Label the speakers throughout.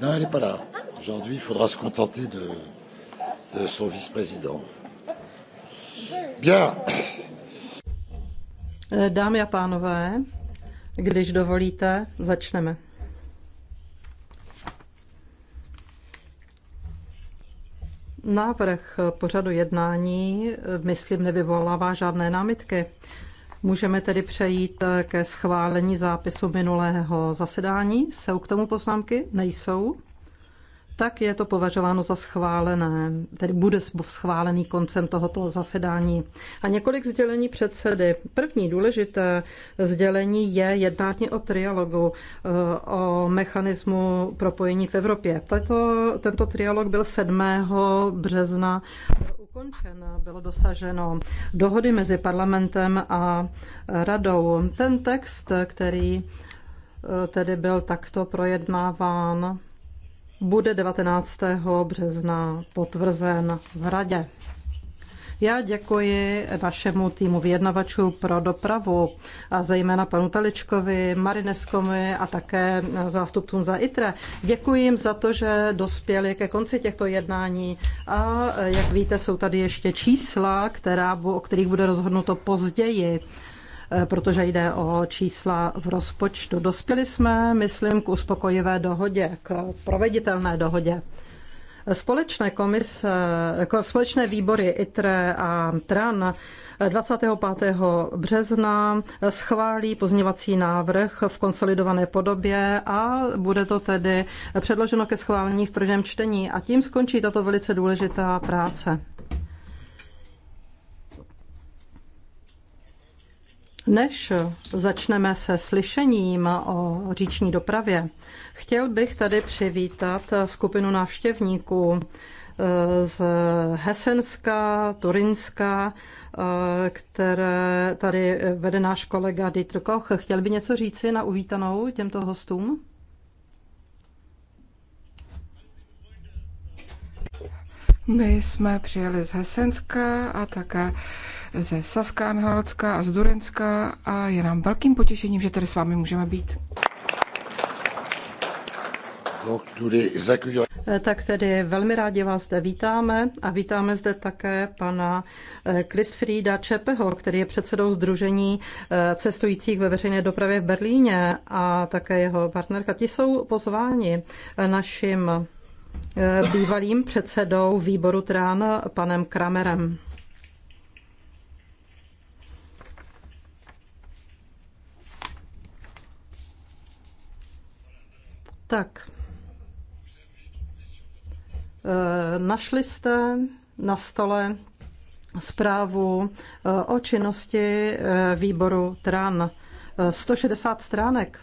Speaker 1: Non, elle n'est pas là. Aujourd'hui, il faudra se contenter de,
Speaker 2: de son vice-président. Bien.
Speaker 1: Eh, dámy a pánové, když dovolíte, začneme. Návrh pořadu jednání, eh, myslím, nevyvolává žádné námitky. Můžeme tedy přejít eh, ke schválení zápisu minulého zasedání. Jsou k tomu poznámky? Nejsou. Tak je to považováno za schválené, tedy bude schválený koncem tohoto zasedání. A několik sdělení předsedy. První důležité sdělení je jednání o trialogu eh, o mechanismu propojení v Evropě. Tato, tento trialog byl 7. března ukončen, bylo dosaženo dohody mezi parlamentem a radou. Ten text, který eh, tedy byl takto projednáván, bude 19. března potvrzen v radě. Já děkuji vašemu týmu vyjednavačů pro dopravu a zejména panu Taličkovi, Marineskovi a také zástupcům za ITRE. Děkuji jim za to, že dospěli ke konci těchto jednání a jak víte, jsou tady ještě čísla, která, o kterých bude rozhodnuto později eh, protože jde o čísla v rozpočtu. Dospěli jsme, myslím, k uspokojivé dohodě, k proveditelné dohodě. Společné, komise, společné výbory ITRE a TRAN 25. března schválí pozněvací návrh v konsolidované podobě a bude to tedy předloženo ke schválení v prvním čtení. A tím skončí tato velice důležitá práce. Než začneme se slyšením o říční dopravě, Chtěl bych tady přivítat skupinu návštěvníků eh, z Hesenska, Turinska, eh, které tady vede náš kolega Dietr Koch. Chtěl by něco říci na uvítanou těmto hostům?
Speaker 3: My jsme přijeli z Hesenska a také ze Saska, a z Durinska a je nám velkým potěšením, že tady s vámi můžeme být.
Speaker 1: Eh, tak tedy velmi rádi vás zde vítáme a vítáme zde také pana Kristfrieda eh, Čepeho, který je předsedou Združení eh, cestujících ve veřejné dopravě v Berlíně a také jeho partnerka. Ti jsou pozváni naším bývalým předsedou výboru Trán panem Kramerem. Tak. Eh, našli jste na stole zprávu eh, o činnosti eh, výboru TRAN. 160 stránek.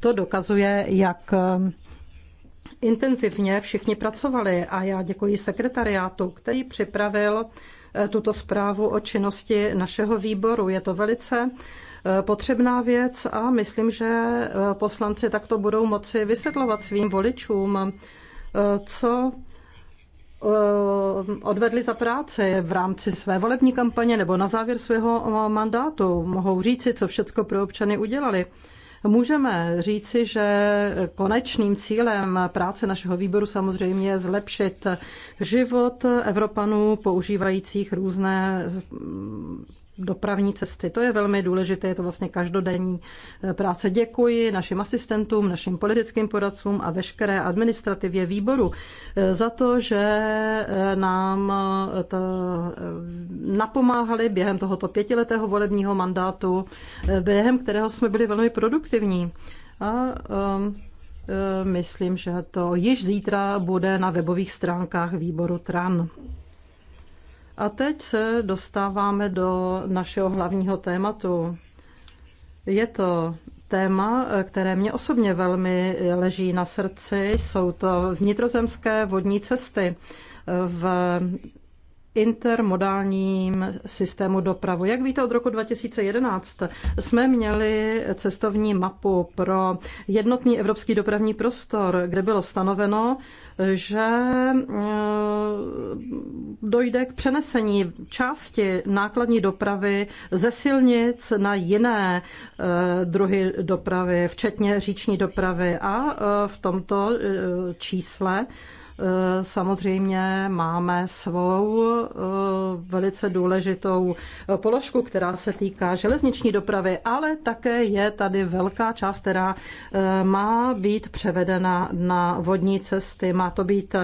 Speaker 1: To dokazuje, jak intenzivně všichni pracovali a já děkuji sekretariátu, který připravil tuto zprávu o činnosti našeho výboru. Je to velice Eh, potřebná věc a myslím, že eh, poslanci takto budou moci vysvětlovat svým voličům, eh, co odvedli za práci v rámci své volební kampaně nebo na závěr svého mandátu. Mohou říci, co všechno pro občany udělali. Můžeme říci, že konečným cílem práce našeho výboru samozřejmě je zlepšit život Evropanů používajících různé dopravní cesty. To je velmi důležité, je to vlastně každodenní eh, práce. Děkuji našim asistentům, našim politickým poradcům a veškeré administrativě výboru eh, za to, že eh, nám to napomáhali během tohoto pětiletého volebního mandátu, během kterého jsme byli velmi produktivní. A, um, myslím, že to již zítra bude na webových stránkách výboru TRAN. A teď se dostáváme do našeho hlavního tématu. Je to téma, které mě osobně velmi leží na srdci. Jsou to vnitrozemské vodní cesty v intermodálním systému dopravu. Jak víte, od roku 2011 jsme měli cestovní mapu pro jednotný evropský dopravní prostor, kde bylo stanoveno, že eh, dojde k přenesení části nákladní dopravy ze silnic na jiné eh, druhy dopravy, včetně říční dopravy. A eh, v tomto čísle Eh, samozřejmě máme svou eh, velice důležitou eh, položku, která se týká železniční dopravy, ale také je tady velká část, která má být převedena na vodní cesty. Má to být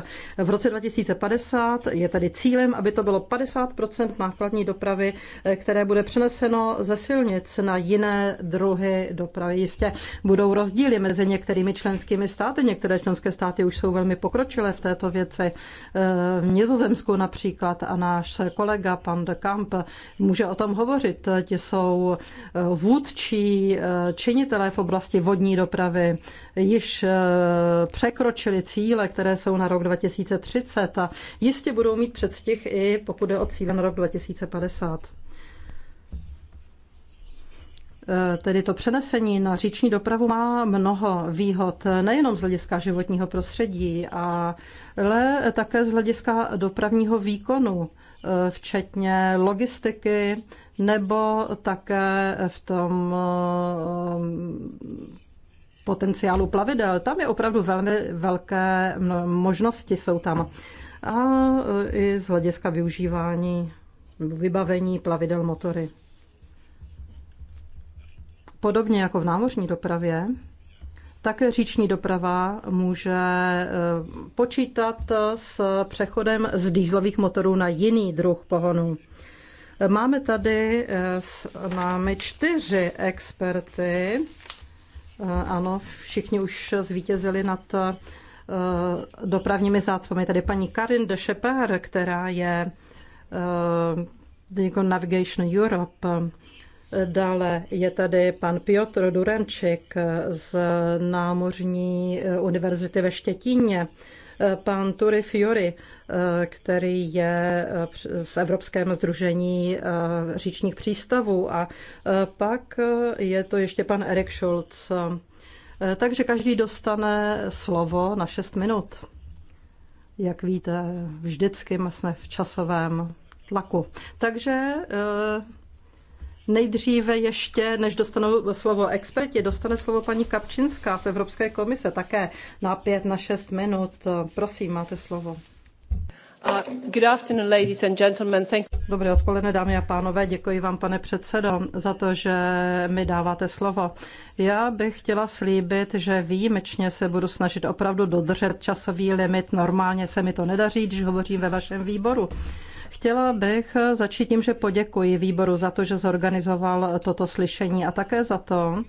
Speaker 1: v roce 2050. Je tady cílem, aby to bylo 50 nákladní dopravy, které bude přeneseno ze silnic na jiné druhy dopravy. Jistě budou rozdíly mezi některými členskými státy. Některé členské státy už jsou velmi pokročilé v této věci. V Nizozemsku například a náš kolega pan de Kamp může o tom hovořit. Ti jsou vůdčí činitelé v oblasti vodní dopravy, již překročili cíle, které jsou na rok 2030 a jistě budou mít předstih i pokud je o cíle na rok 2050. Eh, tedy to přenesení na říční dopravu má mnoho výhod, nejenom z hlediska životního prostředí, ale také z hlediska dopravního výkonu, eh, včetně logistiky nebo také v tom eh, potenciálu plavidel. Tam je opravdu velmi velké možnosti jsou tam. A i z hlediska využívání vybavení plavidel motory. Podobně jako v námořní dopravě, tak říční doprava může eh, počítat s přechodem z dýzlových motorů na jiný druh pohonu. Máme tady eh, máme čtyři experty. Eh, ano, všichni už zvítězili nad dopravními zácpami. tady paní Karin de Sheper, která je Navigation Europe Dále je tady pan Piotr Durenčik z Námořní univerzity ve Štětíně, pan Turi Fiori, který je v Evropském združení eh, říčních přístavů a eh, pak je to ještě pan Erik Schulz. Eh, takže každý dostane slovo na 6 minut. Jak víte, vždycky jsme v časovém tlaku. Takže Nejdříve ještě, než dostanou slovo experti, dostane slovo paní Kapčinská z Evropské komise také na pět, na šest minut. Prosím, máte slovo. Uh, good afternoon, ladies and gentlemen. Thank Dobré odpoledne, dámy a pánové. Děkuji vám, pane předsedo, za to, že mi dáváte slovo. Já bych chtěla slíbit, že výjimečně se budu snažit opravdu dodržet časový limit. Normálně se mi to nedaří, když hovořím ve vašem výboru. Chtěla bych začít tím, že poděkuji výboru za to, že zorganizoval toto slyšení a také za to,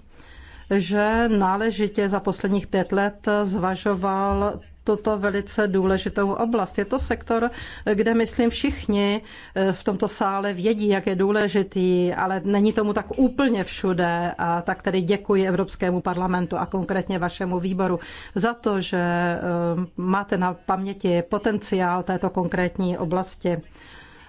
Speaker 1: že náležitě za posledních pět let zvažoval tuto velice důležitou oblast. Je to sektor, kde, myslím, všichni eh, v tomto sále vědí, jak je důležitý, ale není tomu tak úplně všude. A tak tedy děkuji Evropskému parlamentu a konkrétně vašemu výboru za to, že eh, máte na paměti potenciál této konkrétní oblasti.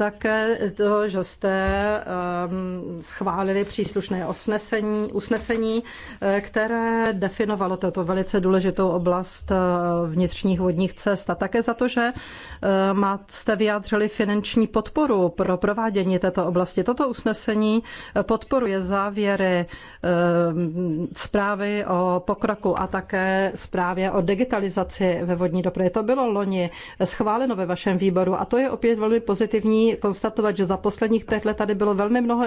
Speaker 1: také to, že jste ehm, schválili příslušné usnesení, usnesení, eh, které definovalo tato velice důležitou oblast eh, vnitřních vodních cest a také za to, že eh, jste vyjádřili finanční podporu pro provádění této oblasti. Toto usnesení podporuje závěry ehm, zprávy o pokroku a také zprávě o digitalizaci ve vodní dopravě. To bylo loni schváleno ve vašem výboru a to je opět velmi pozitivní konstatovat, že za posledních pět let tady bylo velmi mnoho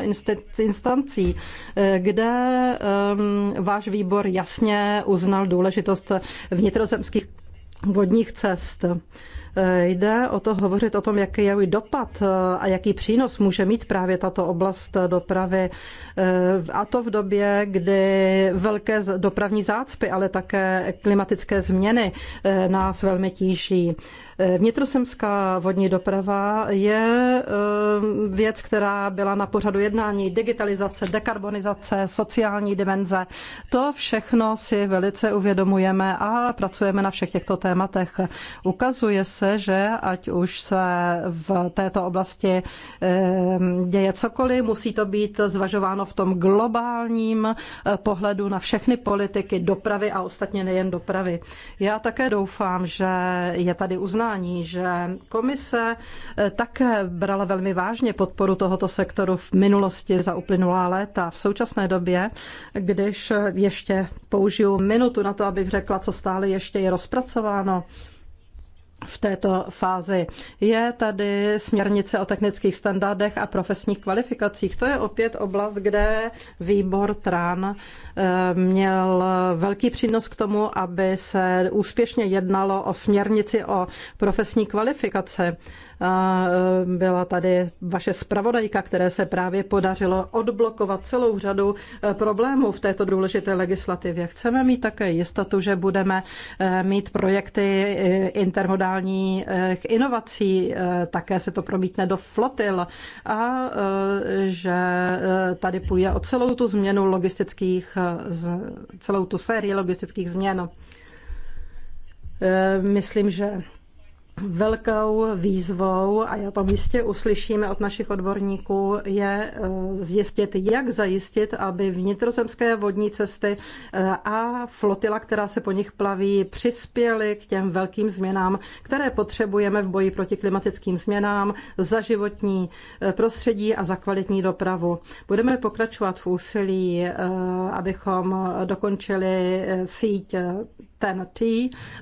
Speaker 1: instancí, eh, kde ehm, váš výbor jasně uznal důležitost vnitrozemských vodních cest. Eh, jde o to hovořit o tom, jaký je dopad eh, a jaký přínos může mít právě tato oblast dopravy. A to v době, kdy velké dopravní zácpy, ale také klimatické změny nás velmi tíží. Vnitrozemská vodní doprava je eh, věc, která byla na pořadu jednání digitalizace, dekarbonizace, sociální dimenze. To všechno si velice uvědomujeme a pracujeme na všech těchto tématech. Ukazuje se, že ať už se v této oblasti eh, děje cokoliv, musí to být zvažováno v tom globálním eh, pohledu na všechny politiky dopravy a ostatně nejen dopravy. Já také doufám, že je tady uznání uznání, že komise eh, také brala velmi vážně podporu tohoto sektoru v minulosti za uplynulá léta. V současné době, když ještě použiju minutu na to, abych řekla, co stále ještě je rozpracováno, v této fázi. Je tady směrnice o technických standardech a profesních kvalifikacích. To je opět oblast, kde výbor TRAN eh, měl velký přínos k tomu, aby se úspěšně jednalo o směrnici o profesní kvalifikace. E, byla tady vaše zpravodajka, které se právě podařilo odblokovat celou řadu e, problémů v této důležité legislativě. Chceme mít také jistotu, že budeme e, mít projekty intermodálních inovací, také se to promítne do flotil a že tady půjde o celou tu změnu logistických, celou tu sérii logistických změn. Myslím, že Velkou výzvou, a já to jistě uslyšíme od našich odborníků, je eh, zjistit, jak zajistit, aby vnitrozemské vodní cesty eh, a flotila, která se po nich plaví, přispěly k těm velkým změnám, které potřebujeme v boji proti klimatickým změnám, za životní eh, prostředí a za kvalitní dopravu. Budeme pokračovat v úsilí, abychom dokončili síť TEN-T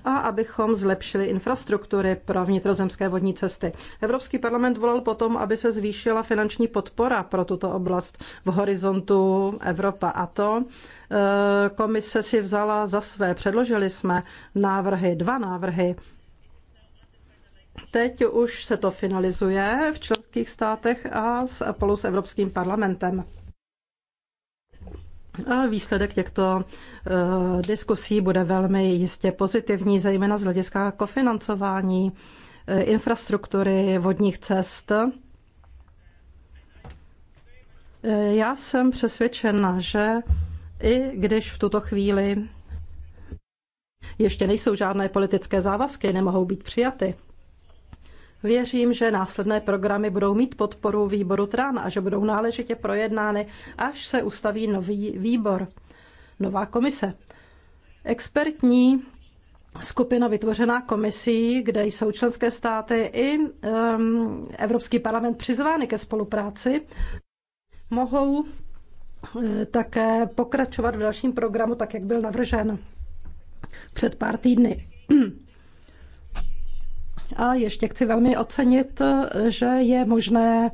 Speaker 1: a abychom zlepšili infrastruktury pro vnitrozemské vodní cesty. Evropský parlament volal potom, aby se zvýšila finanční podpora pro tuto oblast v horizontu Evropa a to e, komise si vzala za své. Předložili jsme návrhy, dva návrhy Teď už se to finalizuje v členských státech a spolu s Evropským parlamentem. A výsledek těchto uh, diskusí bude velmi jistě pozitivní, zejména z hlediska kofinancování eh, infrastruktury vodních cest. Eh, já jsem přesvědčena, že i když v tuto chvíli ještě nejsou žádné politické závazky, nemohou být přijaty, Věřím, že následné programy budou mít podporu výboru TRAN a že budou náležitě projednány, až se ustaví nový výbor, nová komise. Expertní skupina vytvořená komisí, kde jsou členské státy i um, Evropský parlament přizvány ke spolupráci, mohou e, také pokračovat v dalším programu, tak jak byl navržen před pár týdny. A ještě chci velmi ocenit, že je možné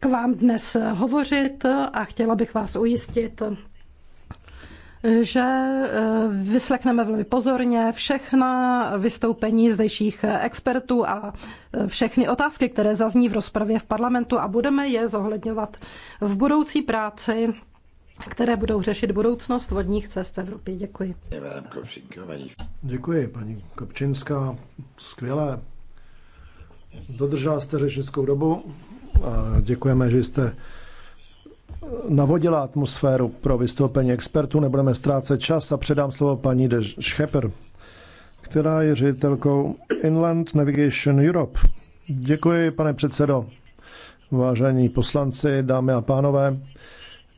Speaker 1: k vám dnes hovořit a chtěla bych vás ujistit, že eh, vyslechneme velmi pozorně všechna vystoupení zdejších expertů a eh, všechny otázky, které zazní v rozpravě v parlamentu a budeme je zohledňovat v budoucí práci které budou řešit budoucnost vodních cest v Evropě. Děkuji.
Speaker 2: Děkuji, paní Kopčinská. Skvělé. Dodržela jste řečnickou dobu a děkujeme, že jste navodila atmosféru pro vystoupení expertů. Nebudeme ztrácet čas a předám slovo paní De Schepper, která je ředitelkou Inland Navigation Europe. Děkuji, pane předsedo. Vážení poslanci, dámy a pánové,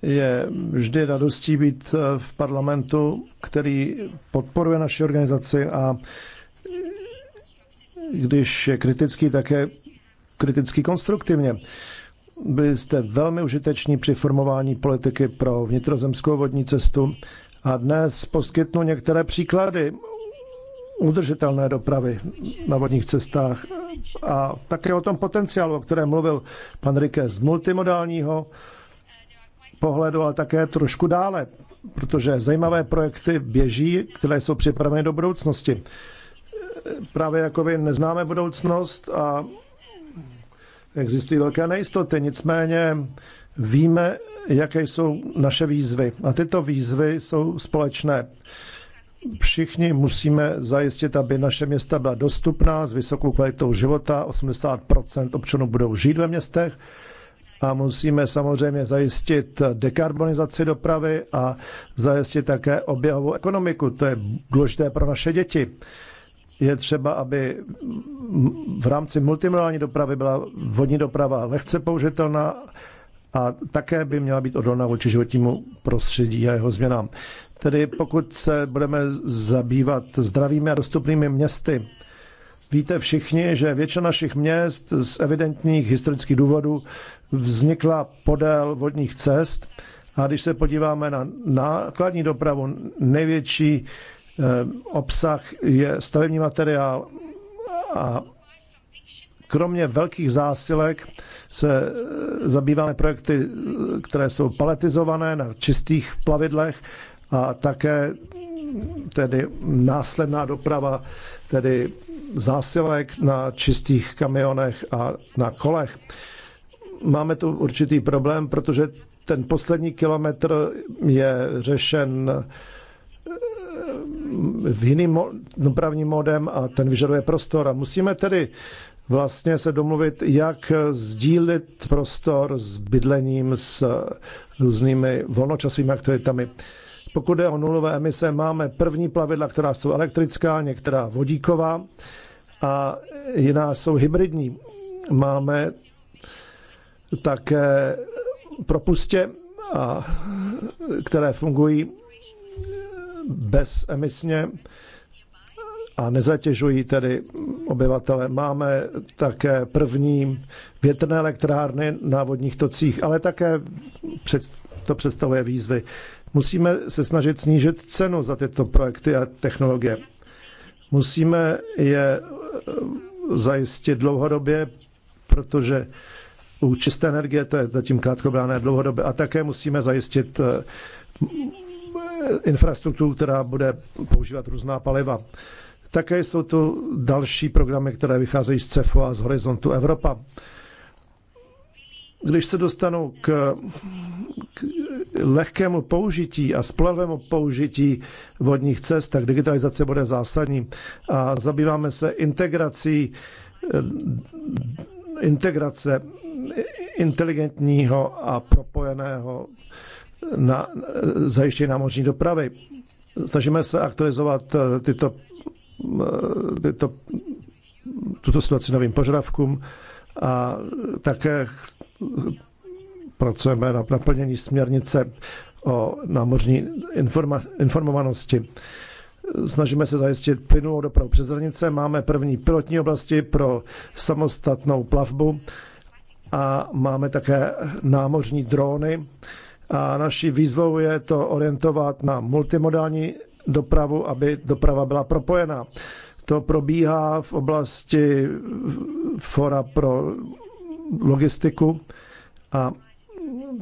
Speaker 2: je vždy radostí být eh, v parlamentu, který podporuje naši organizaci a když je kritický, tak je kritický konstruktivně. Byli jste velmi užiteční při formování politiky pro vnitrozemskou vodní cestu a dnes poskytnu některé příklady udržitelné dopravy na vodních cestách a také o tom potenciálu, o kterém mluvil pan Rikes, z multimodálního pohledu, ale také trošku dále, protože zajímavé projekty běží, které jsou připraveny do budoucnosti. Právě jako vy neznáme budoucnost a existují velké nejistoty, nicméně víme, jaké jsou naše výzvy. A tyto výzvy jsou společné. Všichni musíme zajistit, aby naše města byla dostupná s vysokou kvalitou života. 80 občanů budou žít ve městech a musíme samozřejmě zajistit dekarbonizaci dopravy a zajistit také oběhovou ekonomiku. To je důležité pro naše děti. Je třeba, aby v rámci multimodální dopravy byla vodní doprava lehce použitelná a také by měla být odolná vůči životnímu prostředí a jeho změnám. Tedy pokud se budeme zabývat zdravými a dostupnými městy, Víte všichni, že většina našich měst z evidentních historických důvodů vznikla podél vodních cest. A když se podíváme na nákladní dopravu, největší eh, obsah je stavební materiál a kromě velkých zásilek se eh, zabýváme projekty, které jsou paletizované na čistých plavidlech a také tedy následná doprava, tedy zásilek na čistých kamionech a na kolech. Máme tu určitý problém, protože ten poslední kilometr je řešen eh, v jiným dopravním modem a ten vyžaduje prostor. A musíme tedy vlastně se domluvit, jak sdílit prostor s bydlením, s různými volnočasovými aktivitami. Pokud je o nulové emise, máme první plavidla, která jsou elektrická, některá vodíková a jiná jsou hybridní. Máme také propustě, a, které fungují bezemisně a nezatěžují tedy obyvatele. Máme také první větrné elektrárny na vodních tocích, ale také to představuje výzvy. Musíme se snažit snížit cenu za tyto projekty a technologie. Musíme je zajistit dlouhodobě, protože u čisté energie to je zatím krátkobránné dlouhodobě a také musíme zajistit eh, infrastrukturu, která bude používat různá paliva. Také jsou tu další programy, které vycházejí z CEFu a z Horizontu Evropa. Když se dostanu k, k lehkému použití a splavému použití vodních cest, tak digitalizace bude zásadní. A zabýváme se integrací eh, integrace inteligentního a propojeného na eh, zajištění námořní dopravy. Snažíme se aktualizovat eh, tyto, tyto, tuto situaci novým požadavkům a také pracujeme na naplnění směrnice o námořní informa- informovanosti. Snažíme se zajistit plynulou dopravu přes hranice. Máme první pilotní oblasti pro samostatnou plavbu a máme také námořní drony. A naší výzvou je to orientovat na multimodální dopravu, aby doprava byla propojená. To probíhá v oblasti fora pro logistiku a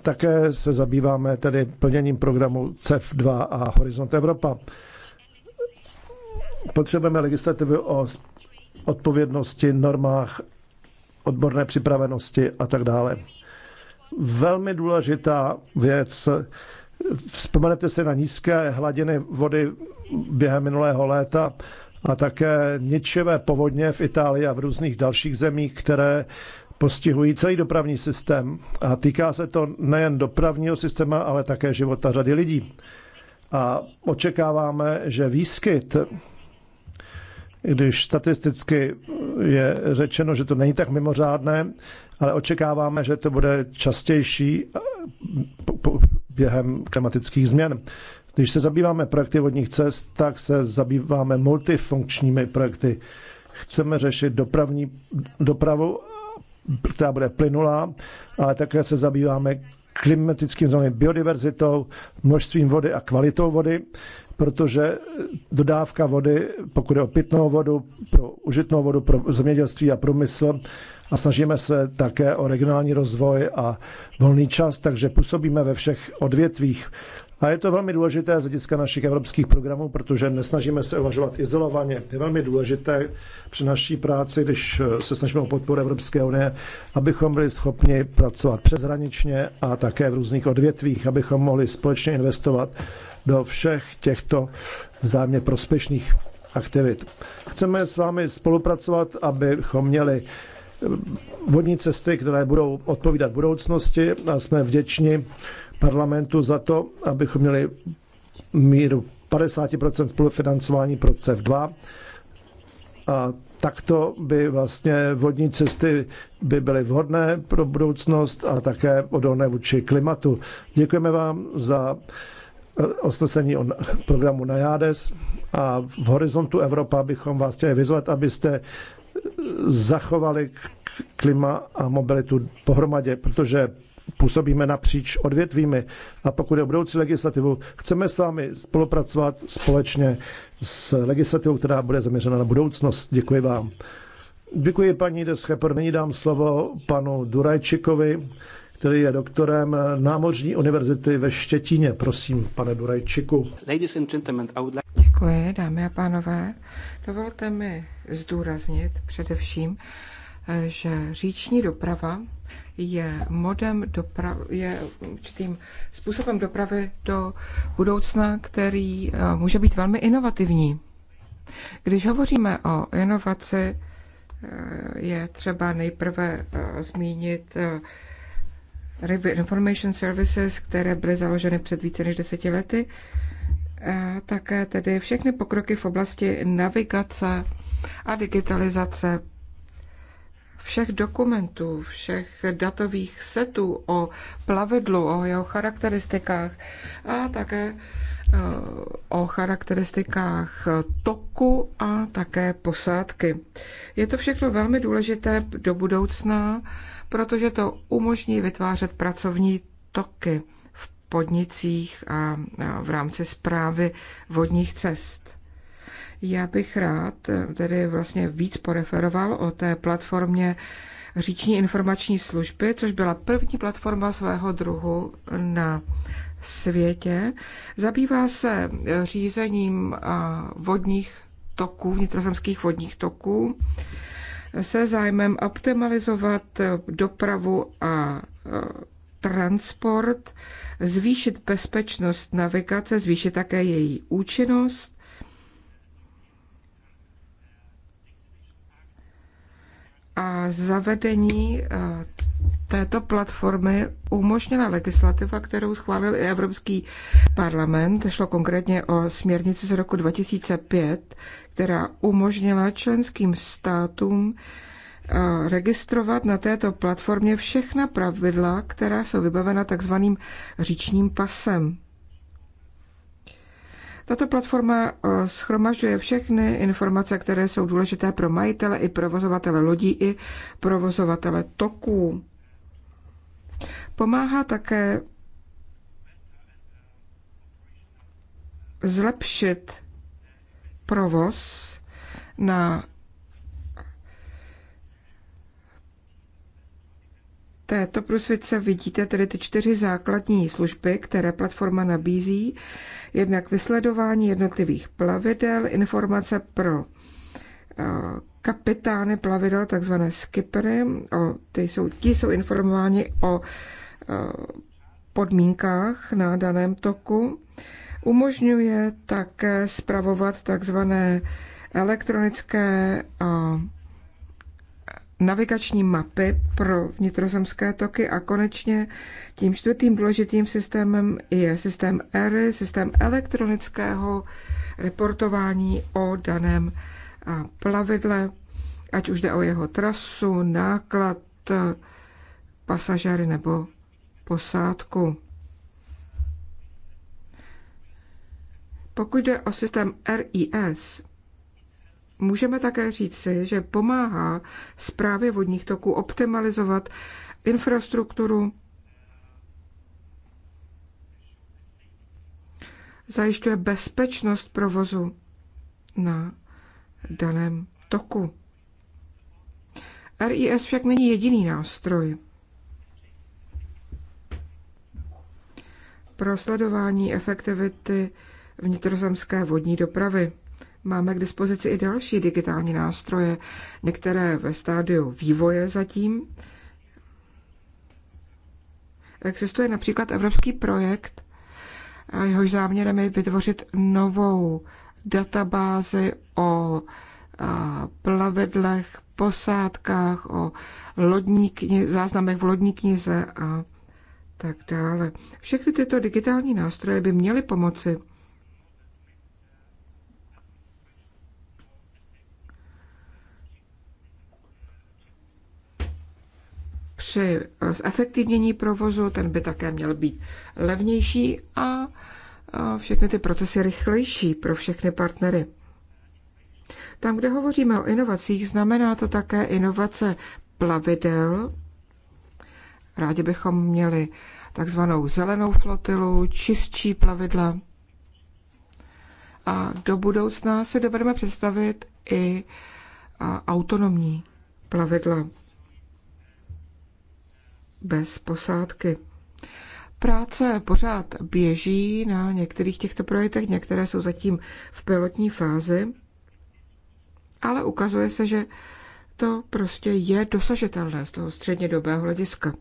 Speaker 2: také se zabýváme tedy plněním programu CEF2 a Horizont Evropa. Potřebujeme legislativu o odpovědnosti, normách, odborné připravenosti a tak dále. Velmi důležitá věc. Vzpomenete si na nízké hladiny vody během minulého léta a také ničivé povodně v Itálii a v různých dalších zemích, které postihují celý dopravní systém a týká se to nejen dopravního systému, ale také života řady lidí. A očekáváme, že výskyt, když statisticky je řečeno, že to není tak mimořádné, ale očekáváme, že to bude častější během klimatických změn. Když se zabýváme projekty vodních cest, tak se zabýváme multifunkčními projekty. Chceme řešit dopravní, dopravu která bude plynulá, ale také se zabýváme klimatickým zónami, biodiverzitou, množstvím vody a kvalitou vody, protože dodávka vody, pokud je o pitnou vodu, pro užitnou vodu, pro zemědělství a průmysl, a snažíme se také o regionální rozvoj a volný čas, takže působíme ve všech odvětvích a je to velmi důležité z hlediska našich evropských programů, protože nesnažíme se uvažovat izolovaně. Je velmi důležité při naší práci, když eh, se snažíme o podporu Evropské unie, abychom byli schopni pracovat přeshraničně a také v různých odvětvích, abychom mohli společně investovat do všech těchto vzájemně prospěšných aktivit. Chceme s vámi spolupracovat, abychom měli eh, vodní cesty, které budou odpovídat budoucnosti a jsme vděční parlamentu za to, abychom měli míru 50% spolufinancování pro CEF2. A takto by vlastně vodní cesty by byly vhodné pro budoucnost a také odolné vůči klimatu. Děkujeme vám za osnesení eh, o programu Najades a v horizontu Evropa bychom vás chtěli vyzvat, abyste eh, zachovali klima a mobilitu pohromadě, protože působíme napříč odvětvími. A pokud je o budoucí legislativu, chceme s vámi spolupracovat společně s legislativou, která bude zaměřena na budoucnost. Děkuji vám. Děkuji paní Descheper. Nyní dám slovo panu Durajčikovi, který je doktorem Námořní univerzity ve Štětíně. Prosím, pane Durajčiku.
Speaker 3: Děkuji, dámy a pánové. Dovolte mi zdůraznit především, eh, že říční doprava je modem doprav, je určitým způsobem dopravy do budoucna, který eh, může být velmi inovativní. Když hovoříme o inovaci, eh, je třeba nejprve eh, zmínit Information Services, které byly založeny před více než deseti lety, a také tedy všechny pokroky v oblasti navigace a digitalizace všech dokumentů, všech datových setů o plavidlu, o jeho charakteristikách a také eh, o charakteristikách toku a také posádky. Je to všechno velmi důležité do budoucna, protože to umožní vytvářet pracovní toky v podnicích a v rámci zprávy vodních cest. Já bych rád eh, tedy vlastně víc poreferoval o té platformě říční informační služby, což byla první platforma svého druhu na světě. Zabývá se řízením eh, vodních toků, vnitrozemských vodních toků, se zájmem optimalizovat dopravu a eh, transport, zvýšit bezpečnost navigace, zvýšit také její účinnost a zavedení eh, této platformy umožnila legislativa, kterou schválil i Evropský parlament. Šlo konkrétně o směrnici z roku 2005, která umožnila členským státům eh, registrovat na této platformě všechna pravidla, která jsou vybavena takzvaným říčním pasem. Tato platforma eh, schromažďuje všechny informace, které jsou důležité pro majitele i provozovatele lodí i provozovatele toků. Pomáhá také zlepšit provoz na této průsvědce vidíte tedy ty čtyři základní služby, které platforma nabízí. Jednak vysledování jednotlivých plavidel, informace pro eh, kapitány plavidel, takzvané skippery, o, ty jsou, ti jsou informováni o eh, podmínkách na daném toku. Umožňuje také spravovat takzvané elektronické eh, navigační mapy pro vnitrozemské toky a konečně tím čtvrtým důležitým systémem je systém ERY, systém elektronického reportování o daném plavidle, ať už jde o jeho trasu, náklad, pasažery nebo posádku. Pokud jde o systém RIS, Můžeme také říci, že pomáhá zprávě vodních toků optimalizovat infrastrukturu, zajišťuje bezpečnost provozu na daném toku. RIS však není jediný nástroj pro sledování efektivity vnitrozemské vodní dopravy. Máme k dispozici i další digitální nástroje, některé ve stádiu vývoje zatím. Existuje například evropský projekt, jehož záměrem je vytvořit novou databázi o plavedlech, posádkách, o lodní knize, záznamech v lodní knize a tak dále. Všechny tyto digitální nástroje by měly pomoci při zefektivnění provozu, ten by také měl být levnější a všechny ty procesy rychlejší pro všechny partnery. Tam, kde hovoříme o inovacích, znamená to také inovace plavidel. Rádi bychom měli takzvanou zelenou flotilu, čistší plavidla. A do budoucna si dovedeme představit i autonomní plavidla bez posádky. Práce pořád běží na některých těchto projektech, některé jsou zatím v pilotní fázi, ale ukazuje se, že to prostě je dosažitelné z toho střednědobého hlediska.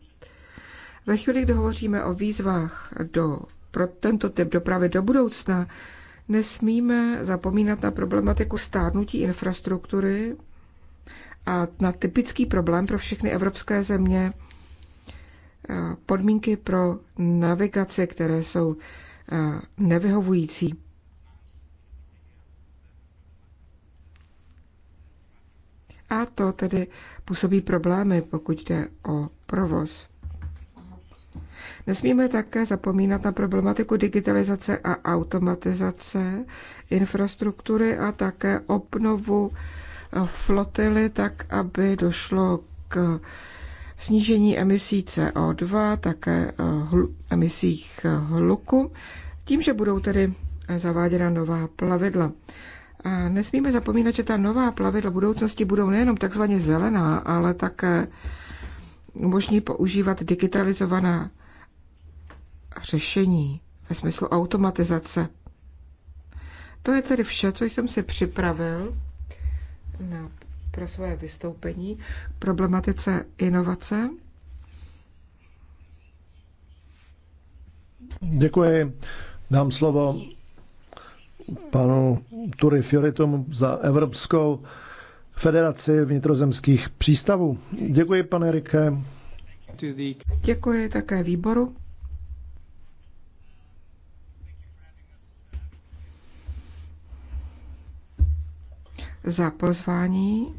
Speaker 3: Ve chvíli, kdy hovoříme o výzvách do, pro tento typ dopravy do budoucna, nesmíme zapomínat na problematiku stárnutí infrastruktury a na typický problém pro všechny evropské země, Eh, podmínky pro navigaci, které jsou eh, nevyhovující. A to tedy působí problémy, pokud jde o provoz. Nesmíme také zapomínat na problematiku digitalizace a automatizace infrastruktury a také obnovu eh, flotily, tak aby došlo k snížení emisí CO2, také eh, emisích hluku, tím, že budou tedy eh, zaváděna nová plavidla. A nesmíme zapomínat, že ta nová plavidla budoucnosti budou nejenom takzvaně zelená, ale také umožní používat digitalizovaná řešení ve smyslu automatizace. To je tedy vše, co jsem si připravil na pro své vystoupení k problematice inovace.
Speaker 2: Děkuji. Dám slovo panu Turi Fioritum za Evropskou federaci vnitrozemských přístavů. Děkuji, pane Rike.
Speaker 3: Děkuji také výboru. za pozvání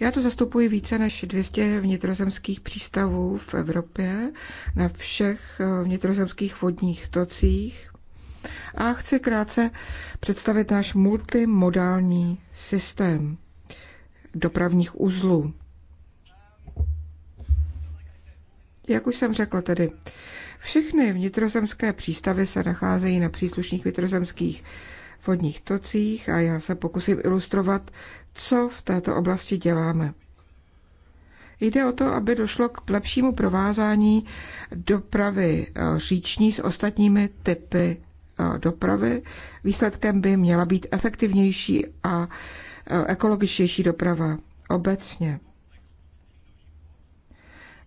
Speaker 3: já tu zastupuji více než 200 vnitrozemských přístavů v Evropě na všech eh, vnitrozemských vodních tocích a chci krátce představit náš multimodální systém dopravních uzlů. Jak už jsem řekla tedy, všechny vnitrozemské přístavy se nacházejí na příslušných vnitrozemských vodních tocích a já se pokusím ilustrovat, co v této oblasti děláme. Jde o to, aby došlo k lepšímu provázání dopravy eh, říční s ostatními typy eh, dopravy. Výsledkem by měla být efektivnější a eh, ekologičtější doprava obecně.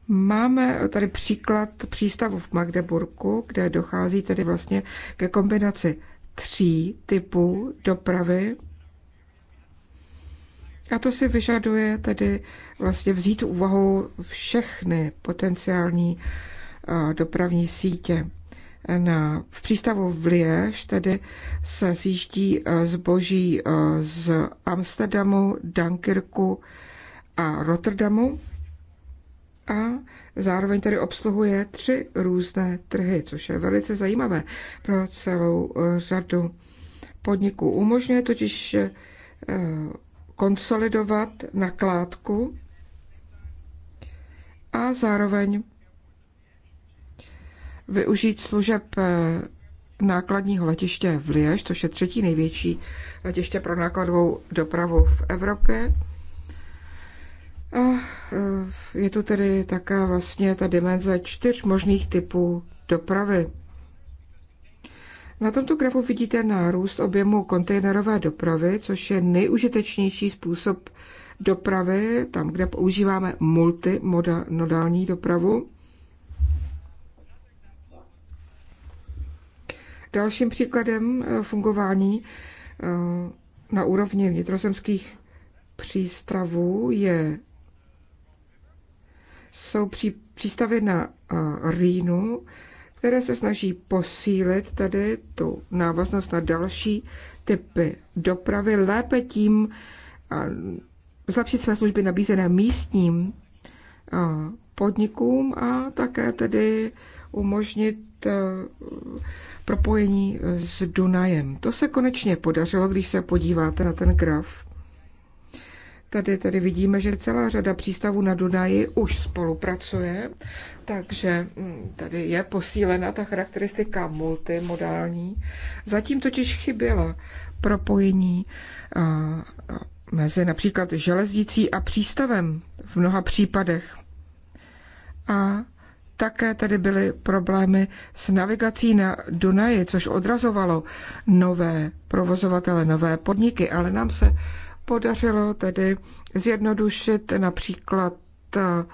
Speaker 3: Máme tady příklad přístavu v Magdeburku, kde dochází tedy vlastně ke kombinaci tří typů dopravy. A to si vyžaduje tedy vlastně vzít úvahu všechny potenciální dopravní sítě. Na, v přístavu v Liež tedy se zjíždí zboží z Amsterdamu, Dunkirku a Rotterdamu a zároveň tedy obsluhuje tři různé trhy, což je velice zajímavé pro celou eh, řadu podniků. Umožňuje totiž eh, konsolidovat nakládku a zároveň využít služeb eh, nákladního letiště v Liež, což je třetí největší letiště pro nákladovou dopravu v Evropě. A eh, je tu tedy taká vlastně ta dimenze čtyř možných typů dopravy. Na tomto grafu vidíte nárůst objemu kontejnerové dopravy, což je nejužitečnější způsob dopravy, tam, kde používáme multimodální dopravu. Dalším příkladem eh, fungování eh, na úrovni vnitrozemských přístavů je jsou pří, přístavy na uh, Rýnu, které se snaží posílit tady tu návaznost na další typy dopravy, lépe tím uh, zlepšit své služby nabízené místním uh, podnikům a také tedy umožnit uh, propojení s Dunajem. To se konečně podařilo, když se podíváte na ten graf Tady, tedy vidíme, že celá řada přístavů na Dunaji už spolupracuje, takže mm, tady je posílena ta charakteristika multimodální. Zatím totiž chyběla propojení mezi například železnicí a přístavem v mnoha případech. A také tady byly problémy s navigací na Dunaji, což odrazovalo nové provozovatele, nové podniky, ale nám se podařilo tedy zjednodušit například eh,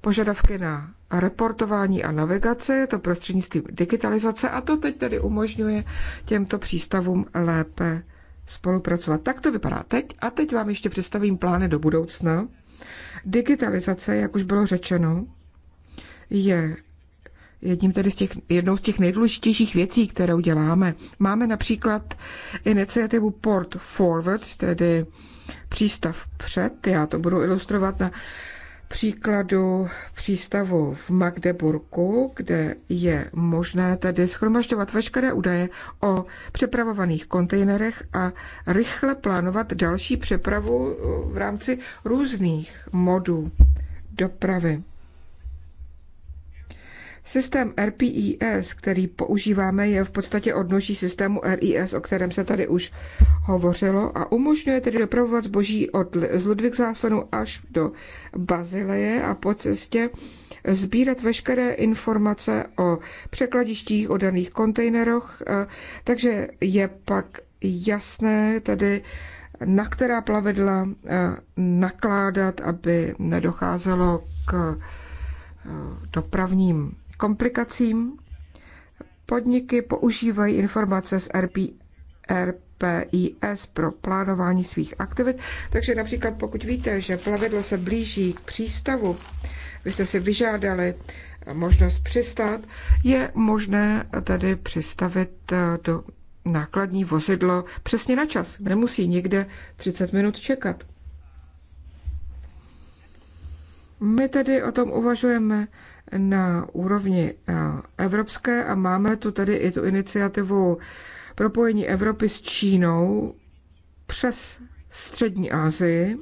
Speaker 3: požadavky na reportování a navigaci, je to prostřednictvím digitalizace a to teď tedy umožňuje těmto přístavům lépe spolupracovat. Tak to vypadá teď a teď vám ještě představím plány do budoucna. Digitalizace, jak už bylo řečeno, je jedním tedy z těch, jednou z těch nejdůležitějších věcí, kterou děláme. Máme například iniciativu Port Forward, tedy přístav před. Já to budu ilustrovat na příkladu přístavu v Magdeburku, kde je možné tedy schromažďovat veškeré údaje o přepravovaných kontejnerech a rychle plánovat další přepravu v rámci různých modů dopravy. Systém RPIS, e který používáme, je v podstatě odnoží systému RIS, o kterém se tady už hovořilo a umožňuje tedy dopravovat zboží od, z Ludwigshafenu až do Bazileje a po cestě sbírat veškeré informace o překladištích, o daných kontejneroch, eh, takže je pak jasné tedy, na která plavidla eh, nakládat, aby nedocházelo k eh, dopravním komplikacím. Podniky používají informace z RP, RPIS pro plánování svých aktivit, takže například pokud víte, že plavidlo se blíží k přístavu, vy jste si vyžádali možnost přistát, je možné tady přistavit eh, do nákladní vozidlo přesně na čas. Nemusí nikde 30 minut čekat. My tedy o tom uvažujeme na úrovni eh, evropské a máme tu tedy i tu iniciativu propojení Evropy s Čínou přes střední Asii.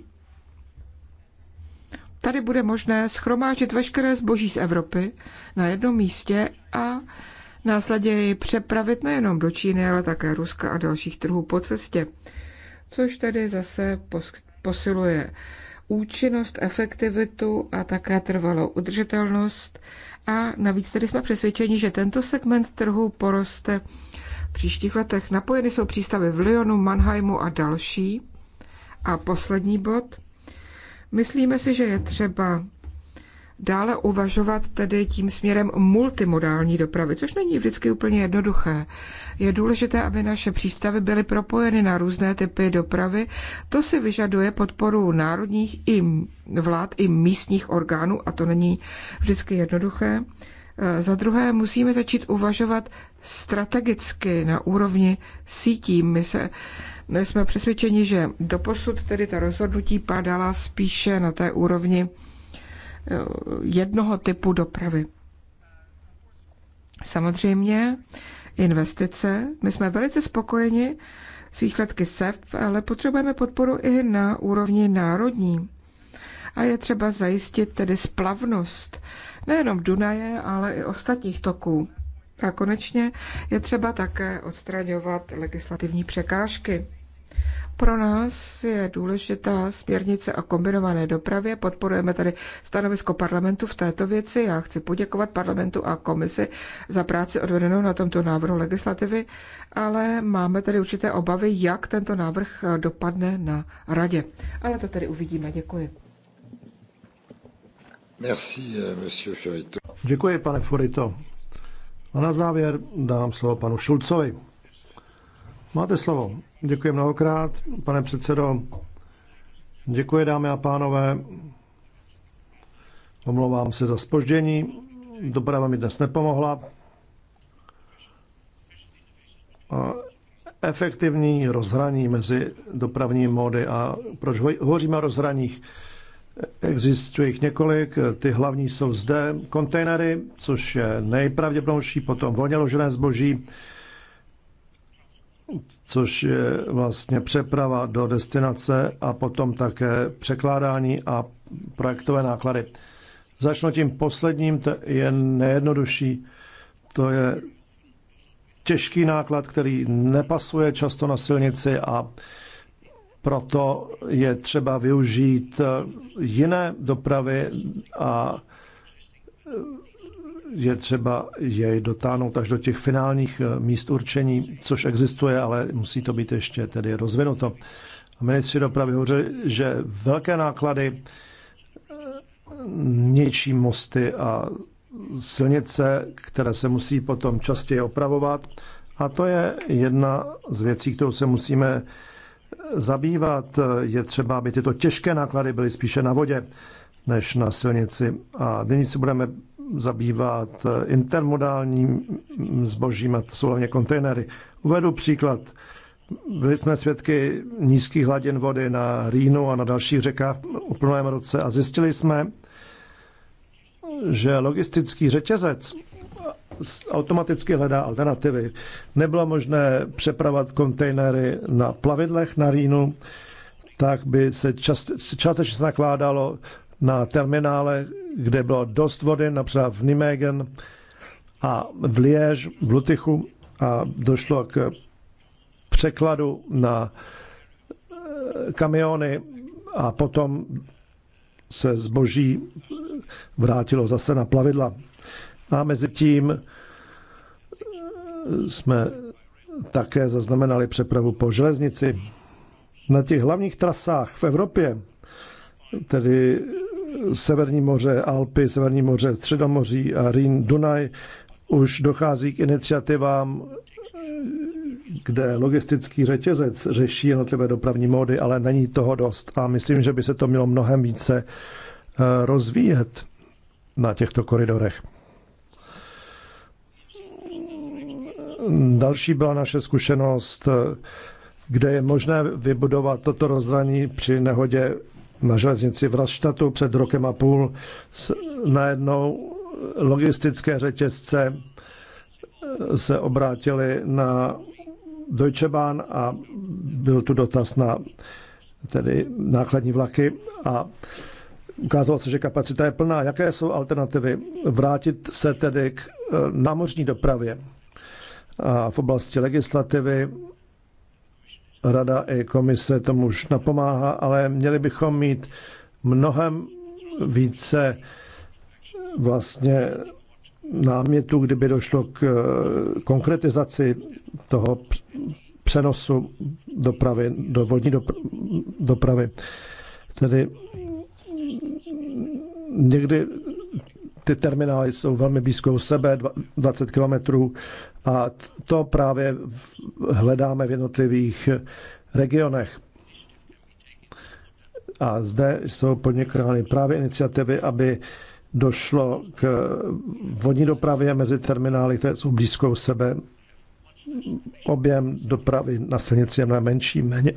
Speaker 3: Tady bude možné schromáždit veškeré zboží z Evropy na jednom místě a následně ji přepravit nejenom do Číny, ale také Ruska a dalších trhů po cestě, což tedy zase posiluje účinnost, efektivitu a také trvalou udržitelnost. A navíc tedy jsme přesvědčeni, že tento segment trhu poroste v příštích letech. Napojeny jsou přístavy v Lyonu, Mannheimu a další. A poslední bod. Myslíme si, že je třeba dále uvažovat tedy tím směrem multimodální dopravy, což není vždycky úplně jednoduché. Je důležité, aby naše přístavy byly propojeny na různé typy dopravy. To si vyžaduje podporu národních i vlád, i místních orgánů a to není vždycky jednoduché. E, za druhé, musíme začít uvažovat strategicky na úrovni sítí. My se my jsme přesvědčeni, že doposud tedy ta rozhodnutí padala spíše na té úrovni jednoho typu dopravy. Samozřejmě investice. My jsme velice spokojeni s výsledky SEF, ale potřebujeme podporu i na úrovni národní. A je třeba zajistit tedy splavnost nejenom Dunaje, ale i ostatních toků. A konečně je třeba také odstraňovat legislativní překážky. Pro nás je důležitá směrnice o kombinované dopravě. Podporujeme tady stanovisko parlamentu v této věci. Já chci poděkovat parlamentu a komisi za práci odvedenou na tomto návrhu legislativy, ale máme tady určité obavy, jak tento návrh dopadne na radě. Ale to tady uvidíme. Děkuji.
Speaker 1: Merci, eh, monsieur Furito.
Speaker 2: Děkuji, pane Furito. A na závěr dám slovo panu Šulcovi. Máte slovo. Děkuji mnohokrát, pane předsedo. Děkuji, dámy a pánové. Omlouvám se za spoždění. Doprava mi dnes nepomohla. A efektivní rozhraní mezi dopravní mody a proč hovoříme o rozhraních? Existuje jich několik, ty hlavní jsou zde. Kontejnery, což je nejpravděpodobnější, potom volně ložené zboží, což je vlastně přeprava do destinace a potom také překládání a projektové náklady. Začnu tím posledním, to je nejjednodušší. To je těžký náklad, který nepasuje často na silnici a proto je třeba využít jiné dopravy a je třeba jej dotáhnout až do těch finálních eh, míst určení, což existuje, ale musí to být ještě tedy rozvinuto. A ministři dopravy hovořili, že velké náklady eh, něčí mosty a silnice, které se musí potom častěji opravovat. A to je jedna z věcí, kterou se musíme eh, zabývat. Je třeba, aby tyto těžké náklady byly spíše na vodě než na silnici. A nyní se budeme zabývat eh, intermodálním zbožím a to jsou hlavně kontejnery. Uvedu příklad. Byli jsme svědky nízkých hladin vody na Rýnu a na dalších řekách v uplynulém roce a zjistili jsme, že logistický řetězec automaticky hledá alternativy. Nebylo možné přepravat kontejnery na plavidlech na Rýnu, tak by se částečně čas, nakládalo na terminále, kde bylo dost vody, například v Nimegen a v Liež, v Lutichu, a došlo k překladu na e, kamiony a potom se zboží vrátilo zase na plavidla. A mezi tím e, jsme také zaznamenali přepravu po železnici. Na těch hlavních trasách v Evropě, tedy Severní moře, Alpy, Severní moře, Středomoří a Rýn, Dunaj už dochází k iniciativám, kde logistický řetězec řeší jednotlivé dopravní módy, ale není toho dost. A myslím, že by se to mělo mnohem více eh, rozvíjet na těchto koridorech. Další byla naše zkušenost, eh, kde je možné vybudovat toto rozhraní při nehodě na železnici v Rastatu před rokem a půl najednou logistické řetězce eh, se obrátili na Deutsche Bahn a byl tu dotaz na tedy nákladní vlaky a ukázalo se, že kapacita je plná. Jaké jsou alternativy? Vrátit se tedy k eh, námořní dopravě. A v oblasti legislativy Rada i komise tomu už napomáhá, ale měli bychom mít mnohem více vlastně námětu, kdyby došlo k eh, konkretizaci toho přenosu dopravy, do vodní dopravy. Tedy někdy ty terminály jsou velmi blízko u sebe, 20 kilometrů a to právě hledáme v jednotlivých regionech. A zde jsou podněkovány právě iniciativy, aby došlo k vodní dopravě mezi terminály, které jsou blízko u sebe. Objem dopravy na silnici je mnohem menší, méně,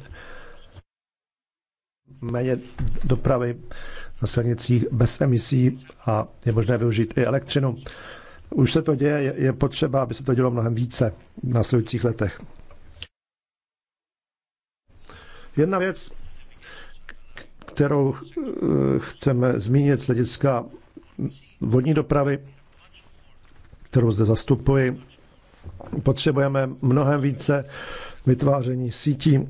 Speaker 2: méně dopravy na silnicích bez emisí a je možné využít i elektřinu. Už se to děje, je potřeba, aby se to dělo mnohem více v následujících letech. Jedna věc, kterou eh, chceme zmínit z hlediska vodní dopravy, kterou zde zastupuji, potřebujeme mnohem více vytváření sítí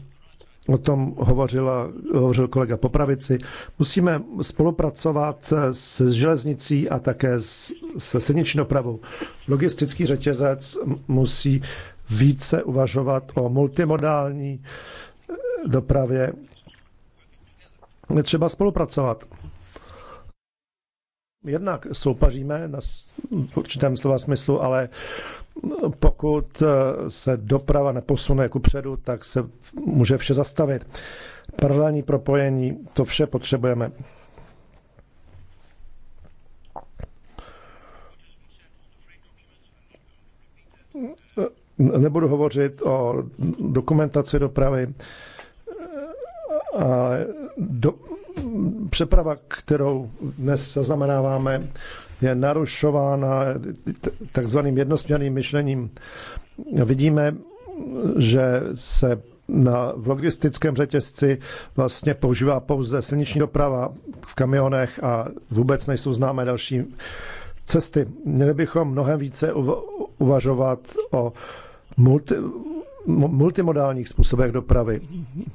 Speaker 2: o tom hovořila, hovořil kolega Popravici. Musíme spolupracovat eh, s železnicí a také s, se silniční dopravou. Logistický řetězec musí více uvažovat o multimodální eh, dopravě. Je třeba spolupracovat. Jednak soupaříme na určitém slova smyslu, ale pokud eh, se doprava neposune ku předu, tak se může vše zastavit. Paralelní propojení, to vše potřebujeme. Nebudu hovořit o dokumentaci dopravy, eh, ale do, přeprava, kterou dnes zaznamenáváme, je narušována takzvaným jednosměrným myšlením. Vidíme, že se na, v logistickém řetězci vlastně používá pouze silniční doprava v kamionech a vůbec nejsou známé další cesty. Měli bychom mnohem více uvažovat o multi, multimodálních způsobech dopravy.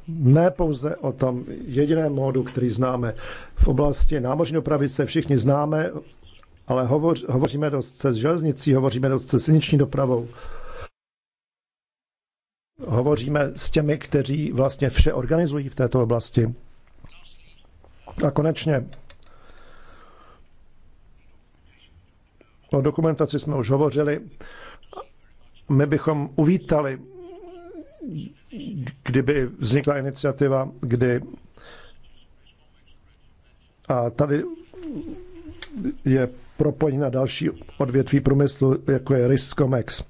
Speaker 2: Ne pouze o tom jediném módu, který známe. V oblasti námořní dopravy se všichni známe, ale hovoř, hovoříme dost se železnicí, hovoříme dost se silniční dopravou. Hovoříme s těmi, kteří vlastně vše organizují v této oblasti. A konečně o dokumentaci jsme už hovořili. My bychom uvítali kdyby vznikla iniciativa, kdy a tady je propojení na další odvětví průmyslu, jako je Riscomex.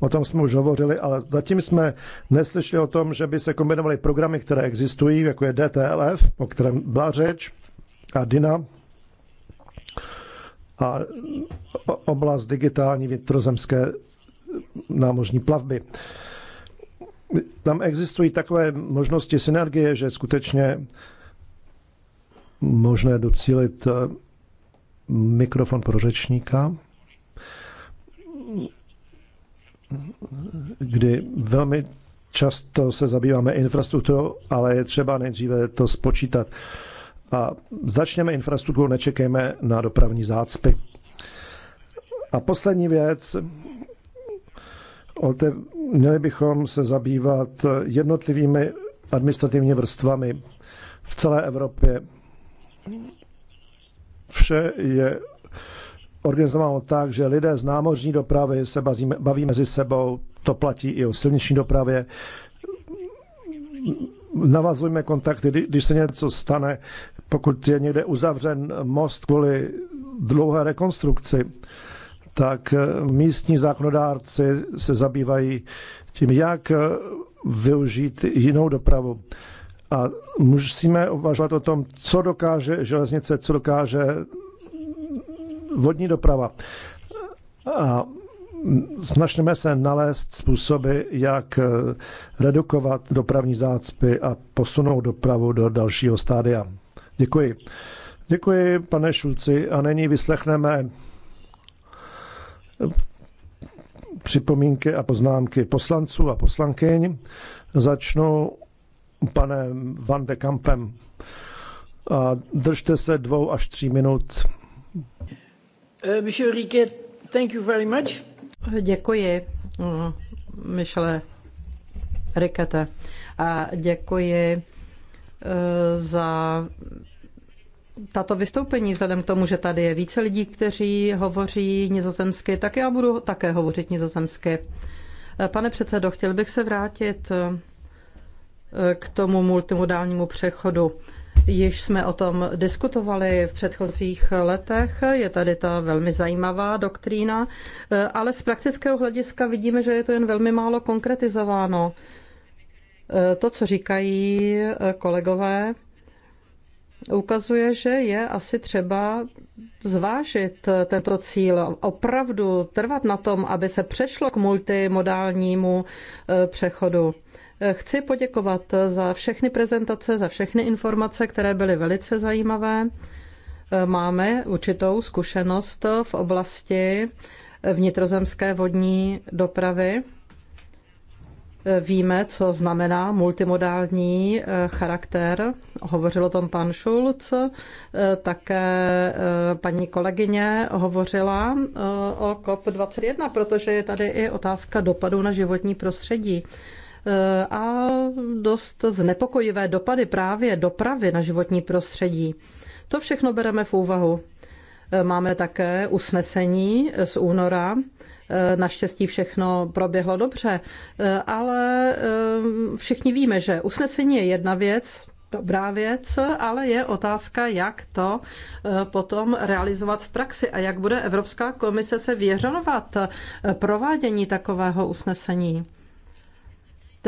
Speaker 2: O tom jsme už hovořili, ale zatím jsme neslyšeli o tom, že by se kombinovaly programy, které existují, jako je DTLF, o kterém byla řeč, a DINA, a oblast digitální vnitrozemské námořní plavby tam existují takové možnosti synergie, že skutečně možné docílit eh, mikrofon pro řečníka, kdy velmi často se zabýváme infrastrukturou, ale je třeba nejdříve to spočítat. A začněme infrastrukturu, nečekejme na dopravní zácpy. A poslední věc, měli bychom se zabývat jednotlivými administrativními vrstvami v celé Evropě. Vše je organizováno tak, že lidé z námořní dopravy se baví, baví mezi sebou, to platí i o silniční dopravě. Navazujeme kontakty, když se něco stane, pokud je někde uzavřen most kvůli dlouhé rekonstrukci, tak eh, místní zákonodárci se zabývají tím, jak eh, využít jinou dopravu. A musíme uvažovat o tom, co dokáže železnice, co dokáže vodní doprava. A snažíme se nalézt způsoby, jak eh, redukovat dopravní zácpy a posunout dopravu do dalšího stádia. Děkuji. Děkuji, pane Šulci. A nyní vyslechneme připomínky a poznámky poslanců a poslankyň. Začnu panem Van de Kampem. A držte se dvou až tří minut.
Speaker 3: Uh, eh, Rieke, thank you very
Speaker 1: much. Děkuji, mm, Michele Rikete. A děkuji eh, za tato vystoupení, vzhledem k tomu, že tady je více lidí, kteří hovoří nizozemsky, tak já budu také hovořit nizozemsky. Pane předsedo, chtěl bych se vrátit eh, k tomu multimodálnímu přechodu. Již jsme o tom diskutovali v předchozích letech, je tady ta velmi zajímavá doktrína, eh, ale z praktického hlediska vidíme, že je to jen velmi málo konkretizováno. Eh, to, co říkají kolegové, ukazuje, že je asi třeba zvážit tento cíl, opravdu trvat na tom, aby se přešlo k multimodálnímu eh, přechodu. Eh, chci poděkovat za všechny prezentace, za všechny informace, které byly velice zajímavé. Eh, máme určitou zkušenost v oblasti vnitrozemské vodní dopravy. Víme, co znamená multimodální eh, charakter. Hovořil o tom pan Šulc, eh, také eh, paní kolegyně hovořila o COP21, protože je tady i otázka dopadu na životní prostředí a dost znepokojivé dopady právě dopravy na životní prostředí. To všechno bereme v úvahu. Máme také usnesení z února Eh, naštěstí všechno proběhlo dobře, eh, ale eh, všichni víme, že usnesení je jedna věc, dobrá věc, ale je otázka, jak to potom realizovat v praxi a jak bude Evropská komise se věřovat provádění takového usnesení.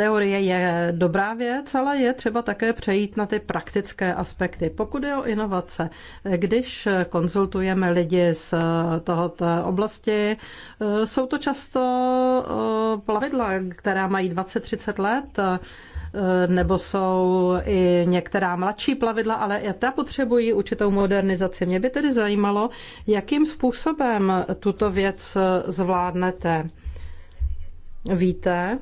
Speaker 1: Teorie je dobrá věc, ale je třeba také přejít na ty praktické aspekty. Pokud je o inovace, když konzultujeme lidi z tohoto oblasti, jsou to často eh, plavidla, která mají 20-30 let, eh, nebo jsou i některá mladší plavidla, ale i ta potřebují určitou modernizaci. Mě by tedy zajímalo, jakým způsobem tuto věc zvládnete. Víte,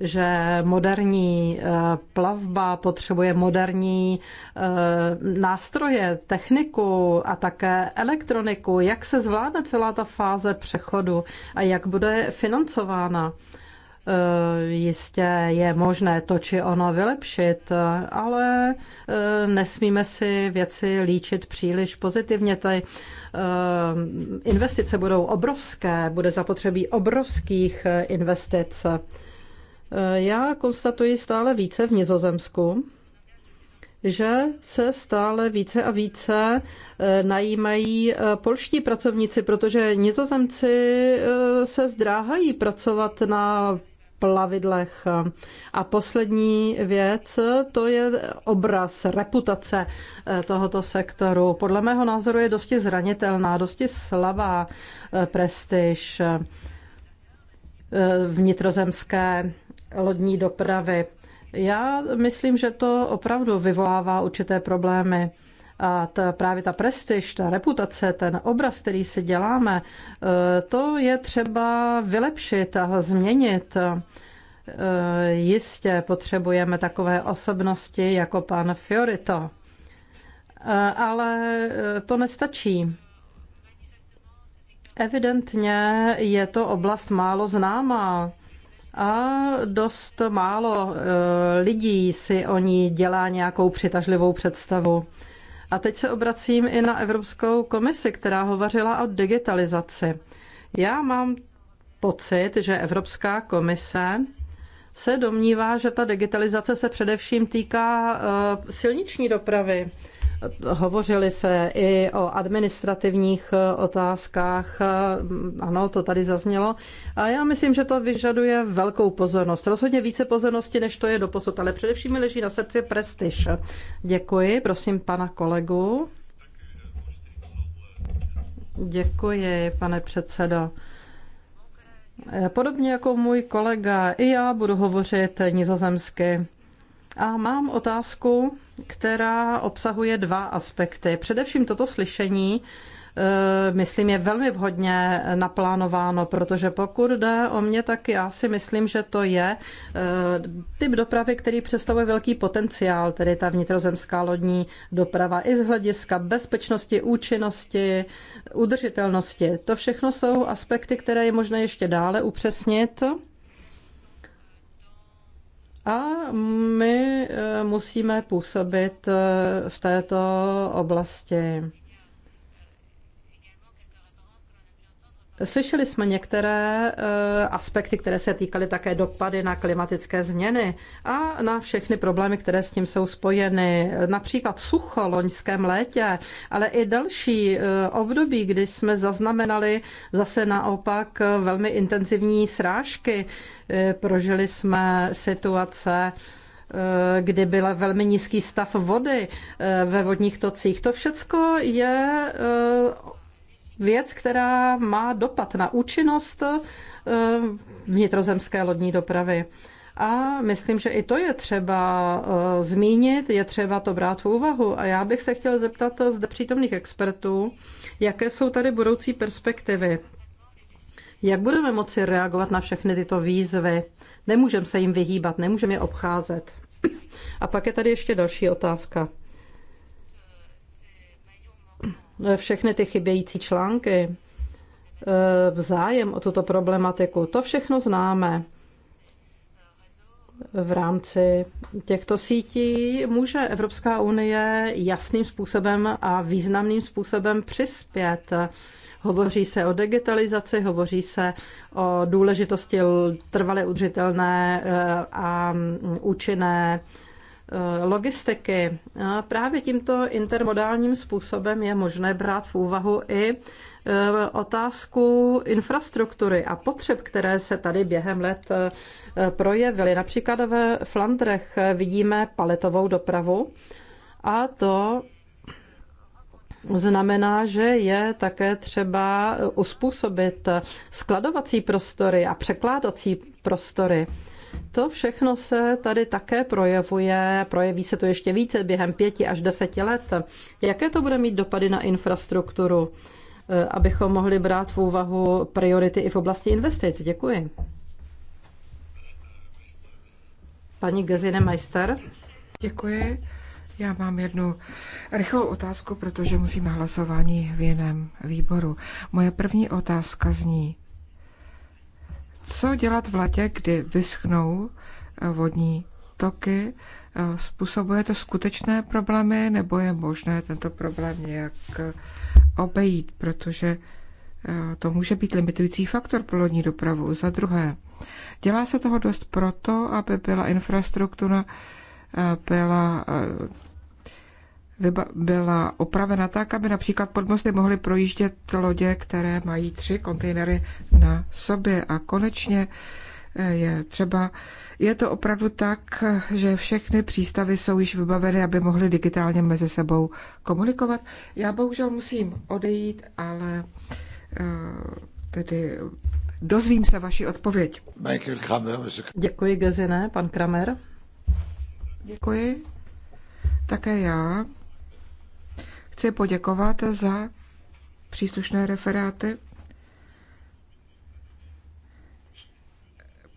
Speaker 1: že moderní eh, plavba potřebuje moderní eh, nástroje, techniku a také elektroniku. Jak se zvládne celá ta fáze přechodu a jak bude financována? Eh, jistě je možné to či ono vylepšit, ale nesmíme si věci líčit příliš pozitivně. Ty investice budou obrovské, bude zapotřebí obrovských investic. Já konstatuji stále více v Nizozemsku, že se stále více a více eh, najímají eh, polští pracovníci, protože nizozemci eh, se zdráhají pracovat na plavidlech. A poslední věc, to je obraz, reputace tohoto sektoru. Podle mého názoru je dosti zranitelná, dosti slabá prestiž vnitrozemské lodní dopravy. Já myslím, že to opravdu vyvolává určité problémy. A ta, právě ta prestiž, ta reputace, ten obraz, který si děláme, e, to je třeba vylepšit a změnit. E, jistě potřebujeme takové osobnosti jako pan Fiorito. E, ale to nestačí. Evidentně je to oblast málo známá a dost málo e, lidí si o ní dělá nějakou přitažlivou představu. A teď se obracím i na Evropskou komisi, která hovořila o digitalizaci. Já mám pocit, že Evropská komise se domnívá, že ta digitalizace se především týká e, silniční dopravy Hovořili se i o administrativních eh, otázkách, eh, ano, to tady zaznělo. A já myslím, že to vyžaduje velkou pozornost. Rozhodně více pozornosti, než to je doposud, ale především mi leží na srdci prestiž. Děkuji, prosím pana kolegu. Děkuji, pane předsedo. Podobně jako můj kolega, i já budu hovořit nizozemsky. A mám otázku, která obsahuje dva aspekty. Především toto slyšení, eh, myslím, je velmi vhodně naplánováno, protože pokud jde o mě, tak já si myslím, že to je eh, typ dopravy, který představuje velký potenciál, tedy ta vnitrozemská lodní doprava i z hlediska bezpečnosti, účinnosti, udržitelnosti. To všechno jsou aspekty, které je možné ještě dále upřesnit a my eh, musíme působit eh, v této oblasti. Slyšeli jsme některé eh, aspekty, které se týkaly také dopady na klimatické změny a na všechny problémy, které s tím jsou spojeny. Například sucho loňském létě, ale i další eh, období, kdy jsme zaznamenali zase naopak eh, velmi intenzivní srážky. Prožili jsme situace, kdy byl velmi nízký stav vody ve vodních tocích. To všecko je věc, která má dopad na účinnost eh, vnitrozemské lodní dopravy. A myslím, že i to je třeba eh, zmínit, je třeba to brát v úvahu. A já bych se chtěl zeptat zde přítomných expertů, jaké jsou tady budoucí perspektivy. Jak budeme moci reagovat na všechny tyto výzvy? Nemůžeme se jim vyhýbat, nemůžeme je obcházet. A pak je tady ještě další otázka všechny ty chybějící články, eh, vzájem o tuto problematiku, to všechno známe. V rámci těchto sítí může Evropská unie jasným způsobem a významným způsobem přispět Hovoří se o digitalizaci, hovoří se o důležitosti trvale udržitelné eh, a mm, účinné Eh, logistiky. A právě tímto intermodálním způsobem je možné brát v úvahu i eh, otázku infrastruktury a potřeb, které se tady během let eh, projevily. Například ve Flandrech vidíme paletovou dopravu a to znamená, že je také třeba uspůsobit skladovací prostory a překládací prostory. To všechno se tady také projevuje, projeví se to ještě více během pěti až deseti let. Jaké to bude mít dopady na infrastrukturu, eh, abychom mohli brát v úvahu priority i v oblasti investic? Děkuji. Paní Gesine
Speaker 3: Meister. Děkuji. Já mám jednu rychlou otázku, protože musíme hlasování v jiném výboru. Moje první otázka zní, co dělat v letě, kdy vyschnou eh, vodní toky? Eh, způsobuje to skutečné problémy nebo je možné tento problém nějak eh, obejít, protože to může být limitující faktor pro lodní dopravu. Za druhé, dělá se toho dost proto, aby byla infrastruktura byla byla opravena tak, aby například pod mosty mohly projíždět lodě, které mají tři kontejnery na sobě. A konečně eh, je třeba, je to opravdu tak, že všechny přístavy jsou již vybaveny, aby mohly digitálně mezi sebou komunikovat. Já bohužel musím odejít, ale eh, tedy dozvím se vaši odpověď. Děkuji, Gezine. Pan Kramer. Děkuji. Také já Chci poděkovat za příslušné referáty.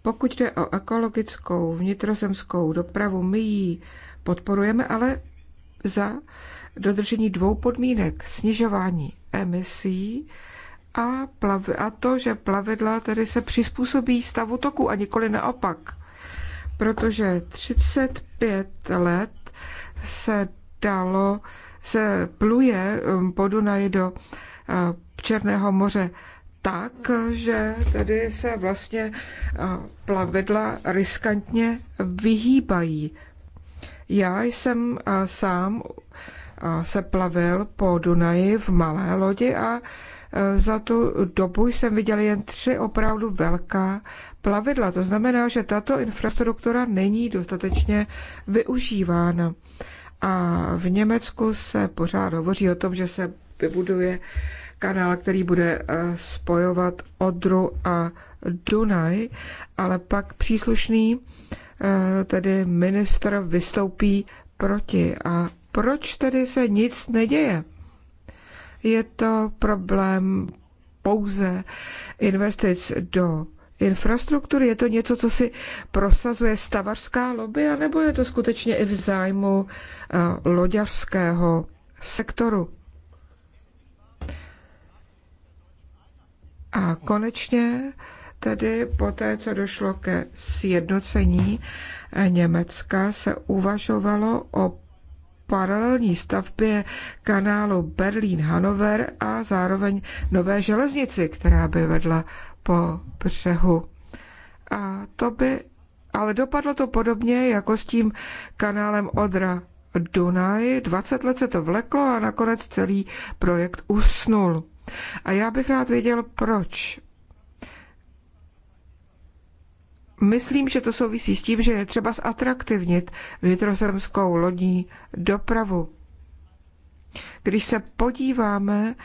Speaker 3: Pokud jde o ekologickou vnitrozemskou dopravu, my ji podporujeme, ale za dodržení dvou podmínek. Snižování emisí a, plav- a to, že plavidla tedy se přizpůsobí stavu toku a nikoli naopak. Protože 35 let se dalo se pluje um, po Dunaji do uh, Černého moře tak, že tedy se vlastně uh, plavidla riskantně vyhýbají. Já jsem uh, sám se plavil po Dunaji v malé lodi a za tu dobu jsem viděl jen tři opravdu velká plavidla. To znamená, že tato infrastruktura není dostatečně využívána. A v Německu se pořád hovoří o tom, že se vybuduje kanál, který bude eh, spojovat Odru a Dunaj, ale pak příslušný eh, tedy ministr vystoupí proti. A proč tedy se nic neděje? Je to problém pouze investic do infrastruktury? Je to něco, co si prosazuje stavařská lobby, anebo je to skutečně i v zájmu eh, loďařského sektoru? A konečně tedy po té, co došlo ke sjednocení eh, Německa, se uvažovalo o paralelní stavbě kanálu Berlín-Hanover a zároveň nové železnici, která by vedla po břehu. A to by, ale dopadlo to podobně jako s tím kanálem Odra Dunaj. 20 let se to vleklo a nakonec celý projekt usnul. A já bych rád věděl, proč. Myslím, že to souvisí s tím, že je třeba zatraktivnit vnitrozemskou lodní dopravu. Když se podíváme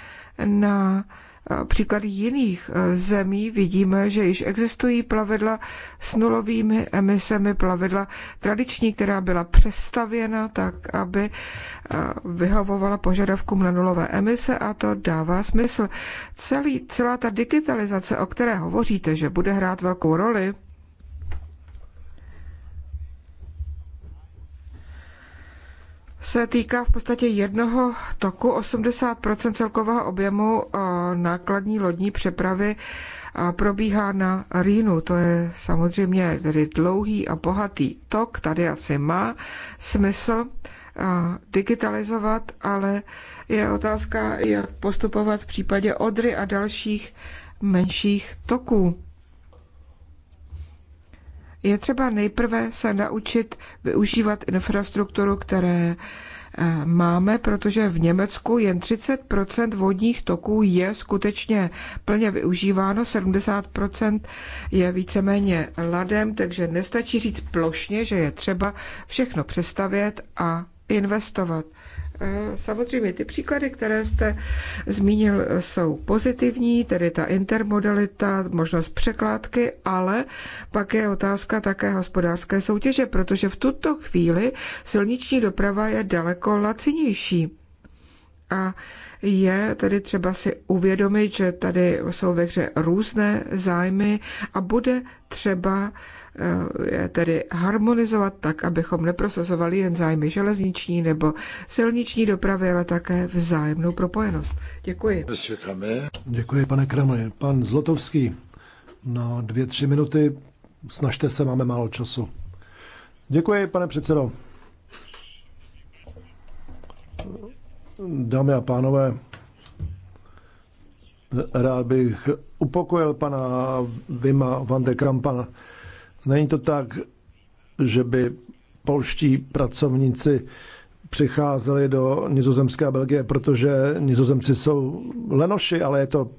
Speaker 3: na Eh, příklady jiných eh, zemí vidíme, že již existují plavidla s nulovými emisemi, plavidla tradiční, která byla přestavěna tak, aby eh, vyhovovala požadavkům na nulové emise a to dává smysl. Celý, celá ta digitalizace, o které hovoříte, že bude hrát velkou roli, se týká v podstatě jednoho toku. 80 celkového objemu eh, nákladní lodní přepravy probíhá na Rýnu. To je samozřejmě tedy dlouhý a bohatý tok. Tady asi má smysl eh, digitalizovat, ale je otázka, jak postupovat v případě Odry a dalších menších toků je třeba nejprve se naučit využívat infrastrukturu, které eh, máme, protože v Německu jen 30 vodních toků je skutečně plně využíváno, 70 je víceméně ladem, takže nestačí říct plošně, že je třeba všechno přestavět a investovat. Samozřejmě ty příklady, které jste zmínil, jsou pozitivní, tedy ta intermodalita, možnost překládky, ale pak je otázka také hospodářské soutěže, protože v tuto chvíli silniční doprava je daleko lacinější. A je tedy třeba si uvědomit, že tady jsou ve hře různé zájmy a bude třeba Eh, je tedy harmonizovat tak, abychom neprosazovali jen zájmy železniční nebo silniční dopravy, ale také vzájemnou propojenost.
Speaker 2: Děkuji. Děkuji, pane Kremli. Pan Zlotovský, na dvě, tři minuty. Snažte se, máme málo času. Děkuji, pane předsedo. Dámy a pánové, rád bych upokojil pana Vima van de Krampana. Není to tak, že by polští pracovníci přicházeli do Nizozemské a Belgie, protože Nizozemci jsou lenoši, ale je to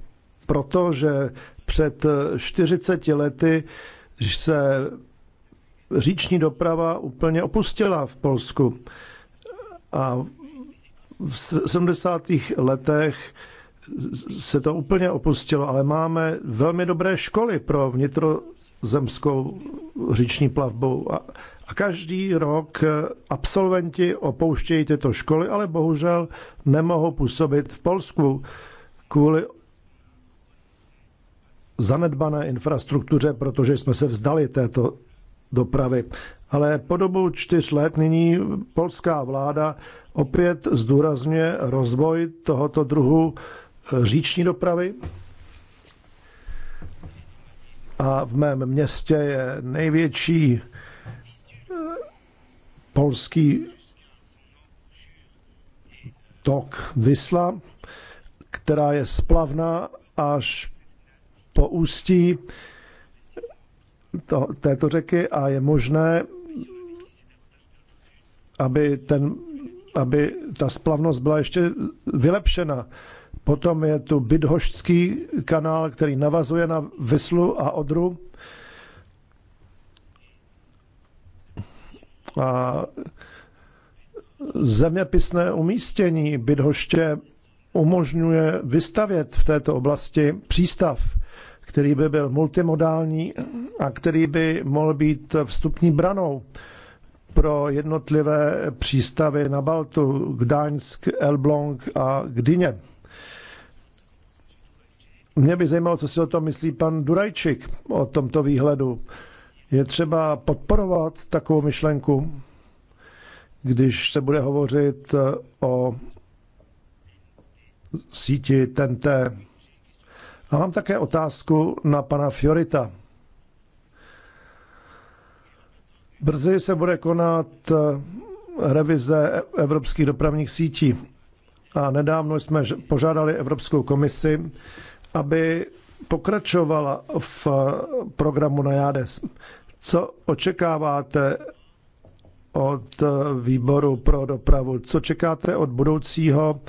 Speaker 2: proto, že před 40 lety se říční doprava úplně opustila v Polsku. A v 70. letech se to úplně opustilo, ale máme velmi dobré školy pro vnitro zemskou říční plavbou. A, a každý rok eh, absolventi opouštějí tyto školy, ale bohužel nemohou působit v Polsku kvůli zanedbané infrastruktuře, protože jsme se vzdali této dopravy. Ale po dobu čtyř let nyní polská vláda opět zdůrazňuje rozvoj tohoto druhu eh, říční dopravy a v mém městě je největší
Speaker 3: eh,
Speaker 2: polský tok Vysla, která je splavná až po ústí to, této řeky a je možné, aby, ten, aby ta splavnost byla ještě vylepšena. Potom je tu Bydhoštský kanál, který navazuje na Vyslu a Odru. A zeměpisné umístění Bydhoště umožňuje vystavět v této oblasti přístav, který by byl multimodální a který by mohl být vstupní branou pro jednotlivé přístavy na Baltu, Gdaňsk, Elblong a Gdyně. Mě by zajímalo, co si o tom myslí pan Durajčik o tomto výhledu. Je třeba podporovat takovou myšlenku, když se bude hovořit eh, o síti TNT. A mám také otázku na pana Fiorita. Brzy se bude konat eh, revize evropských dopravních sítí. A nedávno jsme požádali Evropskou komisi, aby pokračovala v programu na JADES. Co očekáváte od výboru pro dopravu? Co čekáte od budoucího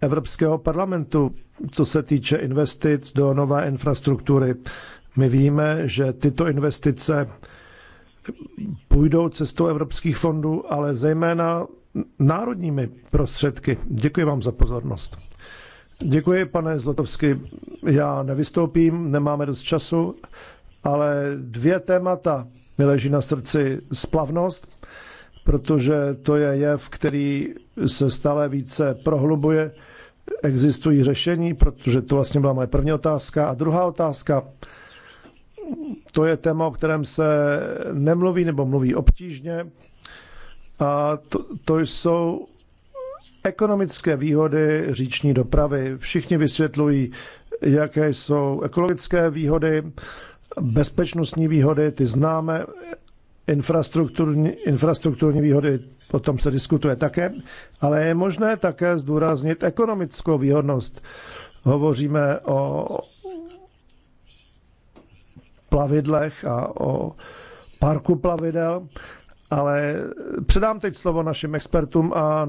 Speaker 2: Evropského parlamentu, co se týče investic do nové infrastruktury? My víme, že tyto investice půjdou cestou evropských fondů, ale zejména národními prostředky. Děkuji vám za pozornost. Děkuji, pane Zlotovsky. Já nevystoupím, nemáme dost času, ale dvě témata mi leží na srdci. Splavnost, protože to je jev, který se stále více prohlubuje. Existují řešení, protože to vlastně byla moje první otázka. A druhá otázka, to je téma, o kterém se nemluví nebo mluví obtížně. A to, to jsou ekonomické výhody říční dopravy. Všichni vysvětlují, jaké jsou ekologické výhody, bezpečnostní výhody, ty známe, infrastrukturní, infrastrukturní výhody, o tom se diskutuje také, ale je možné také zdůraznit ekonomickou výhodnost. Hovoříme o plavidlech a o parku plavidel ale předám teď slovo našim expertům a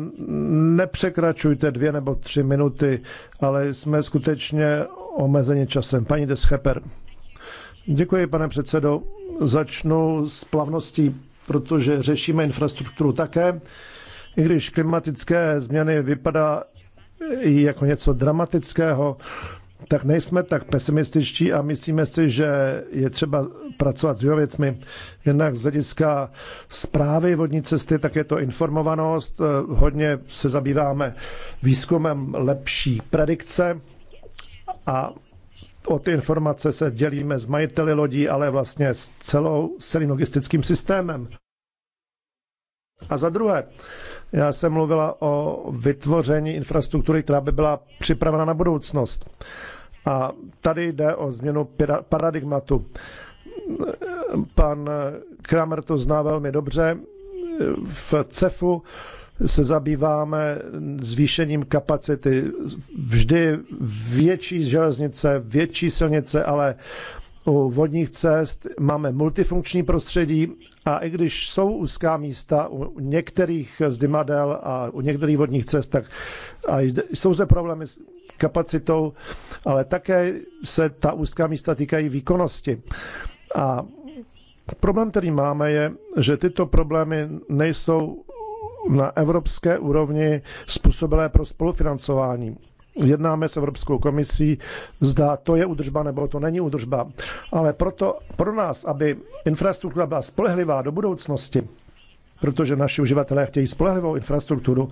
Speaker 2: nepřekračujte dvě nebo tři minuty, ale jsme skutečně omezeni časem. Paní descheper, Děkuji, pane předsedo. Začnu s plavností, protože řešíme infrastrukturu také. I když klimatické změny vypadá jako něco dramatického, tak nejsme tak pesimističtí a myslíme si, že je třeba pracovat s dvěma věcmi. Jednak z hlediska zprávy vodní cesty, tak je to informovanost. Eh, hodně se zabýváme výzkumem lepší predikce a o ty informace se dělíme s majiteli lodí, ale vlastně s, celou, s celým logistickým systémem. A za druhé, já jsem mluvila o vytvoření infrastruktury, která by byla připravena na budoucnost. A tady jde o změnu paradigmatu. Pan Kramer to zná velmi dobře. V CEFu se zabýváme zvýšením kapacity. Vždy větší železnice, větší silnice, ale u vodních cest máme multifunkční prostředí a i když jsou úzká místa u některých zdymadel a u některých vodních cest, tak a jsou zde problémy s kapacitou, ale také se ta úzká místa týkají výkonnosti. A problém, který máme, je, že tyto problémy nejsou na evropské úrovni způsobilé pro spolufinancování jednáme s Evropskou komisí, zda to je udržba nebo to není udržba. Ale proto pro nás, aby infrastruktura byla spolehlivá do budoucnosti, protože naši uživatelé chtějí spolehlivou infrastrukturu,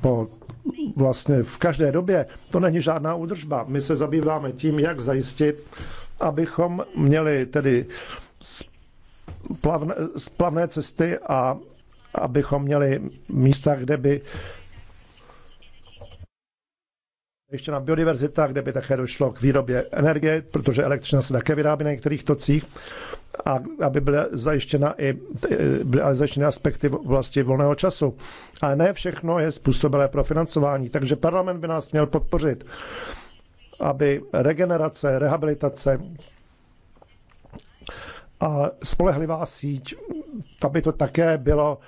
Speaker 2: po vlastně v každé době, to není žádná údržba. My se zabýváme tím, jak zajistit, abychom měli tedy splavné, splavné cesty a abychom měli místa, kde by ještě na biodiverzita, kde by také došlo k výrobě energie, protože elektřina se také vyrábí na některých tocích a aby byly zajištěna i byly zajištěny aspekty oblasti volného času. Ale ne všechno je způsobilé pro financování, takže parlament by nás měl podpořit, aby regenerace, rehabilitace a spolehlivá síť, aby to také bylo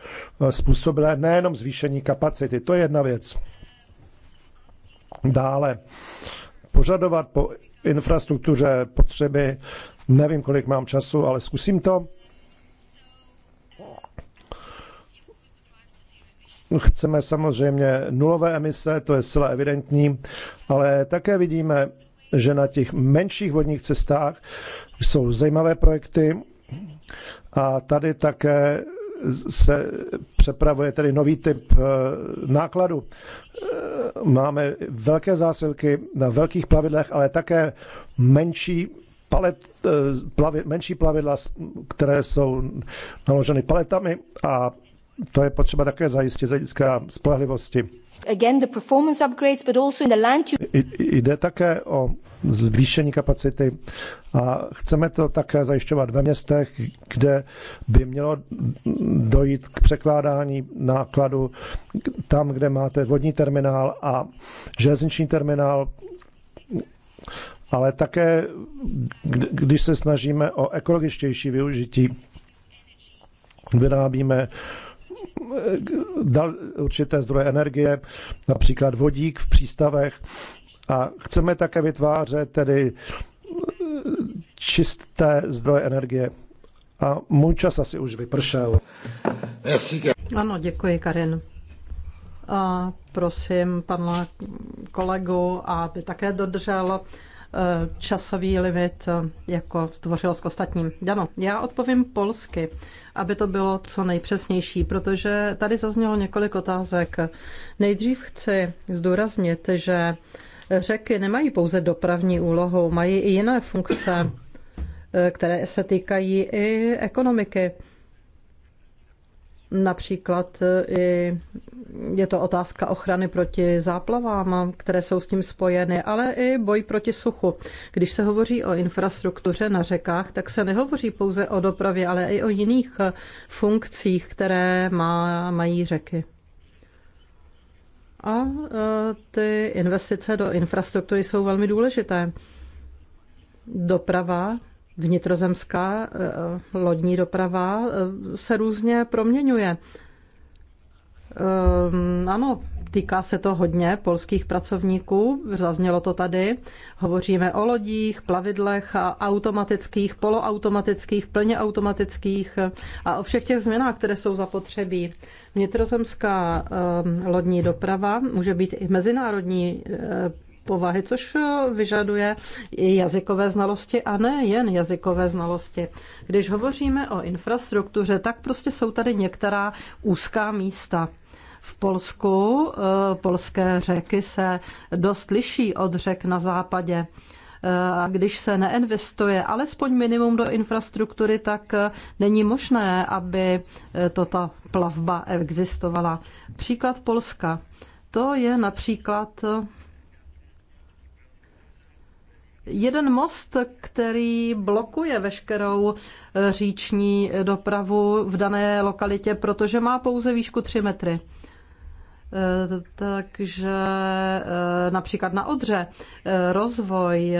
Speaker 2: způsobilé nejenom zvýšení kapacity. To je jedna věc. Dále požadovat po infrastruktuře potřeby, nevím, kolik mám času, ale zkusím to. Chceme samozřejmě nulové emise, to je zcela evidentní, ale také vidíme, že na těch menších vodních cestách jsou zajímavé projekty a tady také se přepravuje tedy nový typ eh, nákladu. Eh, máme velké zásilky na velkých plavidlech, ale také menší palet, eh, plavi, menší plavidla, které jsou naloženy paletami a to je potřeba také zajistit z hlediska spolehlivosti. Jde také o zvýšení kapacity a chceme to také zajišťovat ve městech, kde by mělo dojít k překládání nákladu tam, kde máte vodní terminál a železniční terminál, ale také, když se snažíme o ekologičtější využití, vyrábíme dal určité zdroje energie, například vodík v přístavech. A chceme také vytvářet tedy eh, čisté zdroje energie. A můj čas asi už vypršel.
Speaker 1: Ano, děkuji, Karin. A prosím pana kolegu, aby také dodržel časový limit eh, jako stvořilo s ostatním. Dano, já odpovím polsky, aby to bylo co nejpřesnější, protože tady zaznělo několik otázek. Nejdřív chci zdůraznit, že řeky nemají pouze dopravní úlohu, mají i jiné funkce, eh, které se týkají i ekonomiky. Například e, i je to otázka ochrany proti záplavám, které jsou s tím spojeny, ale i boj proti suchu. Když se hovoří o infrastruktuře na řekách, tak se nehovoří pouze o dopravě, ale i o jiných e, funkcích, které má, mají řeky. A e, ty investice do infrastruktury jsou velmi důležité. Doprava vnitrozemská eh, lodní doprava eh, se různě proměňuje. Ehm, ano, týká se to hodně polských pracovníků, zaznělo to tady. Hovoříme o lodích, plavidlech a automatických, poloautomatických, plně automatických eh, a o všech těch změnách, které jsou zapotřebí. Vnitrozemská ehm, lodní doprava může být i mezinárodní povahy, což vyžaduje i jazykové znalosti a ne jen jazykové znalosti. Když hovoříme o infrastruktuře, tak prostě jsou tady některá úzká místa. V Polsku eh, polské řeky se dost liší od řek na západě. Eh, a když se neinvestuje alespoň minimum do infrastruktury, tak eh, není možné, aby ta plavba existovala. Příklad Polska. To je například jeden most, který blokuje veškerou eh, říční dopravu v dané lokalitě, protože má pouze výšku 3 metry. Eh, takže eh, například na Odře rozvoj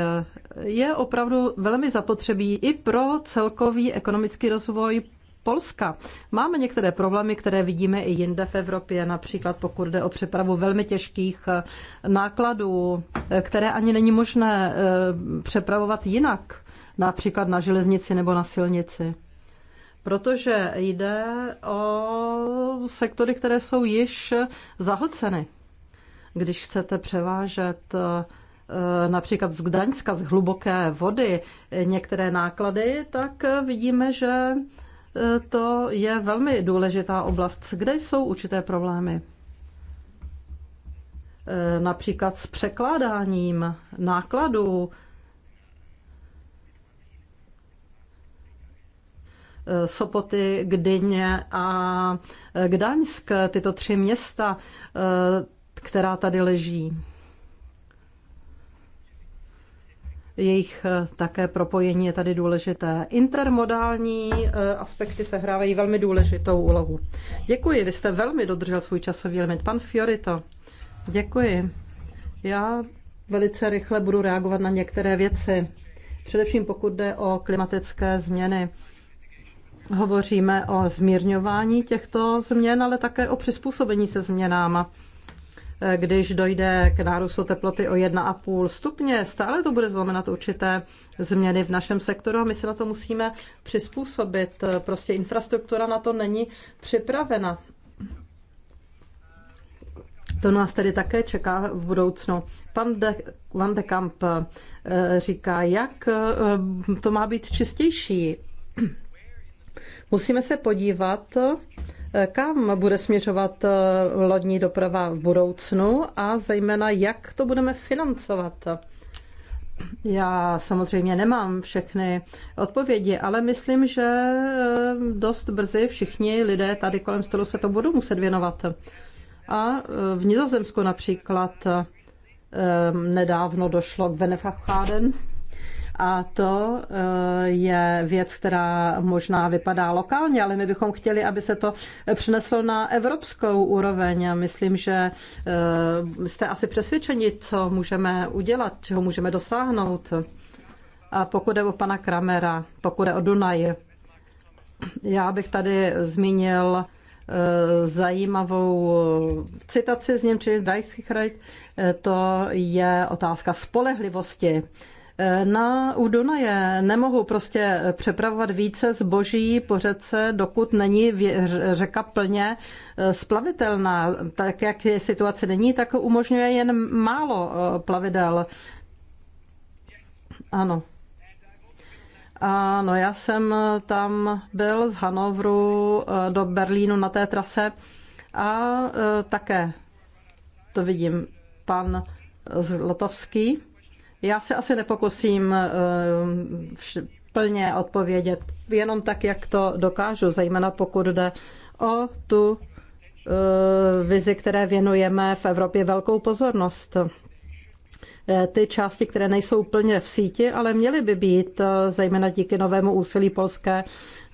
Speaker 1: je opravdu velmi zapotřebí i pro celkový ekonomický rozvoj Polska. Máme některé problémy, které vidíme i jinde v Evropě, například pokud jde o přepravu velmi těžkých eh, nákladů, eh, které ani není možné eh, přepravovat jinak, například na železnici nebo na silnici. Protože jde o sektory, které jsou již zahlceny. Když chcete převážet například z Gdaňska, z hluboké vody některé náklady, tak vidíme, že to je velmi důležitá oblast, kde jsou určité problémy. E, například s překládáním nákladů e, Sopoty, Gdyně a e, Gdaňsk, tyto tři města, která tady leží. Jejich eh, také propojení je tady důležité. Intermodální eh, aspekty sehrávají velmi důležitou úlohu. Děkuji, vy jste velmi dodržel svůj časový limit. Pan Fiorito, děkuji. Já velice rychle budu reagovat na některé věci. Především pokud jde o klimatické změny. Hovoříme o zmírňování těchto změn, ale také o přizpůsobení se změnám když dojde k nárůstu teploty o 1,5 stupně, stále to bude znamenat určité změny v našem sektoru a my se na to musíme přizpůsobit. Prostě infrastruktura na to není připravena. To nás tedy také čeká v budoucnu. Pan de, Van de Kamp eh, říká, jak eh, to má být čistější. Musíme se podívat, kam bude směřovat eh, lodní doprava v budoucnu a zejména jak to budeme financovat. Já samozřejmě nemám všechny odpovědi, ale myslím, že eh, dost brzy všichni lidé tady kolem stolu se to budou muset věnovat. A eh, v Nizozemsku například nedávno došlo k Benefachkáden, a to eh, je věc, která možná vypadá lokálně, ale my bychom chtěli, aby se to přineslo na evropskou úroveň. Myslím, že eh, jste asi přesvědčeni, co můžeme udělat, čeho můžeme dosáhnout. A pokud je o pana Kramera, pokud je o Dunaj, já bych tady zmínil eh, zajímavou citaci z Němčiny Dajsichreid, to je otázka spolehlivosti na, u Dunaje nemohu prostě přepravovat více zboží po řece, dokud není řeka plně eh, splavitelná. Tak jak je situace není, tak umožňuje jen málo eh, plavidel. Ano. Ano, já jsem eh, tam byl z Hanovru do Berlínu na té trase a také to vidím pan Zlotovský. Já se asi nepokusím eh, plně odpovědět, jenom tak, jak to dokážu, zejména pokud jde o tu eh, vizi, které věnujeme v Evropě velkou pozornost. Eh, ty části, které nejsou plně v síti, ale měly by být, zejména díky novému úsilí polské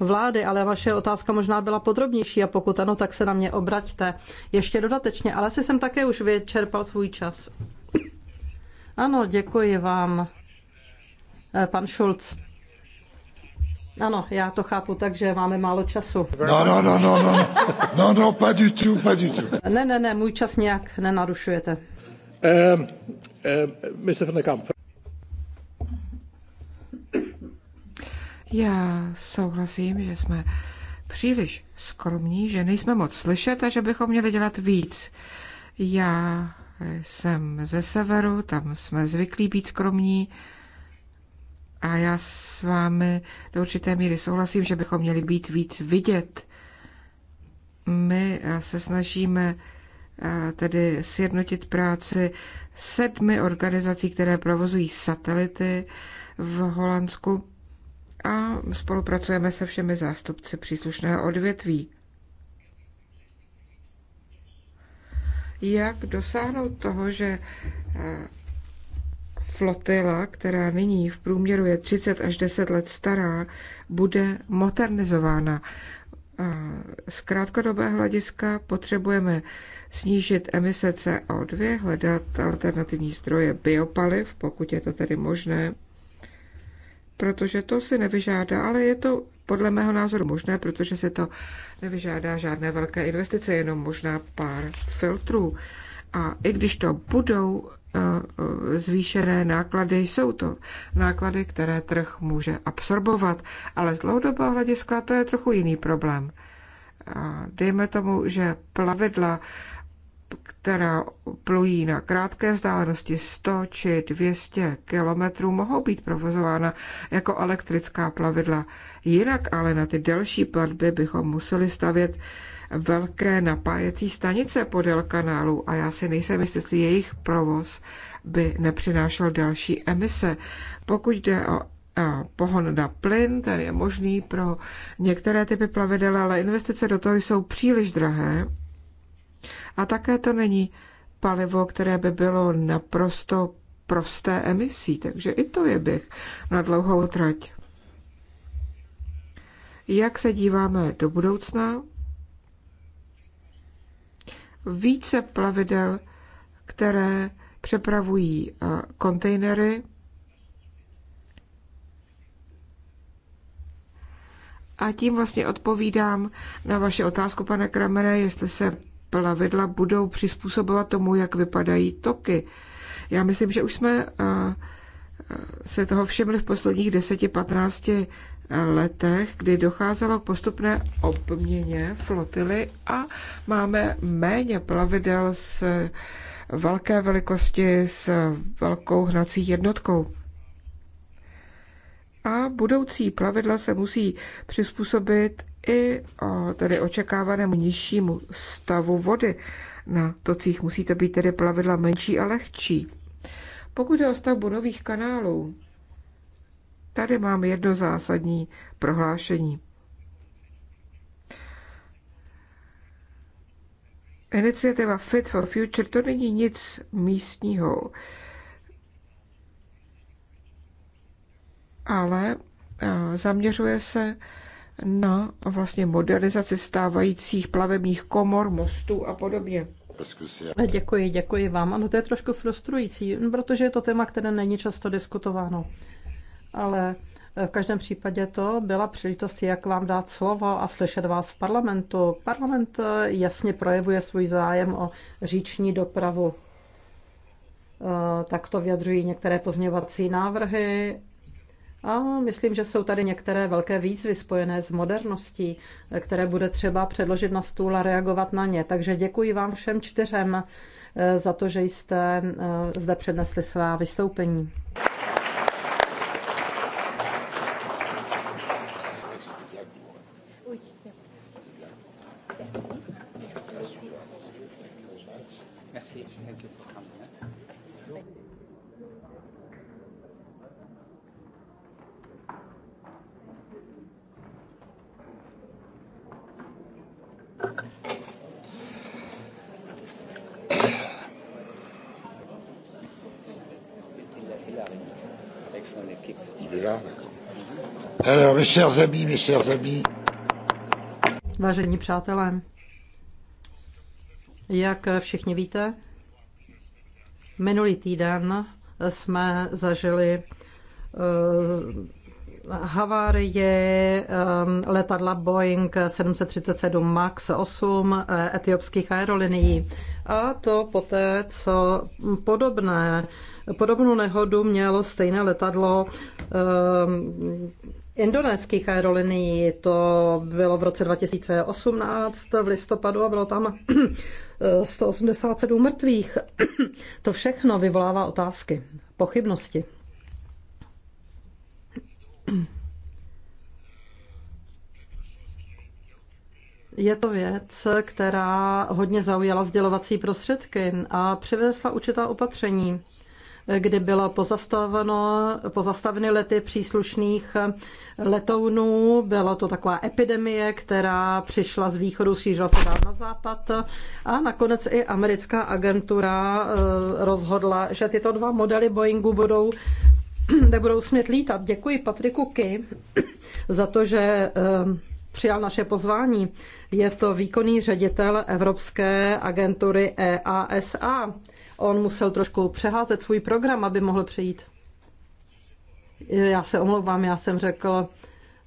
Speaker 1: vlády, ale vaše otázka možná byla podrobnější a pokud ano, tak se na mě obraťte ještě dodatečně, ale si jsem také už vyčerpal svůj čas. Ano, děkuji vám, eh, pan Schulz. Ano, já to chápu takže máme málo času. No, no, no, no, no, no, no, no, pas du tout, pas du tout. Ne, ne, ne, můj čas nějak nenarušujete. Um, um,
Speaker 2: Mr. Kamp.
Speaker 3: Já souhlasím, že jsme příliš skromní, že nejsme moc slyšet a že bychom měli dělat víc. Já jsem ze severu, tam jsme zvyklí být skromní a já s vámi do určité míry souhlasím, že bychom měli být víc vidět. My eh, se snažíme eh, tedy sjednotit práci sedmi organizací, které provozují satelity v Holandsku a spolupracujeme se všemi zástupci příslušného odvětví. jak dosáhnout toho, že eh, flotila, která nyní v průměru je 30 až 10 let stará, bude modernizována. Eh, z krátkodobého hlediska potřebujeme snížit emise CO2, hledat alternativní zdroje biopaliv, pokud je to tedy možné, protože to si nevyžádá, ale je to podle mého názoru možné, protože se to nevyžádá žádné velké investice, jenom možná pár filtrů. A i když to budou eh, eh, zvýšené náklady, jsou to náklady, které trh může absorbovat, ale z dlouhodobého hlediska to je trochu jiný problém. A dejme tomu, že plavidla která plují na krátké vzdálenosti 100 či 200 kilometrů, mohou být provozována jako elektrická plavidla. Jinak ale na ty delší platby bychom museli stavět velké napájecí stanice podél kanálu a já si nejsem jistý, jestli jejich provoz by nepřinášel další emise. Pokud jde o pohon na plyn, ten je možný pro některé typy plavidel, ale investice do toho jsou příliš drahé a také to není palivo, které by bylo naprosto prosté emisí, takže i to je běh na dlouhou trať. Jak se díváme do budoucna? Více plavidel, které přepravují kontejnery, A tím vlastně odpovídám na vaše otázku, pane Kramere, jestli se plavidla budou přizpůsobovat tomu, jak vypadají toky. Já myslím, že už jsme eh, eh, se toho všimli v posledních 10-15 eh, letech, kdy docházelo k postupné obměně flotily a máme méně plavidel s velké velikosti, s velkou hnací jednotkou. A budoucí plavidla se musí přizpůsobit i o tedy očekávanému nižšímu stavu vody na tocích. Musí to být tedy plavidla menší a lehčí. Pokud je o stavbu nových kanálů, tady mám jedno zásadní prohlášení. Iniciativa Fit for Future to není nic místního, ale zaměřuje se na vlastně modernizaci stávajících plavebních komor, mostů a podobně.
Speaker 1: Děkuji, děkuji vám. Ano, to je trošku frustrující, protože je to téma, které není často diskutováno. Ale eh, v každém případě to byla příležitost, jak vám dát slovo a slyšet vás v parlamentu. Parlament eh, jasně projevuje svůj zájem o říční dopravu. Eh, tak to vyjadřují některé pozměvací návrhy a myslím, že jsou tady některé velké výzvy spojené s moderností, které bude třeba předložit na stůl a reagovat na ně. Takže děkuji vám všem čtyřem eh, za to, že jste eh, zde přednesli svá vystoupení.
Speaker 2: mes chers amis, mes chers amis.
Speaker 1: Vážení přátelé, jak všichni víte, minulý týden jsme zažili eh, havárie eh, letadla Boeing 737 MAX 8 eh, etiopských aerolinií. A to poté, co podobné, podobnou nehodu mělo stejné letadlo indonéských aerolinií. To bylo v roce 2018 v listopadu a bylo tam 187 mrtvých. To všechno vyvolává otázky, pochybnosti. Je to věc, která hodně zaujala sdělovací prostředky a přivezla určitá opatření kdy bylo pozastaveno, pozastaveny lety příslušných letounů. Byla to taková epidemie, která přišla z východu, šířila se dál na západ a nakonec i americká agentura eh, rozhodla, že tyto dva modely Boeingu budou nebudou smět lítat. Děkuji Patriku Ky za to, že eh, přijal naše pozvání. Je to výkonný ředitel Evropské agentury EASA. On musel trošku přeházet svůj program, aby mohl přejít. Já se omlouvám, já jsem řekl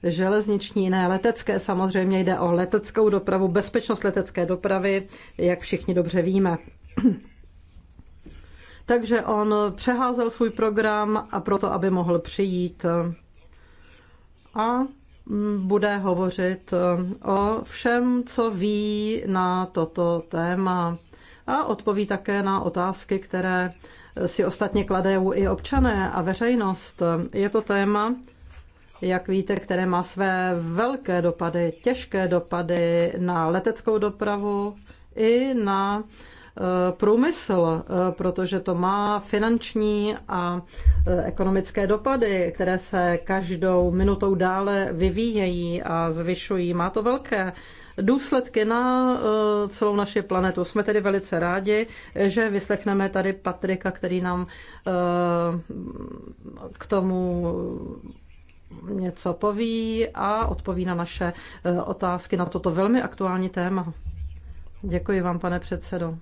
Speaker 1: železniční, ne letecké, samozřejmě jde o leteckou dopravu, bezpečnost letecké dopravy, jak všichni dobře víme. Takže on přeházel svůj program a proto, aby mohl přijít a bude hovořit o všem, co ví na toto téma a odpoví také na otázky, které si ostatně kladou i občané a veřejnost. Je to téma, jak víte, které má své velké dopady, těžké dopady na leteckou dopravu i na eh, průmysl, eh, protože to má finanční a eh, ekonomické dopady, které se každou minutou dále vyvíjejí a zvyšují. Má to velké důsledky na eh, celou naši planetu. Jsme tedy velice rádi, že vyslechneme tady Patrika, který nám eh, k tomu něco poví a odpoví na naše eh, otázky na toto velmi aktuální téma. Děkuji vám, pane předsedo.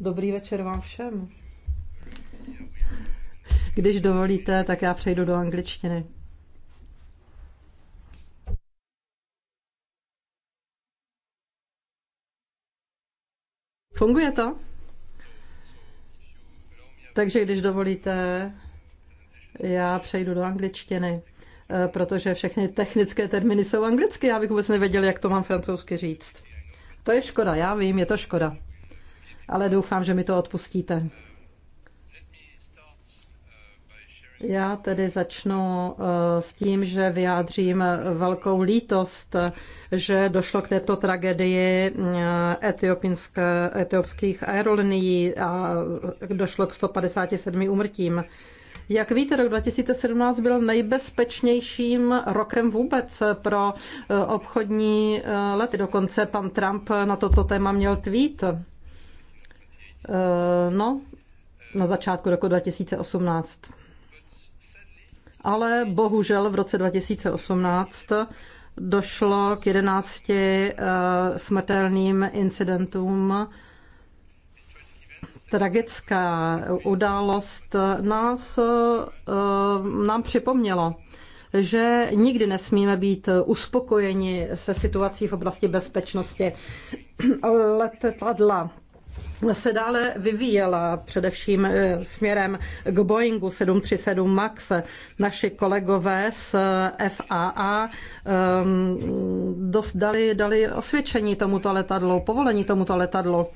Speaker 1: Dobrý večer vám všem. Když dovolíte, tak já přejdu do angličtiny. Funguje to? Takže když dovolíte, já přejdu do angličtiny, eh, protože všechny technické termíny jsou anglicky. Já bych vůbec nevěděl, jak to mám francouzsky říct. To je škoda, já vím, je to škoda. Ale doufám, že mi to odpustíte. Já tedy začnu eh, s tím, že vyjádřím velkou lítost, že došlo k této tragédii eh, etiopských aerolinií a došlo k 157 umrtím. Jak víte, rok 2017 byl nejbezpečnějším rokem vůbec pro eh, obchodní lety. Dokonce pan Trump na toto téma měl tweet. No, na začátku roku 2018 ale bohužel v roce 2018 došlo k 11 eh, smrtelným incidentům. Tragická událost nás, eh, nám připomnělo, že nikdy nesmíme být uspokojeni se situací v oblasti bezpečnosti. Letadla se dále vyvíjela především eh, směrem k Boeingu 737 MAX. Naši kolegové z eh, FAA ehm, dali, dali osvědčení tomuto letadlu, povolení tomuto letadlu.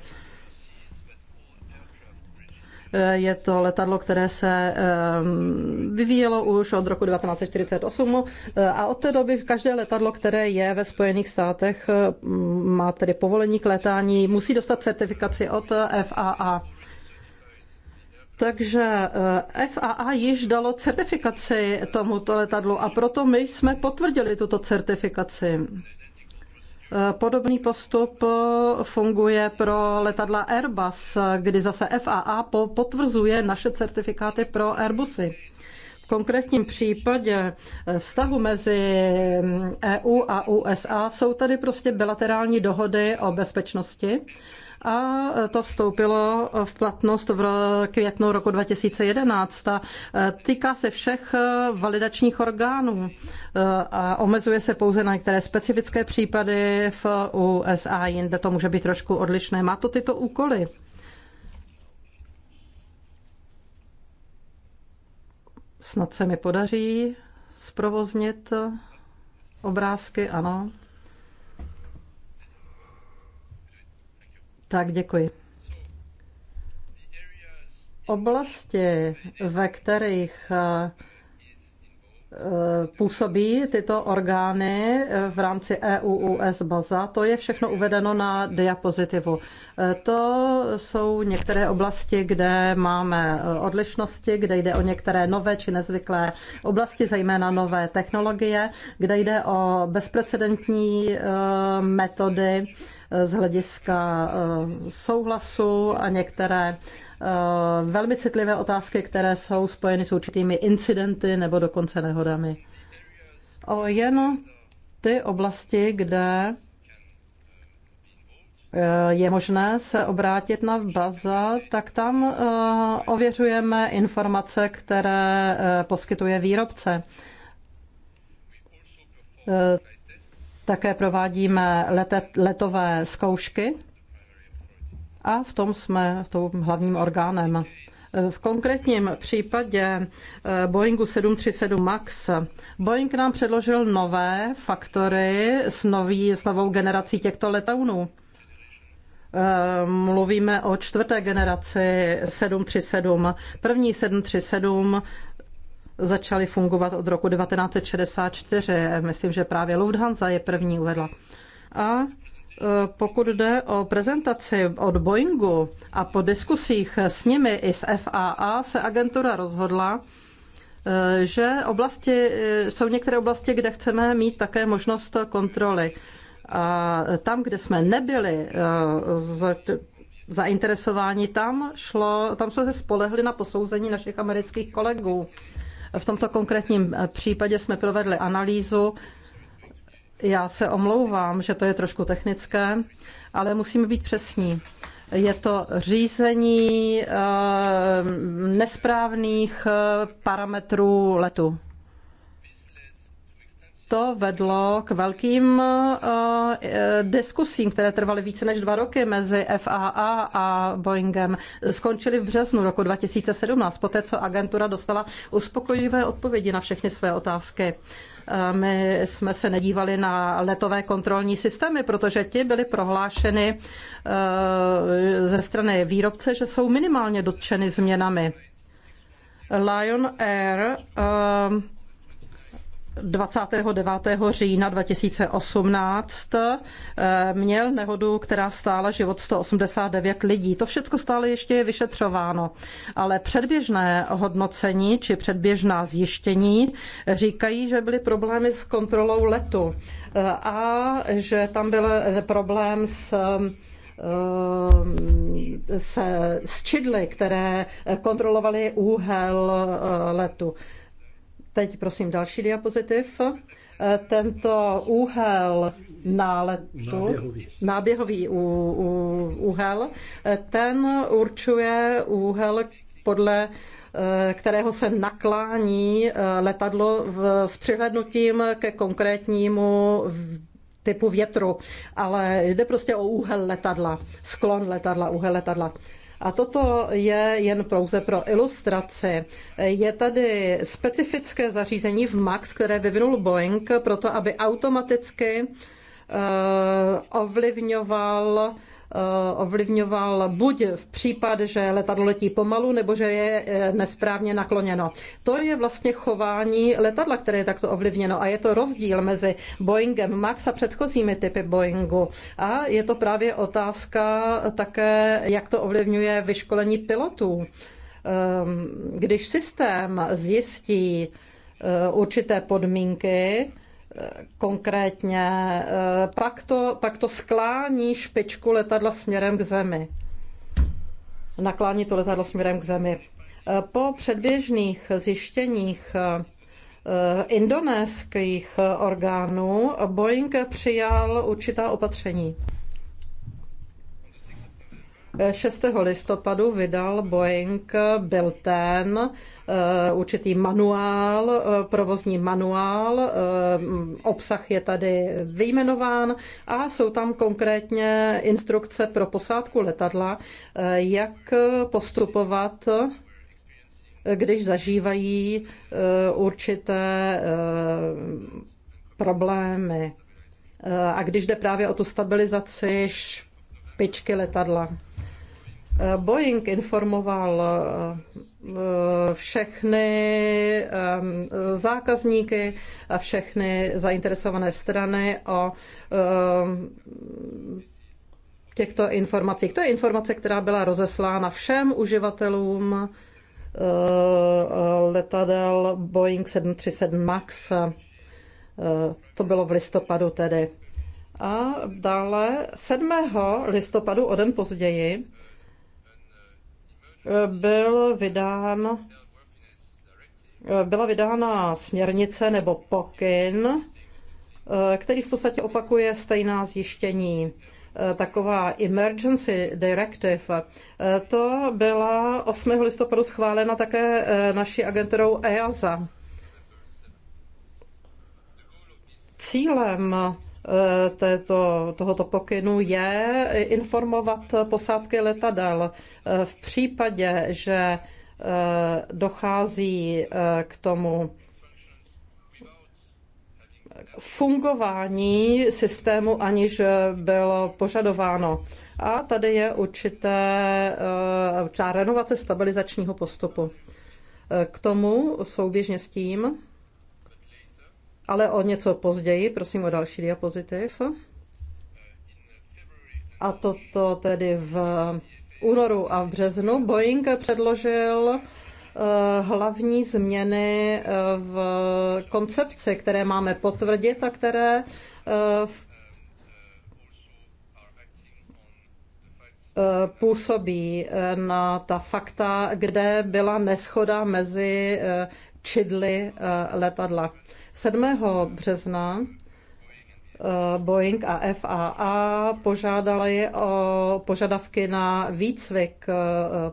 Speaker 1: Eh, je to letadlo, které se ehm, vyvíjelo už od roku 1948 eh, a od té doby každé letadlo, které je ve Spojených státech, eh, má tedy povolení k letání, musí dostat certifikaci od FAA. Takže FAA již dalo certifikaci tomuto letadlu a proto my jsme potvrdili tuto certifikaci. Podobný postup funguje pro letadla Airbus, kdy zase FAA potvrzuje naše certifikáty pro Airbusy. V konkrétním případě eh, vztahu mezi mm, EU a USA jsou tady prostě bilaterální dohody o bezpečnosti a to vstoupilo v platnost v květnu roku 2011. E, týká se všech e, validačních orgánů e, a omezuje se pouze na některé specifické případy v USA, jinde to může být trošku odlišné. Má to tyto úkoly? Snad se mi podaří zprovoznit obrázky, ano. Tak, děkuji. Oblasti, ve kterých eh, působí tyto orgány eh, v rámci EU-US Baza. To je všechno uvedeno na diapozitivu. Eh, to jsou některé oblasti, kde máme odlišnosti, kde jde o některé nové či nezvyklé oblasti, zejména nové technologie, kde jde o bezprecedentní metody z hlediska eh, souhlasu a některé eh, velmi citlivé otázky, které jsou spojeny s určitými incidenty nebo dokonce nehodami. O jen ty oblasti, kde eh, je možné se obrátit na baza, tak tam ověřujeme informace, které poskytuje výrobce. Také provádíme eh, lete, letové zkoušky a v tom jsme v tom hlavním orgánem. Eh, v konkrétním případě eh, Boeingu 737 MAX Boeing nám předložil nové faktory s, nový, s novou generací těchto letounů. Mluvíme o čtvrté generaci 737. První 737 začaly fungovat od roku 1964. Myslím, že právě Lufthansa je první uvedla. A e, pokud jde o prezentaci od Boeingu a po diskusích s nimi i s FAA se agentura rozhodla, e, že oblasti, e, jsou některé oblasti, kde chceme mít také možnost kontroly. A tam, kde jsme nebyli zainteresováni, tam, šlo, tam jsme se spolehli na posouzení našich amerických kolegů. V tomto konkrétním eh, případě jsme provedli analýzu. Já se omlouvám, že to je trošku technické, ale musíme být přesní. Je to řízení eh, nesprávných eh, parametrů letu to vedlo k velkým eh, eh, diskusím, které trvaly více než dva roky mezi FAA a Boeingem. Skončily v březnu roku 2017, poté co agentura dostala uspokojivé odpovědi na všechny své otázky. Eh, my jsme se nedívali na letové kontrolní systémy, protože ti byly prohlášeny ze strany výrobce, že jsou minimálně dotčeny změnami. Lion Air 29. října 2018 eh, měl nehodu, která stála život 189 lidí. To všechno stále ještě je vyšetřováno, ale předběžné hodnocení či předběžná zjištění říkají, že byly problémy s kontrolou letu eh, a že tam byl problém s eh, se, s čidly, které kontrolovaly úhel letu. Teď prosím další diapozitiv. E, tento úhel náletu, náběhový, náběhový úhel, e, ten určuje úhel podle e, kterého se naklání letadlo v, s přihlednutím ke konkrétnímu typu větru, ale jde prostě o úhel letadla, sklon letadla, úhel letadla. A toto je jen pouze pro ilustraci. Je tady specifické zařízení v MAX, které vyvinul Boeing proto, aby automaticky eh, ovlivňoval Eh, ovlivňoval buď v případ, že letadlo letí pomalu, nebo že je eh, nesprávně nakloněno. To je vlastně chování letadla, které je takto ovlivněno a je to rozdíl mezi Boeingem MAX a předchozími typy Boeingu. A je to právě otázka také, jak to ovlivňuje vyškolení pilotů. Ehm, když systém zjistí eh, určité podmínky, konkrétně, eh, pak to, pak to sklání špičku letadla směrem k zemi. Naklání to letadlo směrem k zemi. Eh, po předběžných zjištěních eh, indonéských orgánů Boeing přijal určitá opatření. 6. listopadu vydal Boeing Bilten eh, určitý manuál, eh, provozní manuál, eh, obsah je tady vyjmenován a jsou tam konkrétně instrukce pro posádku letadla, jak postupovat když zažívají určité problémy. A když jde právě o tu stabilizaci špičky letadla. Eh, Boeing informoval eh, eh, všechny zákazníky a všechny zainteresované strany o těchto informacích. To je informace, která byla rozeslána všem uživatelům letadel Boeing 737 MAX. To bylo v listopadu tedy. A dále 7. listopadu, o den později, byl vydán, byla vydána směrnice nebo pokyn, který v podstatě opakuje stejná zjištění taková emergency directive. To byla 8. listopadu schválena také eh, naší agenturou EASA. Cílem Eh, této, tohoto pokynu je informovat posádky letadel. Eh, v případě, že eh, dochází k tomu fungování systému, aniž bylo požadováno. A tady je určité, renovace stabilizačního postupu. K tomu souběžně s tím ale o něco později, prosím o další diapozitiv. A toto tedy v únoru a v březnu Boeing předložil eh, hlavní změny eh, v koncepci, které máme potvrdit a které eh, působí na ta fakta, kde byla neschoda mezi čidly letadla. 7. března eh, Boeing a FAA požádali o požadavky na výcvik eh,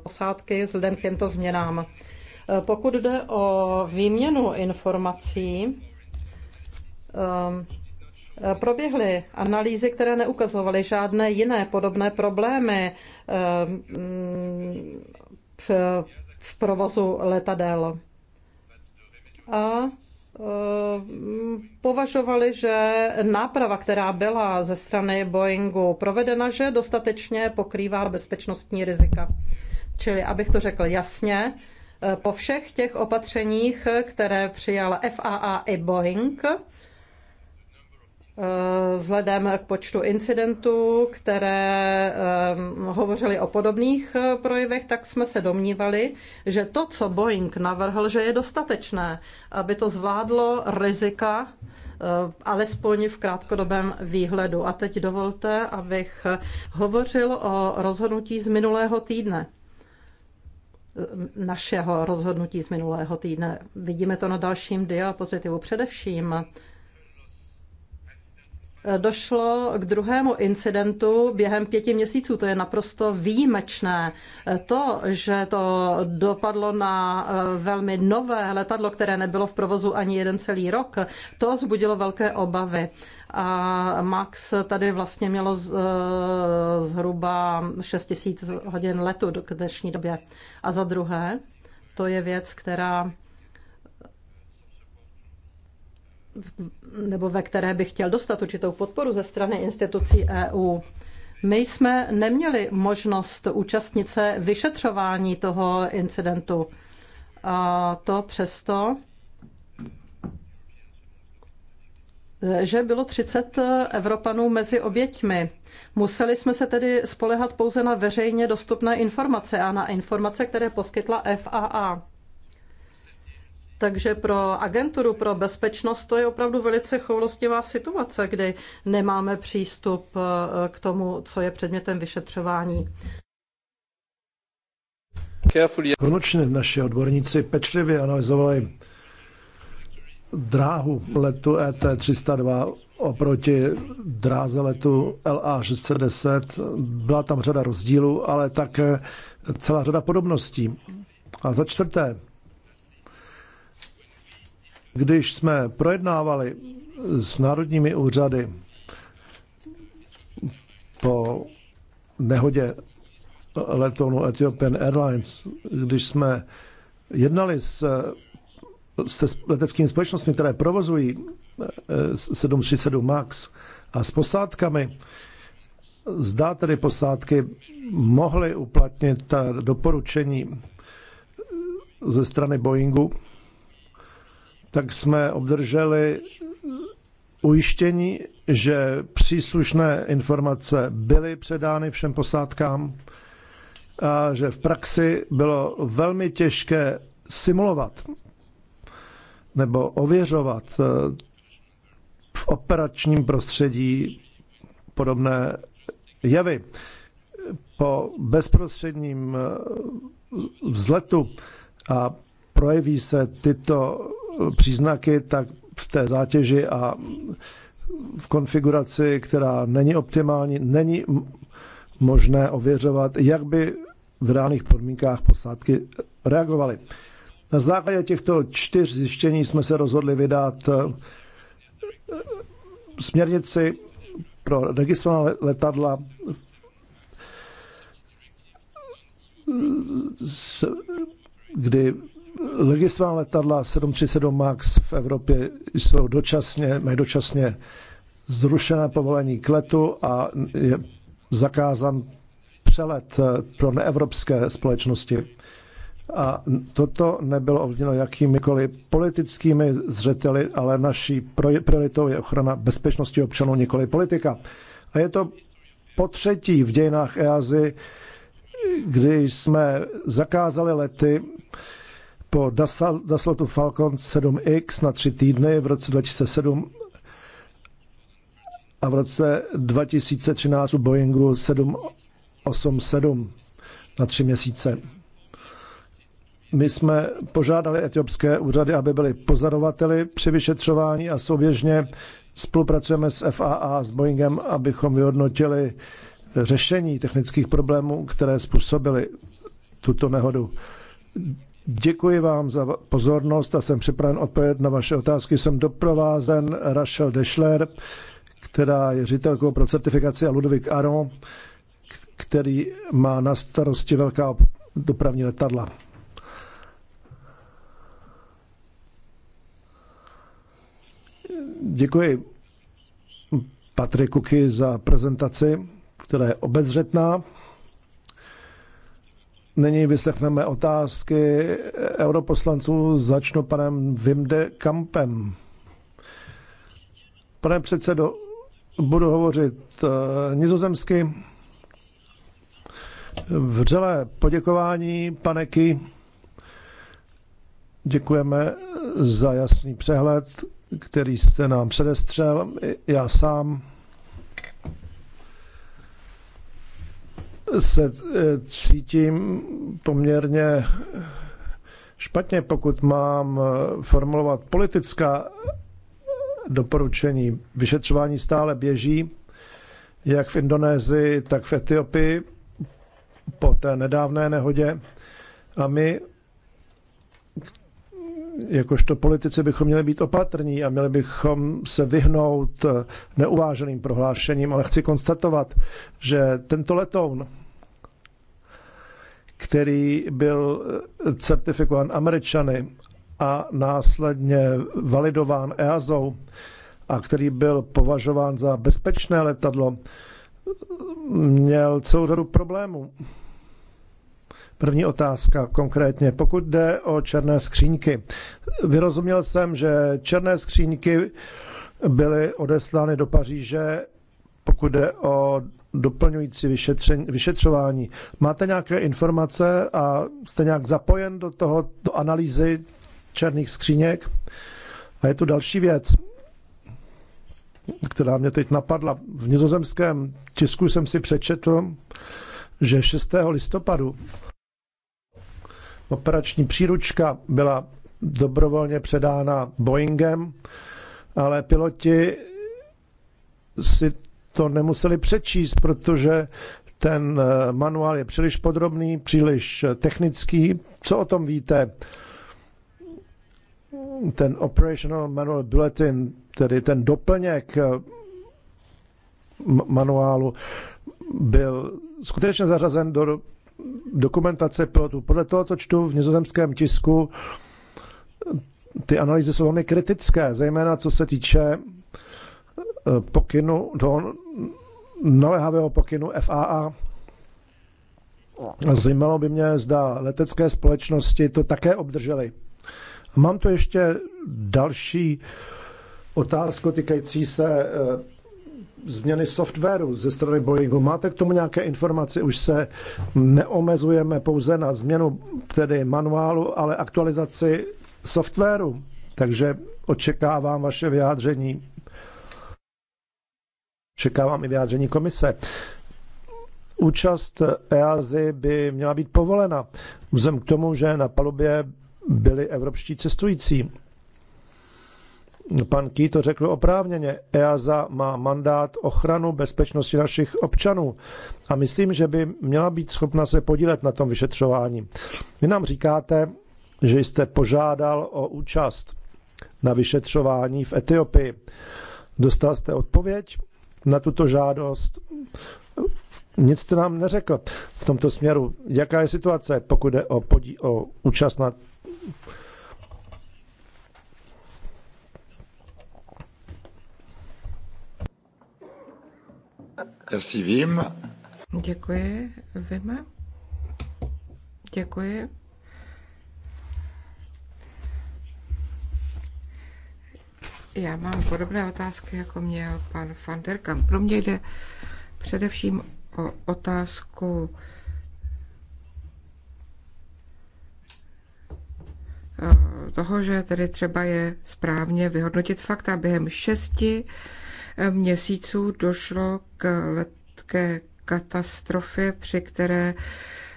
Speaker 1: posádky vzhledem k těmto změnám. Eh, pokud jde o výměnu informací, proběhly analýzy, které neukazovaly žádné jiné podobné problémy mm, v provozu letadel. A Eh, považovali, že náprava, která byla ze strany Boeingu provedena, že dostatečně pokrývá bezpečnostní rizika. Čili, abych to řekl jasně, eh, po všech těch opatřeních, které přijala FAA i Boeing, Eh, vzhledem k počtu incidentů, které eh, hovořily o podobných eh, projevech, tak jsme se domnívali, že to, co Boeing navrhl, že je dostatečné, aby to zvládlo rizika alespoň v krátkodobém výhledu. A teď dovolte, abych hovořil o rozhodnutí z minulého týdne našeho rozhodnutí z minulého týdne. Vidíme to na dalším diapozitivu. Především Eh, došlo k druhému incidentu během pěti měsíců. To je naprosto výjimečné. Eh, to, že to dopadlo na eh, velmi nové letadlo, které nebylo v provozu ani jeden celý rok, to zbudilo velké obavy. A Max tady vlastně mělo z, zhruba 6 tisíc hodin letu do dnešní době. A za druhé, to je věc, která nebo ve které by chtěl dostat určitou podporu ze strany institucí EU. My jsme neměli možnost účastnit se vyšetřování toho incidentu. A to přesto, že bylo 30 Evropanů mezi oběťmi. Museli jsme se tedy spolehat pouze na veřejně dostupné informace a na informace, které poskytla FAA. Takže pro agenturu pro bezpečnost to je opravdu velice choulostivá situace, kdy nemáme přístup eh, k tomu, co je předmětem vyšetřování.
Speaker 2: Konečně naši odborníci pečlivě analyzovali dráhu letu ET-302 oproti dráze letu LA-610. Byla tam řada rozdílů, ale také celá řada podobností. A za čtvrté, když jsme projednávali s národními úřady po nehodě letounu Ethiopian Airlines, když jsme jednali s, s leteckými společnostmi, které provozují 737 eh, MAX a s posádkami, zda tedy posádky mohly uplatnit doporučení ze strany Boeingu tak jsme obdrželi ujištění, že příslušné informace byly předány všem posádkám a že v praxi bylo velmi těžké simulovat nebo ověřovat eh, v operačním prostředí podobné jevy. Po bezprostředním eh, vzletu a projeví se tyto příznaky, tak v té zátěži a v konfiguraci, která není optimální, není možné ověřovat, jak by v reálných podmínkách posádky reagovaly. Na základě těchto čtyř zjištění jsme se rozhodli vydat eh, směrnici pro registrované letadla eh, kdy Legislá letadla 737 MAX v Evropě jsou dočasně, mají dočasně zrušené povolení k letu a je zakázán přelet eh, pro neevropské společnosti. A toto nebylo ovlivněno jakýmikoliv politickými zřeteli, ale naší prioritou je ochrana bezpečnosti občanů, nikoli politika. A je to po třetí v dějinách EASY, kdy jsme zakázali lety po Dassaultu Falcon 7X na tři týdny v roce 2007 a v roce 2013 u Boeingu 787 na tři měsíce. My jsme požádali etiopské úřady, aby byli pozorovateli při vyšetřování a souběžně spolupracujeme s FAA, s Boeingem, abychom vyhodnotili řešení technických problémů, které způsobily tuto nehodu. Děkuji vám za pozornost a jsem připraven odpovědět na vaše otázky. Jsem doprovázen Rachel Dešler, která je ředitelkou pro certifikaci a Ludovik Aron, který má na starosti velká dopravní letadla. Děkuji Patriku za prezentaci, která je obezřetná. Nyní vyslechneme otázky europoslanců. Začnu panem Vimde Kampem. Pane předsedo, budu hovořit eh, nizozemsky. Vřelé poděkování, pane Ky. Děkujeme za jasný přehled, který jste nám předestřel. Já sám se eh, cítím poměrně špatně, pokud mám eh, formulovat politická doporučení. Vyšetřování stále běží, jak v Indonésii, tak v Etiopii po té nedávné nehodě. A my jakožto politici bychom měli být opatrní a měli bychom se vyhnout eh, neuváženým prohlášením, ale chci konstatovat, že tento letoun, který byl eh, certifikován Američany a následně validován EASou a který byl považován za bezpečné letadlo, měl celou řadu problémů První otázka konkrétně. Pokud jde o černé skříňky. vyrozuměl jsem, že černé skříňky byly odeslány do Paříže, pokud jde o doplňující vyšetřování. Máte nějaké informace a jste nějak zapojen do toho, do analýzy černých skříněk? A je tu další věc, která mě teď napadla. V nizozemském tisku jsem si přečetl, že 6. listopadu Operační příručka byla dobrovolně předána Boeingem, ale piloti si to nemuseli přečíst, protože ten eh, manuál je příliš podrobný, příliš eh, technický. Co o tom víte? Ten Operational Manual Bulletin, tedy ten doplněk eh, manuálu, byl skutečně zařazen do dokumentace pilotů. Podle toho, co čtu v nizozemském tisku, ty analýzy jsou velmi kritické, zejména co se týče eh, pokynu, toho naléhavého pokynu FAA. Zajímalo by mě, zda letecké společnosti to také obdržely. Mám tu ještě další otázku týkající se eh, změny softwaru ze strany Boeingu. Máte k tomu nějaké informace? Už se neomezujeme pouze na změnu tedy manuálu, ale aktualizaci softwaru. Takže očekávám vaše vyjádření. Očekávám i vyjádření komise. Účast EASY by měla být povolena, vzhledem k tomu, že na palubě byli evropští cestující. Pan Ký to řekl oprávněně. EASA má mandát ochranu bezpečnosti našich občanů a myslím, že by měla být schopna se podílet na tom vyšetřování. Vy nám říkáte, že jste požádal o účast na vyšetřování v Etiopii. Dostal jste odpověď na tuto žádost? Nic jste nám neřekl v tomto směru. Jaká je situace, pokud jde o, podí- o účast na Merci, Vim.
Speaker 3: Děkuji, Vime. Děkuji. Já mám podobné otázky, jako měl pan van der Kamp. Pro mě jde především o otázku eh, toho, že tedy třeba je správně vyhodnotit fakta během šesti měsíců došlo k letké katastrofě, při které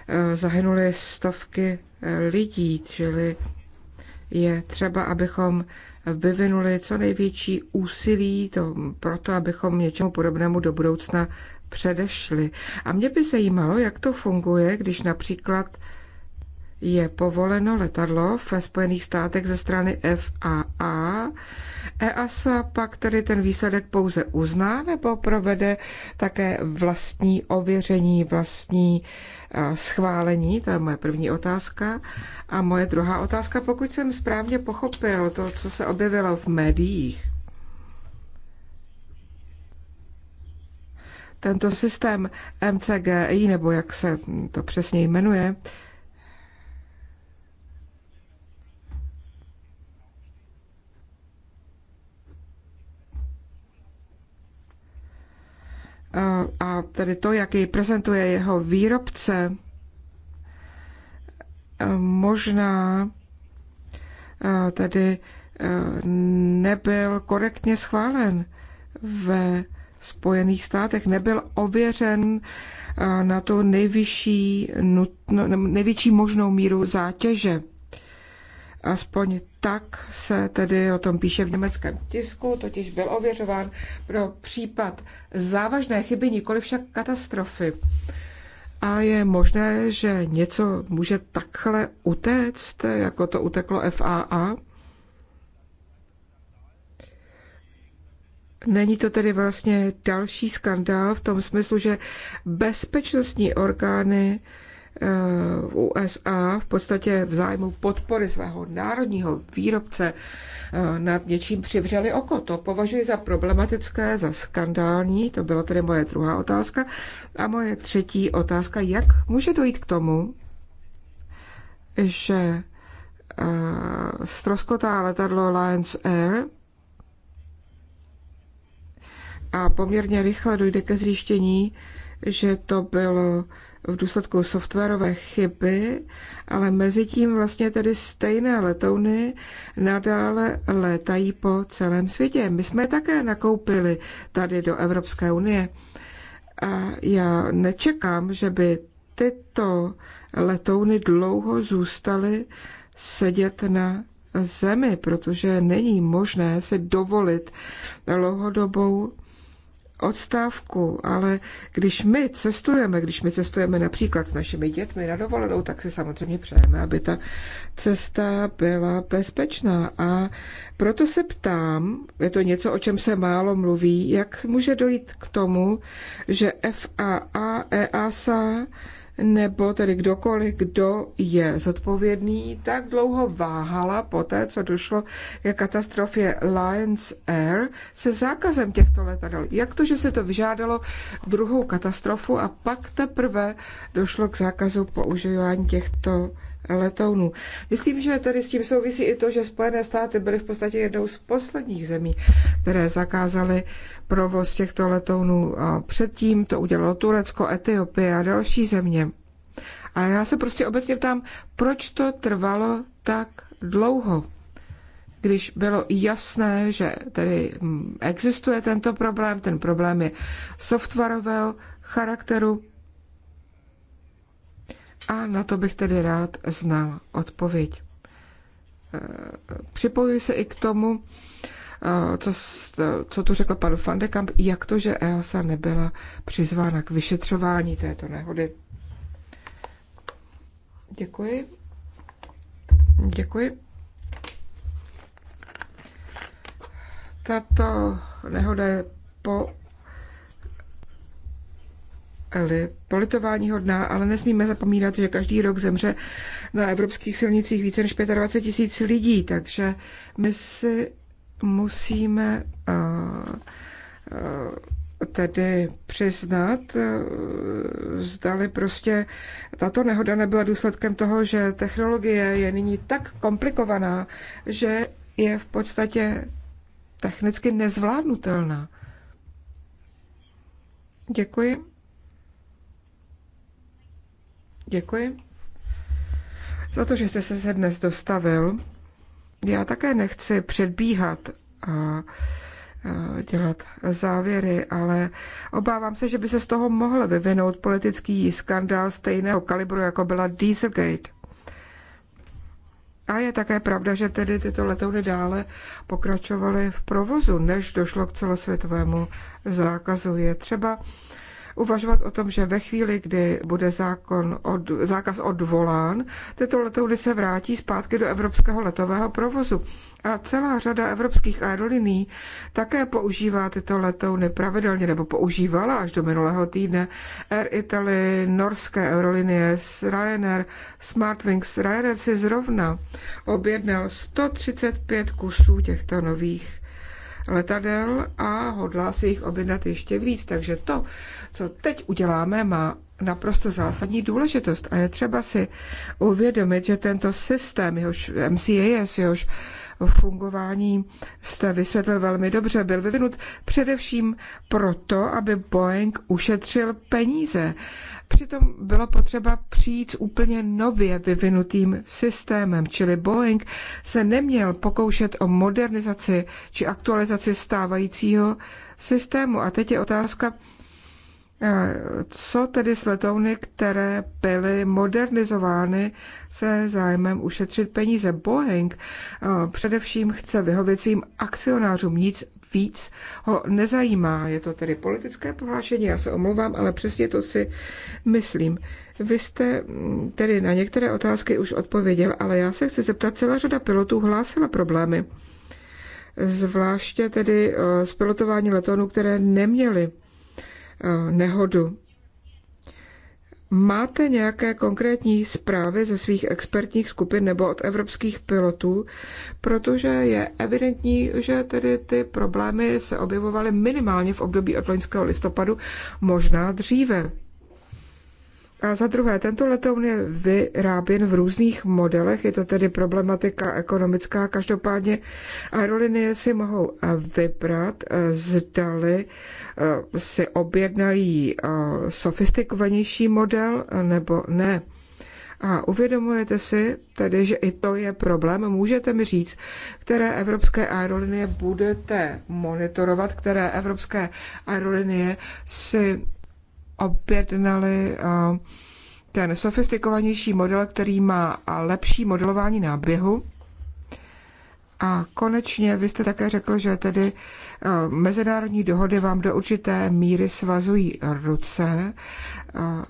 Speaker 3: eh, zahynuly stovky eh, lidí, čili je třeba, abychom vyvinuli co největší úsilí to proto, abychom něčemu podobnému do budoucna předešli. A mě by zajímalo, jak to funguje, když například je povoleno letadlo ve Spojených státech ze strany FAA. EASA pak tedy ten výsledek pouze uzná nebo provede také vlastní ověření, vlastní eh, schválení? To je moje první otázka. A moje druhá otázka, pokud jsem správně pochopil to, co se objevilo v médiích, tento systém MCGI, nebo jak se to přesně jmenuje, a tedy to, jak jej prezentuje jeho výrobce, e, možná e, tedy e, nebyl korektně schválen ve Spojených státech, nebyl ověřen na tu nejvyšší, nutno, nejvyšší možnou míru zátěže. Aspoň tak se tedy o tom píše v německém tisku, totiž byl ověřován pro případ závažné chyby, nikoli však katastrofy. A je možné, že něco může takhle utéct, jako to uteklo FAA? Není to tedy vlastně další skandál v tom smyslu, že bezpečnostní orgány Eh, USA v podstatě v zájmu podpory svého národního výrobce eh, nad něčím přivřeli oko. To považuji za problematické, za skandální. To byla tedy moje druhá otázka. A moje třetí otázka, jak může dojít k tomu, že stroskotá eh, letadlo Lions Air a poměrně rychle dojde ke zjištění, že to bylo v důsledku softwarové chyby, ale mezi tím vlastně tedy stejné letouny nadále létají po celém světě. My jsme je také nakoupili tady do Evropské unie. A já nečekám, že by tyto letouny dlouho zůstaly sedět na zemi, protože není možné si dovolit dlouhodobou odstávku, ale když my cestujeme, když my cestujeme například s našimi dětmi na dovolenou, tak si samozřejmě přejeme, aby ta cesta byla bezpečná. A proto se ptám, je to něco, o čem se málo mluví, jak může dojít k tomu, že FAA, EASA, nebo tedy kdokoliv, kdo je zodpovědný, tak dlouho váhala po té, co došlo ke katastrofě Lions Air se zákazem těchto letadel. Jak to, že se to vyžádalo druhou katastrofu a pak teprve došlo k zákazu používání těchto letounů. Myslím, že tady s tím souvisí i to, že Spojené státy byly v podstatě jednou z posledních zemí, které zakázaly provoz těchto letounů. A předtím to udělalo Turecko, Etiopie a další země. A já se prostě obecně ptám, proč to trvalo tak dlouho? když bylo jasné, že tedy mm, existuje tento problém, ten problém je softwarového charakteru, a na to bych tedy rád znal odpověď. Eh, připojuji se i k tomu, eh, co, co tu řekl pan Van de Kamp, jak to, že EASA nebyla přizvána k vyšetřování této nehody. Děkuji. Děkuji. Tato nehoda je po Eli politování hodná, ale nesmíme zapomínat, že každý rok zemře na evropských silnicích více než 25 tisíc lidí, takže my si musíme eh, eh, tedy přiznat, eh, zdali prostě tato nehoda nebyla důsledkem toho, že technologie je nyní tak komplikovaná, že je v podstatě technicky nezvládnutelná. Děkuji. Děkuji za to, že jste se, dnes dostavil. Já také nechci předbíhat a dělat závěry, ale obávám se, že by se z toho mohl vyvinout politický skandál stejného kalibru, jako byla Dieselgate. A je také pravda, že tedy tyto letouny dále pokračovaly v provozu, než došlo k celosvětovému zákazu. Je třeba uvažovat o tom, že ve chvíli, kdy bude zákon od, zákaz odvolán, tyto letouny se vrátí zpátky do evropského letového provozu. A celá řada evropských aerolinií také používá tyto letouny pravidelně, nebo používala až do minulého týdne. Air Italy, norské aerolinie, Ryanair, Smartwings. Ryanair si zrovna objednal 135 kusů těchto nových letadel a hodlá se jich objednat ještě víc. Takže to, co teď uděláme, má naprosto zásadní důležitost a je třeba si uvědomit, že tento systém, jehož MCAS, jehož fungování jste vysvětlil velmi dobře, byl vyvinut především proto, aby Boeing ušetřil peníze Přitom bylo potřeba přijít s úplně nově vyvinutým systémem, čili Boeing se neměl pokoušet o modernizaci či aktualizaci stávajícího systému. A teď je otázka, eh, co tedy s letouny, které byly modernizovány se zájmem ušetřit peníze? Boeing eh, především chce vyhovět svým akcionářům, nic víc ho nezajímá. Je to tedy politické prohlášení, já se omlouvám, ale přesně to si myslím. Vy jste mm, tedy na některé otázky už odpověděl, ale já se chci zeptat, celá řada pilotů hlásila problémy. Zvláště tedy eh, z pilotování letounů, které neměly eh, nehodu. Máte nějaké konkrétní zprávy ze svých expertních skupin nebo od evropských pilotů, protože je evidentní, že tedy ty problémy se objevovaly minimálně v období od loňského listopadu, možná dříve. A za druhé, tento letoun je vyráběn v různých modelech, je to tedy problematika ekonomická. Každopádně aerolinie si mohou vybrat, zdali si objednají sofistikovanější model nebo ne. A uvědomujete si tedy, že i to je problém. Můžete mi říct, které evropské aerolinie budete monitorovat, které evropské aerolinie si objednali eh, ten sofistikovanější model, který má lepší modelování náběhu. A konečně vy jste také řekl, že tedy eh, mezinárodní dohody vám do určité míry svazují ruce. Eh,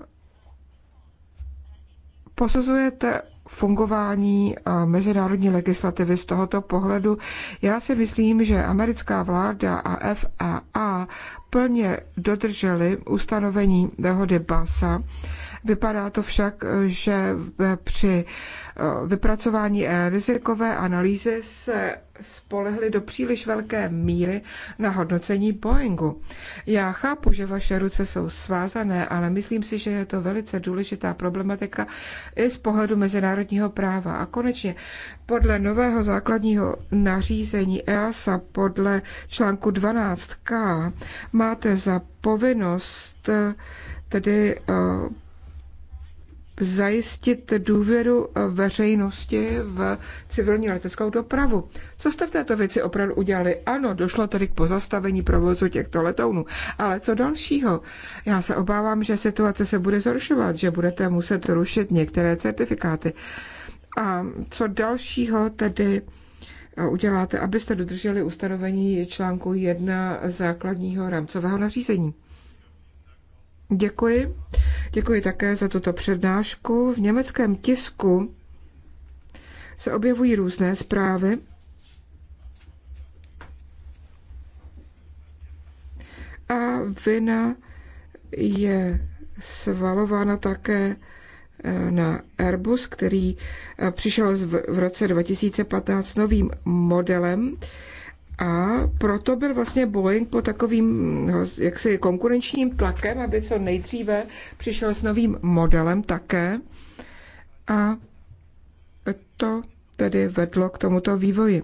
Speaker 3: posuzujete fungování mezinárodní legislativy z tohoto pohledu. Já si myslím, že americká vláda a FAA plně dodržely ustanovení dohody BASA Vypadá to však, že při eh, vypracování eh, rizikové analýzy se spolehli do příliš velké míry na hodnocení Boeingu. Já chápu, že vaše ruce jsou svázané, ale myslím si, že je to velice důležitá problematika i z pohledu mezinárodního práva. A konečně, podle nového základního nařízení EASA podle článku 12k máte za povinnost eh, tedy zajistit důvěru veřejnosti v civilní leteckou dopravu. Co jste v této věci opravdu udělali? Ano, došlo tedy k pozastavení provozu těchto letounů, ale co dalšího? Já se obávám, že situace se bude zhoršovat, že budete muset rušit některé certifikáty. A co dalšího tedy eh, uděláte, abyste dodrželi ustanovení článku 1 základního rámcového nařízení? Děkuji. Děkuji také za tuto přednášku. V německém tisku se objevují různé zprávy. A vina je svalována také eh, na Airbus, který eh, přišel v roce 2015 novým modelem a proto byl vlastně Boeing po takovým no, jaksi konkurenčním tlakem, aby co nejdříve přišel s novým modelem také. A to tedy vedlo k tomuto vývoji.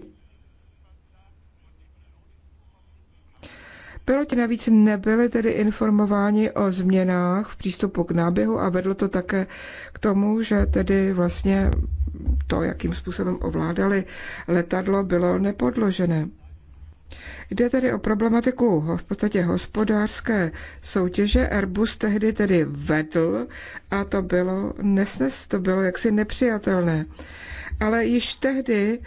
Speaker 3: Piloti navíc nebyli tedy informováni o změnách v přístupu k náběhu a vedlo to také k tomu, že tedy vlastně to, jakým způsobem ovládali letadlo, bylo nepodložené. Jde tedy o problematiku v podstatě hospodářské soutěže. Airbus tehdy tedy vedl a to bylo nesnes, to bylo jaksi nepřijatelné. Ale již tehdy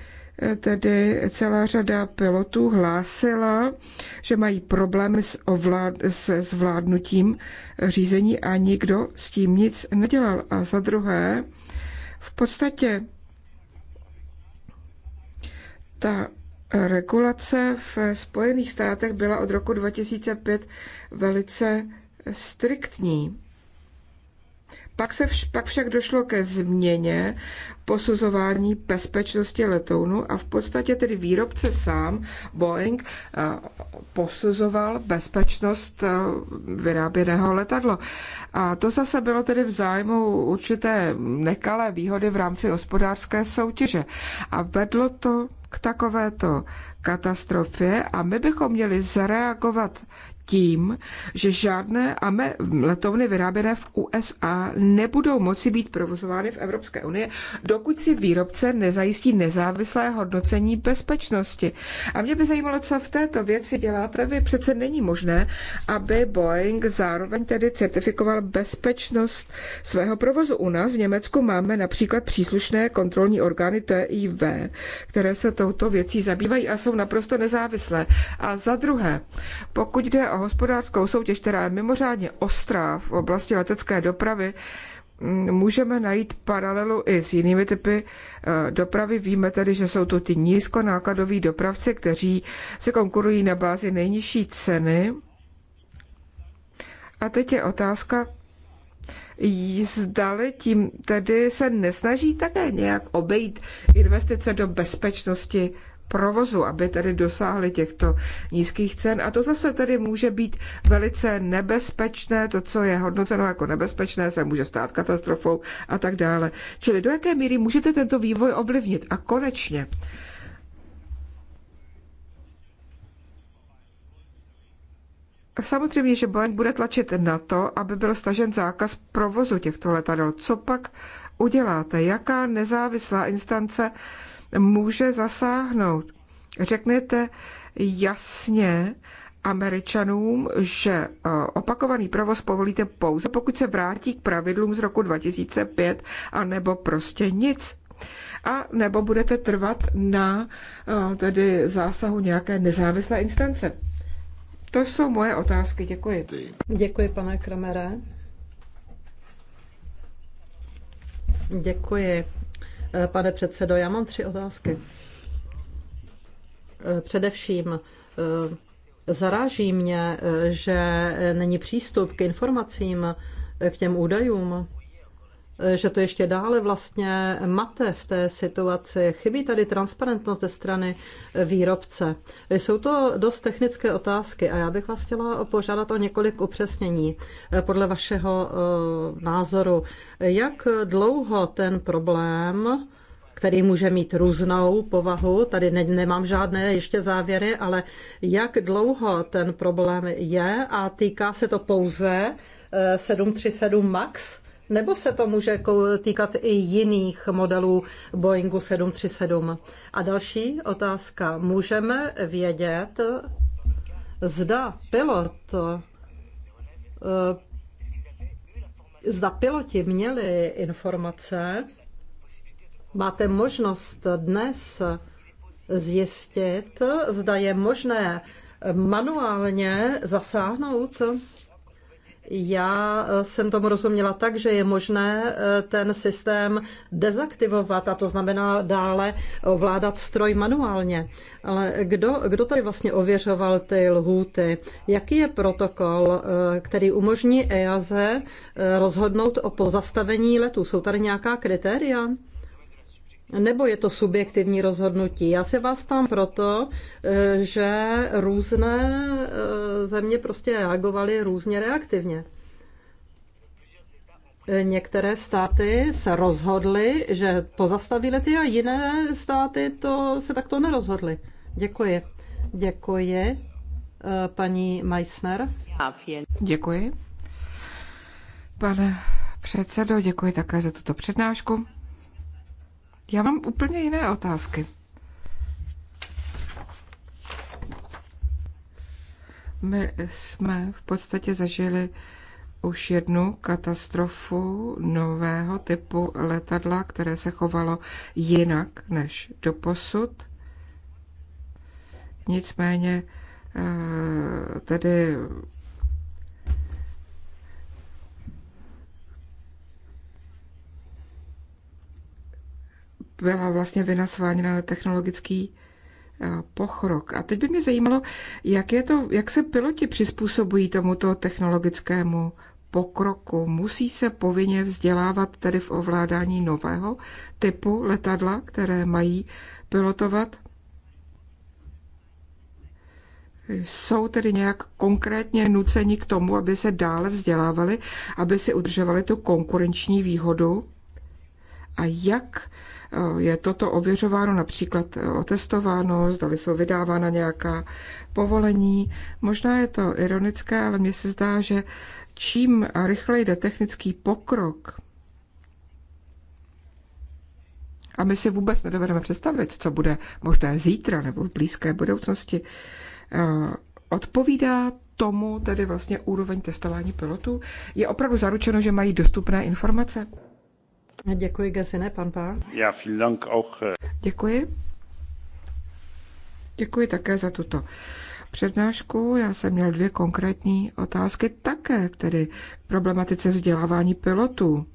Speaker 3: eh, tedy celá řada pilotů hlásila, že mají problémy s, ovlád, se zvládnutím řízení a nikdo s tím nic nedělal. A za druhé, v podstatě ta Regulace v Spojených státech byla od roku 2005 velice striktní. Pak, se vš- pak však došlo ke změně posuzování bezpečnosti letounu a v podstatě tedy výrobce sám, Boeing, eh, posuzoval bezpečnost eh, vyráběného letadlo. A to zase bylo tedy v zájmu určité nekalé výhody v rámci hospodářské soutěže. A vedlo to k takovéto katastrofě a my bychom měli zareagovat tím, že žádné AME letovny vyráběné v USA nebudou moci být provozovány v Evropské unii, dokud si výrobce nezajistí nezávislé hodnocení bezpečnosti. A mě by zajímalo, co v této věci děláte. Vy přece není možné, aby Boeing zároveň tedy certifikoval bezpečnost svého provozu. U nás v Německu máme například příslušné kontrolní orgány TIV, které se touto věcí zabývají a jsou naprosto nezávislé. A za druhé, pokud jde o hospodářskou soutěž, která je mimořádně ostrá v oblasti letecké dopravy, mm, můžeme najít paralelu i s jinými typy eh, dopravy. Víme tedy, že jsou to ty nízkonákladoví dopravci, kteří se konkurují na bázi nejnižší ceny. A teď je otázka, zdali tím tedy se nesnaží také nějak obejít investice do bezpečnosti provozu, aby tedy dosáhly těchto nízkých cen. A to zase tedy může být velice nebezpečné, to, co je hodnoceno jako nebezpečné, se může stát katastrofou a tak dále. Čili do jaké míry můžete tento vývoj ovlivnit? A konečně, Samozřejmě, že Boeing bude tlačit na to, aby byl stažen zákaz provozu těchto letadel. Co pak uděláte? Jaká nezávislá instance uh, může zasáhnout. Řeknete jasně Američanům, že e, opakovaný provoz povolíte pouze, pokud se vrátí k pravidlům z roku 2005, anebo prostě nic. A nebo budete trvat na e, tedy zásahu nějaké nezávislé instance. To jsou moje otázky, děkuji. Děkuji, pane Kramere.
Speaker 1: Děkuji, Eh, pane předsedo. Já mám tři otázky. Eh, především eh, zaráží mě, že není přístup k informacím, k těm údajům Eh, že to ještě dále vlastně mate v té situaci. Chybí tady transparentnost ze strany eh, výrobce. Jsou to dost technické otázky a já bych vás chtěla požádat o několik upřesnění eh, podle vašeho názoru. Jak dlouho ten problém který může mít různou povahu. Tady ne, nemám žádné ještě závěry, ale jak dlouho ten problém je a týká se to pouze 737 MAX nebo se to může týkat i jiných modelů Boeingu 737? A další otázka. Můžeme vědět, zda pilot eh, zda piloti měli informace, máte možnost dnes zjistit, zda je možné manuálně zasáhnout já eh, jsem tomu rozuměla tak, že je možné eh, ten systém dezaktivovat a to znamená dále ovládat stroj manuálně. Ale kdo, kdo tady vlastně ověřoval ty lhůty? Jaký je protokol, eh, který umožní EASE rozhodnout o pozastavení letu? Jsou tady nějaká kritéria? nebo je to subjektivní rozhodnutí? Já se vás tam proto, eh, že různé eh, země prostě reagovaly různě reaktivně. Eh, některé státy se rozhodly, že pozastaví lety a jiné státy to se takto nerozhodly. Děkuji. Děkuji,
Speaker 3: paní Meissner. Děkuji. Pane předsedo, děkuji také za tuto přednášku. Já mám úplně jiné otázky. My jsme v podstatě zažili už jednu katastrofu nového typu letadla, které se chovalo jinak než do posud. Nicméně eh, tedy byla vlastně vina sváněna na technologický eh, pochrok. A teď by mě zajímalo, jak, je to, jak se piloti přizpůsobují tomuto technologickému pokroku. Musí se povinně vzdělávat tedy v ovládání nového typu letadla, které mají pilotovat? Jsou tedy nějak konkrétně nuceni k tomu, aby se dále vzdělávali, aby si udržovali tu konkurenční výhodu? A jak je toto ověřováno, například otestováno, zdali jsou vydávána nějaká povolení. Možná je to ironické, ale mně se zdá, že čím rychleji jde technický pokrok, a my si vůbec nedovedeme představit, co bude možná zítra nebo v blízké budoucnosti, eh, odpovídá tomu tedy vlastně úroveň testování pilotů? Je opravdu zaručeno, že mají dostupné informace? Děkuji, Gesine, pan Pár.
Speaker 2: Já vielen Dank auch. Eh.
Speaker 3: Děkuji. Děkuji také za tuto přednášku. Já jsem měl dvě konkrétní otázky také, tedy k problematice vzdělávání pilotů.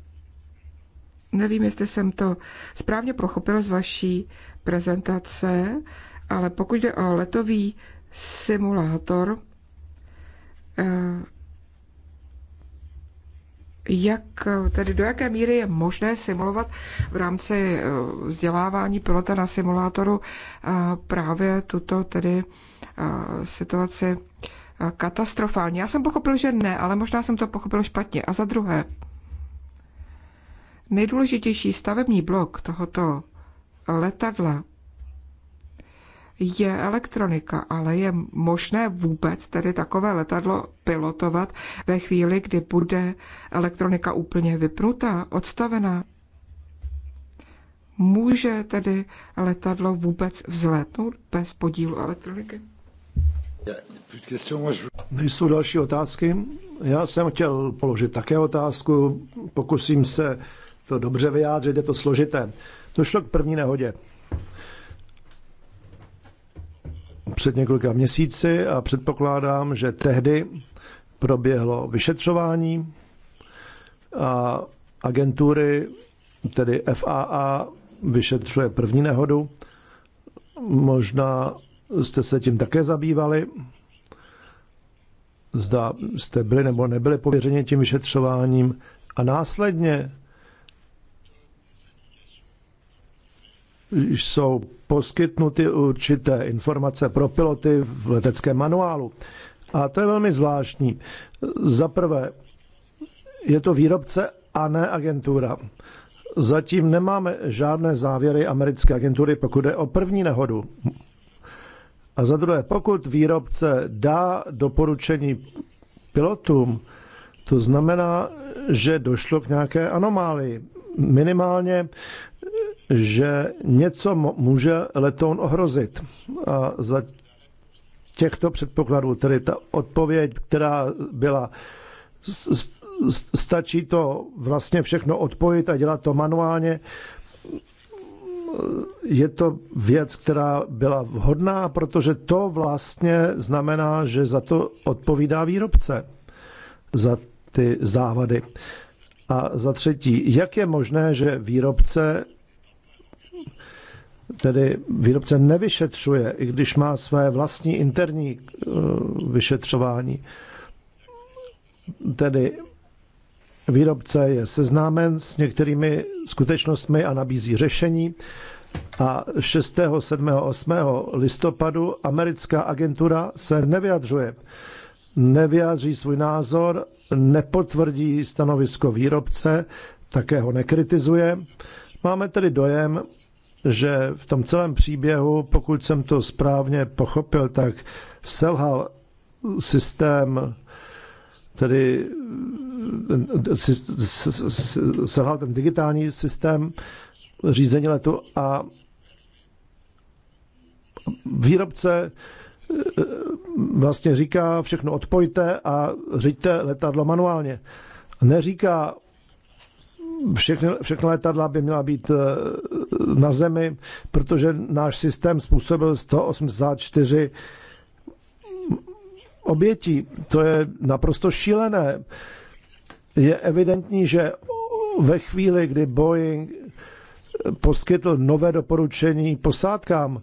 Speaker 3: Nevím, jestli jsem to správně pochopil z vaší prezentace, ale pokud jde o letový simulátor, eh, jak, tedy do jaké míry je možné simulovat v rámci eh, vzdělávání pilota na simulátoru eh, právě tuto tedy eh, situaci katastrofální. Já jsem pochopil, že ne, ale možná jsem to pochopil špatně. A za druhé, nejdůležitější stavební blok tohoto letadla je elektronika, ale je možné vůbec tedy takové letadlo pilotovat ve chvíli, kdy bude elektronika úplně vypnutá, odstavená? Může tedy letadlo vůbec vzlétnout bez podílu elektroniky?
Speaker 2: Nejsou další otázky? Já jsem chtěl položit také otázku, pokusím se to dobře vyjádřit, je to složité. Došlo k první nehodě. před několika měsíci a předpokládám, že tehdy proběhlo vyšetřování a agentury, tedy FAA, vyšetřuje první nehodu. Možná jste se tím také zabývali. Zda jste byli nebo nebyli pověřeni tím vyšetřováním. A následně jsou poskytnuty určité informace pro piloty v leteckém manuálu. A to je velmi zvláštní. Za prvé, je to výrobce a ne agentura. Zatím nemáme žádné závěry americké agentury, pokud je o první nehodu. A za druhé, pokud výrobce dá doporučení pilotům, to znamená, že došlo k nějaké anomálii. Minimálně že něco může letoun ohrozit. A za těchto předpokladů, tedy ta odpověď, která byla, stačí to vlastně všechno odpojit a dělat to manuálně, je to věc, která byla vhodná, protože to vlastně znamená, že za to odpovídá výrobce, za ty závady. A za třetí, jak je možné, že výrobce tedy výrobce nevyšetřuje, i když má své vlastní interní eh, vyšetřování. Tedy výrobce je seznámen s některými skutečnostmi a nabízí řešení. A 6., 7., 8. listopadu americká agentura se nevyjadřuje. Nevyjádří svůj názor, nepotvrdí stanovisko výrobce, také ho nekritizuje. Máme tedy dojem, že v tom celém příběhu, pokud jsem to správně pochopil, tak selhal systém, tedy eh, selhal ten digitální systém řízení letu a výrobce eh, vlastně říká všechno odpojte a řiďte letadlo manuálně. Neříká všechny, všechny letadla by měla být eh, na zemi, protože náš systém způsobil 184 obětí. To je naprosto šílené. Je evidentní, že ve chvíli, kdy Boeing poskytl nové doporučení posádkám,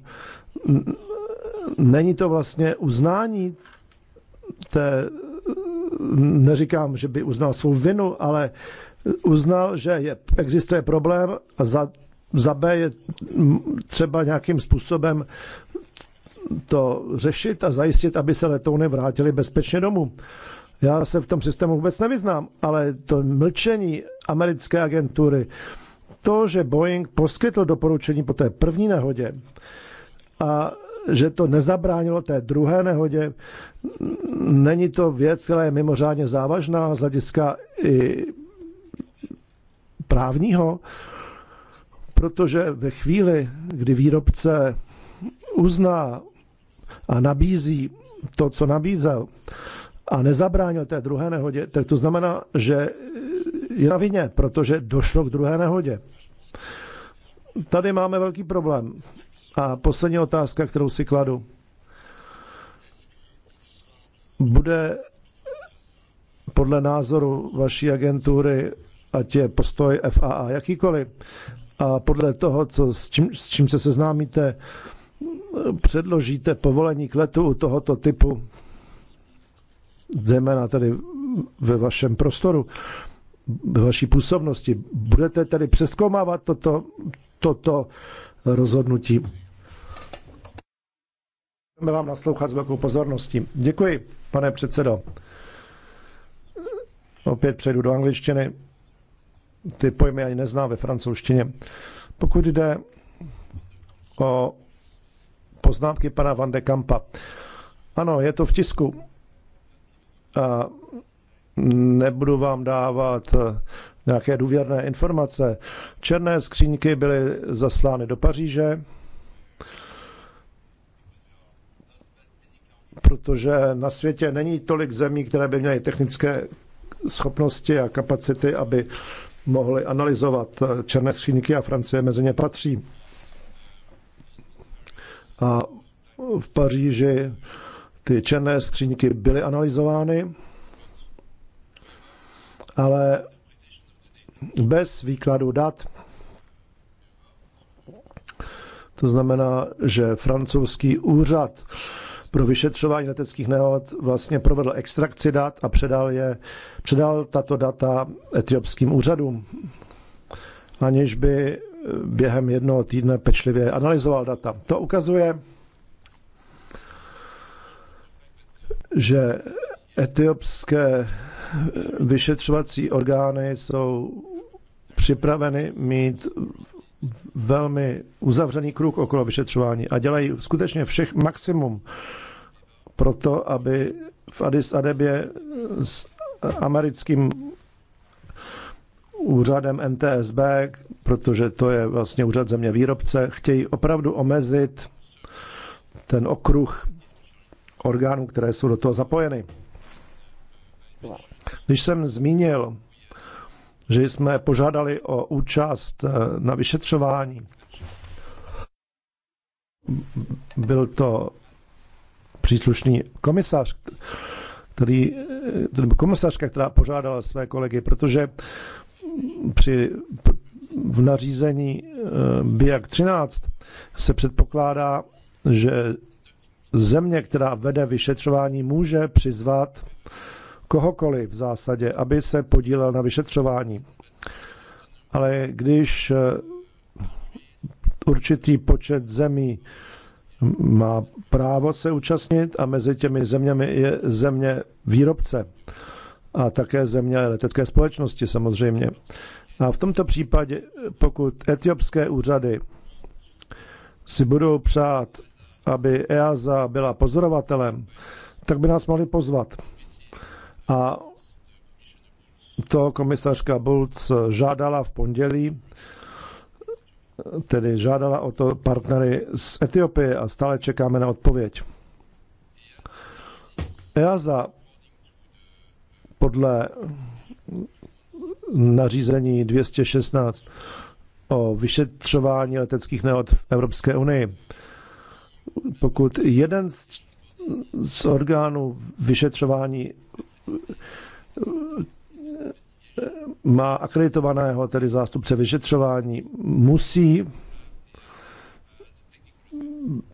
Speaker 2: není to vlastně uznání té, neříkám, že by uznal svou vinu, ale uh, uznal, že je, existuje problém a za, za B je třeba nějakým způsobem to řešit a zajistit, aby se letouny vrátily bezpečně domů. Já se v tom systému vůbec nevyznám, ale to mlčení americké agentury, to, že Boeing poskytl doporučení po té první nehodě a že to nezabránilo té druhé nehodě, není to věc, která je mimořádně závažná z hlediska i právního, protože ve chvíli, kdy výrobce uzná a nabízí to, co nabízel, a nezabránil té druhé nehodě, tak to znamená, že je na vině, protože došlo k druhé nehodě. Tady máme velký problém. A poslední otázka, kterou si kladu. Bude podle názoru vaší agentury ať je postoj FAA jakýkoliv. A podle toho, co, s, čím, s čím se seznámíte, předložíte povolení k letu u tohoto typu, zejména tedy ve vašem prostoru, ve vaší působnosti. Budete tedy přeskoumávat toto, toto rozhodnutí. Budeme vám naslouchat s velkou pozorností. Děkuji, pane předsedo. Opět přejdu do angličtiny ty pojmy ani nezná ve francouzštině. Pokud jde o poznámky pana Van de Kampa. Ano, je to v tisku. A nebudu vám dávat eh, nějaké důvěrné informace. Černé skříňky byly zaslány do Paříže, protože na světě není tolik zemí, které by měly technické schopnosti a kapacity, aby mohli analyzovat eh, černé skřínky a Francie mezi ně patří. A v Paříži ty černé skřínky byly analyzovány, ale bez výkladu dat. To znamená, že francouzský úřad pro vyšetřování leteckých nehod vlastně provedl extrakci dat a předal, je, předal tato data etiopským úřadům, aniž by eh, během jednoho týdne pečlivě analyzoval data. To ukazuje, že etiopské eh, vyšetřovací orgány jsou připraveny mít velmi uzavřený kruh okolo vyšetřování a dělají skutečně všech maximum proto, aby v Addis Adebě s americkým úřadem NTSB, protože to je vlastně úřad země výrobce, chtějí opravdu omezit ten okruh orgánů, které jsou do toho zapojeny. Když jsem zmínil, že jsme požádali o účast eh, na vyšetřování, byl to příslušný komisař, který, nebo komisařka, která požádala své kolegy, protože při v nařízení eh, BIAC 13 se předpokládá, že země, která vede vyšetřování, může přizvat kohokoliv v zásadě, aby se podílel na vyšetřování. Ale když eh, určitý počet zemí má právo se účastnit a mezi těmi zeměmi je země výrobce a také země letecké společnosti samozřejmě. A v tomto případě, pokud etiopské úřady si budou přát, aby EASA byla pozorovatelem, tak by nás mohli pozvat. A to komisařka Bulc žádala v pondělí tedy žádala o to partnery z Etiopie a stále čekáme na odpověď. EASA podle nařízení 216 o vyšetřování leteckých nehod v Evropské unii. Pokud jeden z, z orgánů vyšetřování má akreditovaného, tedy zástupce vyšetřování, musí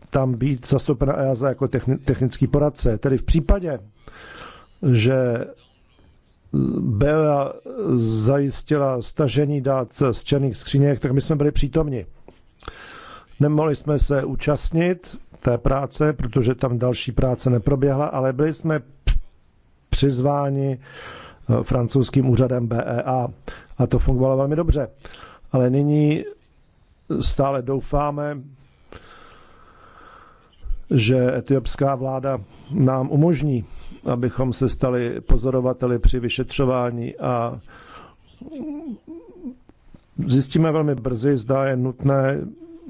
Speaker 2: tam být zastoupena EASA jako technický poradce. Tedy v případě, že byla e zajistila stažení dát z černých skříněk, tak my jsme byli přítomni. Nemohli jsme se účastnit té práce, protože tam další práce neproběhla, ale byli jsme přizváni Eh, francouzským úřadem BEA a to fungovalo velmi dobře. Ale nyní stále doufáme, že etiopská vláda nám umožní, abychom se stali pozorovateli při vyšetřování a zjistíme velmi brzy, zda je nutné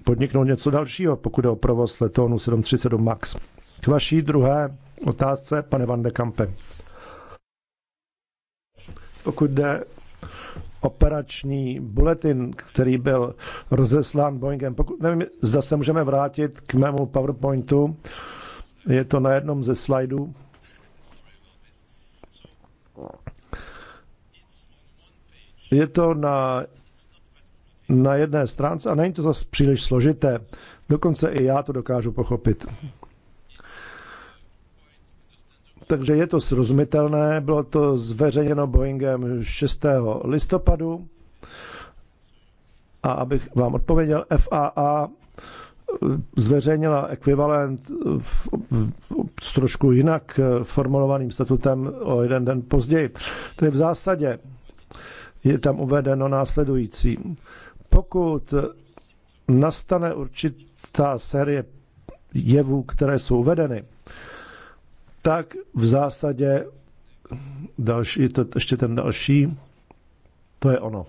Speaker 2: podniknout něco dalšího, pokud je o provoz letounu 737 MAX. K vaší druhé otázce, pane Van de Kampe. Pokud jde operační bulletin, který byl rozeslán Boeingem. Pokud, nevím, zda se můžeme vrátit k mému PowerPointu. Je to na jednom ze slajdů. Je to na, na jedné stránce a není to zase příliš složité. Dokonce i já to dokážu pochopit takže je to srozumitelné. Bylo to zveřejněno Boeingem 6. listopadu. A abych vám odpověděl, FAA eh, zveřejnila ekvivalent s eh, trošku jinak eh, formulovaným statutem o jeden den později. Tedy v zásadě je tam uvedeno následující. Pokud nastane určitá série jevů, které jsou uvedeny, tak v zásadě další, to, ještě ten další, to je ono.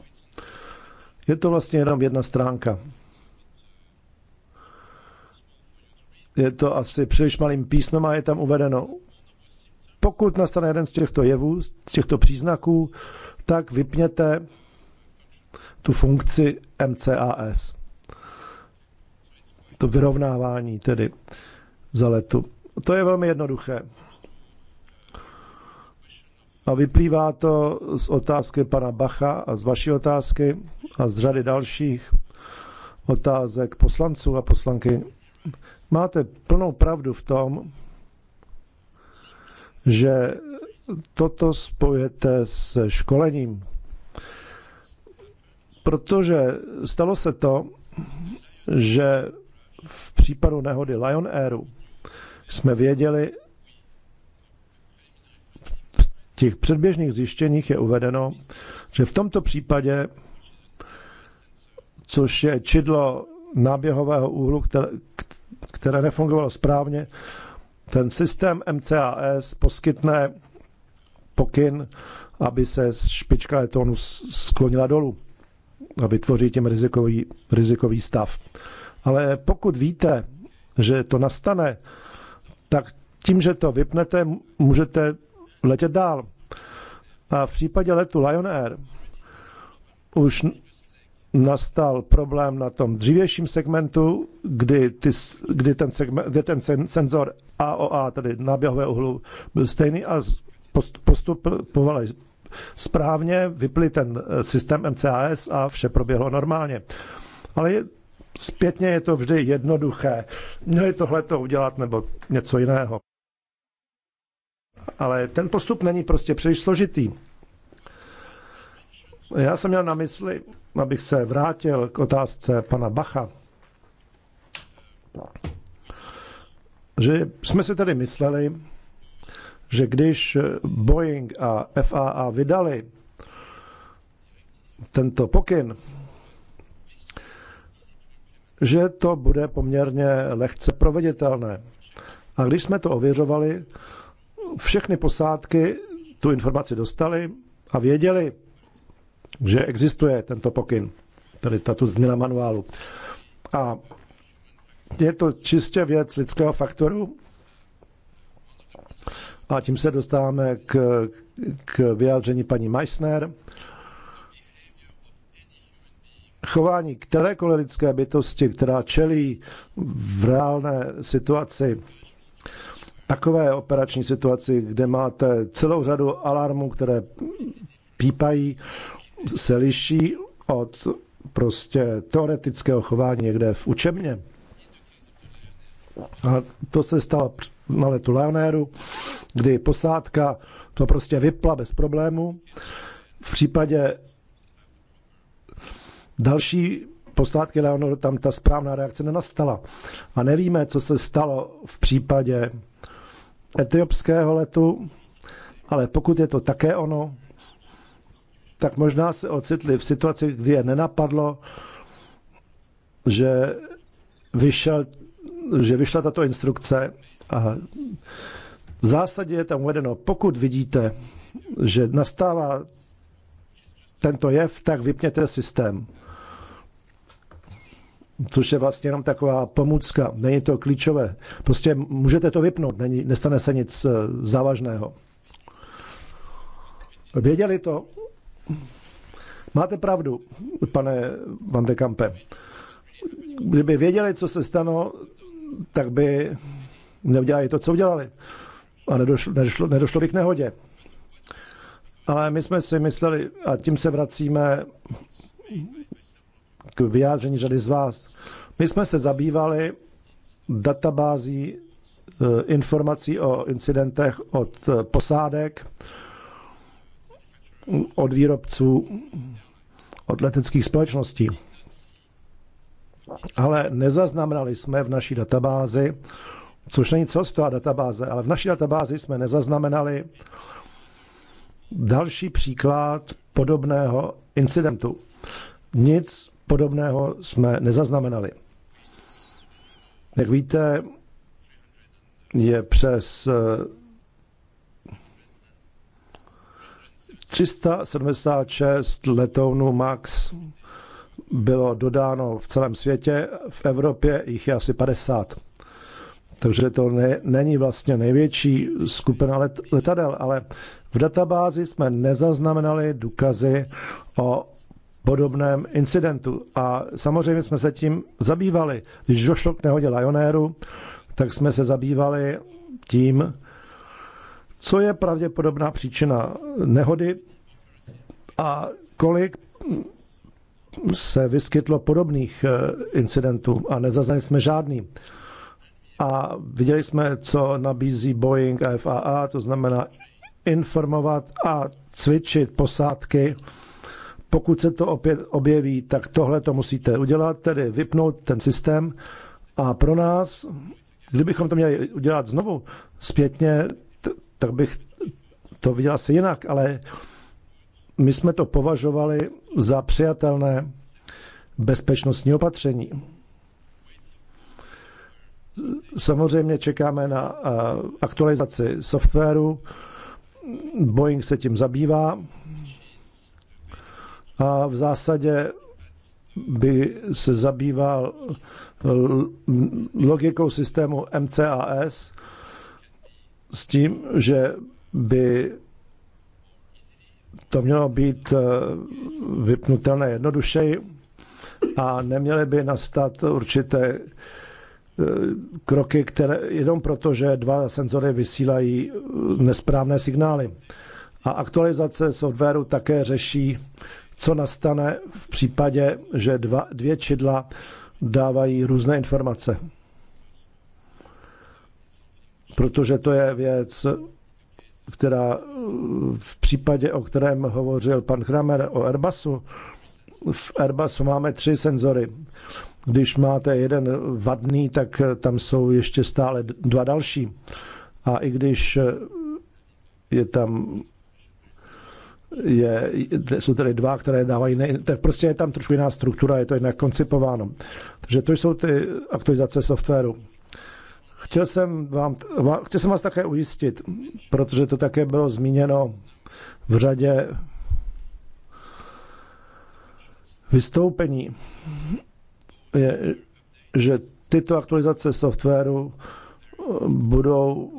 Speaker 2: Je to vlastně jenom jedna stránka. Je to asi příliš malým písmem a je tam uvedeno. Pokud nastane jeden z těchto jevů, z těchto příznaků, tak vypněte tu funkci MCAS. To vyrovnávání tedy za letu. To je velmi jednoduché. A vyplývá to z otázky pana Bacha a z vaší otázky a z řady dalších otázek poslanců a poslanky. Máte plnou pravdu v tom, že toto spojete s školením. Protože stalo se to, že v případu nehody Lion Airu jsme věděli, v těch předběžných zjištěních je uvedeno, že v tomto případě, což je čidlo náběhového úhlu, které, které nefungovalo správně, ten systém MCAS poskytne pokyn, aby se špička letonu sklonila dolů a vytvoří tím rizikový, rizikový stav. Ale pokud víte, že to nastane tak tím, že to vypnete, můžete letět dál. A v případě letu Lion Air už nastal problém na tom dřívějším segmentu, kdy, ty, kdy, ten, segment, kdy ten senzor AOA, tedy náběhové uhlu, byl stejný a postupovali správně, vypli ten eh, systém MCAS a vše proběhlo normálně. Ale Zpětně je to vždy jednoduché. Měli tohle to udělat nebo něco jiného. Ale ten postup není prostě příliš složitý. Já jsem měl na mysli, abych se vrátil k otázce pana Bacha, že jsme si tedy mysleli, že když Boeing a FAA vydali tento pokyn, že to bude poměrně lehce proveditelné. A když jsme to ověřovali, všechny posádky tu informaci dostali a věděli, že existuje tento pokyn, tedy tato změna manuálu. A je to čistě věc lidského faktoru a tím se dostáváme k, k vyjádření paní Meissner chování kterékoliv lidské bytosti, která čelí v reálné situaci, takové operační situaci, kde máte celou řadu alarmů, které pípají, se liší od prostě teoretického chování někde v učebně. A to se stalo na letu Leonéru, kdy posádka to prostě vypla bez problému. V případě další posádky Leonor, tam ta správná reakce nenastala. A nevíme, co se stalo v případě etiopského letu, ale pokud je to také ono, tak možná se ocitli v situaci, kdy je nenapadlo, že, vyšel, že vyšla tato instrukce a v zásadě je tam uvedeno, pokud vidíte, že nastává tento jev, tak vypněte systém což je vlastně jenom taková pomůcka, není to klíčové. Prostě můžete to vypnout, není, nestane se nic eh, závažného. Věděli to? Máte pravdu, pane Van de Kampe. Kdyby věděli, co se stalo, tak by neudělali to, co udělali. A nedošlo, nedošlo, nedošlo by k nehodě. Ale my jsme si mysleli, a tím se vracíme k vyjádření řady z vás. My jsme se zabývali databází eh, informací o incidentech od eh, posádek, od výrobců, od leteckých společností. Ale nezaznamenali jsme v naší databázi, což není celostová databáze, ale v naší databázi jsme nezaznamenali další příklad podobného incidentu. Nic podobného jsme nezaznamenali. Jak víte, je přes 376 eh, letounů MAX bylo dodáno v celém světě, v Evropě jich je asi 50. Takže to ne, není vlastně největší skupina let, letadel, ale v databázi jsme nezaznamenali důkazy o podobném incidentu. A samozřejmě jsme se tím zabývali. Když došlo k nehodě Lionéru, tak jsme se zabývali tím, co je pravděpodobná příčina nehody a kolik se vyskytlo podobných eh, incidentů a nezaznali jsme žádný. A viděli jsme, co nabízí Boeing a FAA, to znamená informovat a cvičit posádky pokud se to opět objeví, tak tohle to musíte udělat, tedy vypnout ten systém. A pro nás, kdybychom to měli udělat znovu zpětně, tak bych to viděl asi jinak, ale my jsme to považovali za přijatelné bezpečnostní opatření. Samozřejmě čekáme na eh, aktualizaci softwaru. Boeing se tím zabývá a v zásadě by se zabýval eh, logikou systému MCAS s tím, že by to mělo být eh, vypnutelné jednodušeji a neměly by nastat určité eh, kroky, které jenom proto, že dva senzory vysílají nesprávné signály. A aktualizace softwaru také řeší co nastane v případě, že dva, dvě čidla dávají různé informace. Protože to je věc, která v případě, o kterém hovořil pan Kramer o Airbusu, v Airbusu máme tři senzory. Když máte jeden vadný, tak tam jsou ještě stále dva další. A i když je tam je, jsou tady dva, které dávají, ne, tak prostě je tam trošku jiná struktura, je to jinak koncipováno. Takže to jsou ty aktualizace softwaru. Chtěl jsem, vám, chtěl jsem vás také ujistit, protože to také bylo zmíněno v řadě vystoupení, je, že tyto aktualizace softwaru eh, budou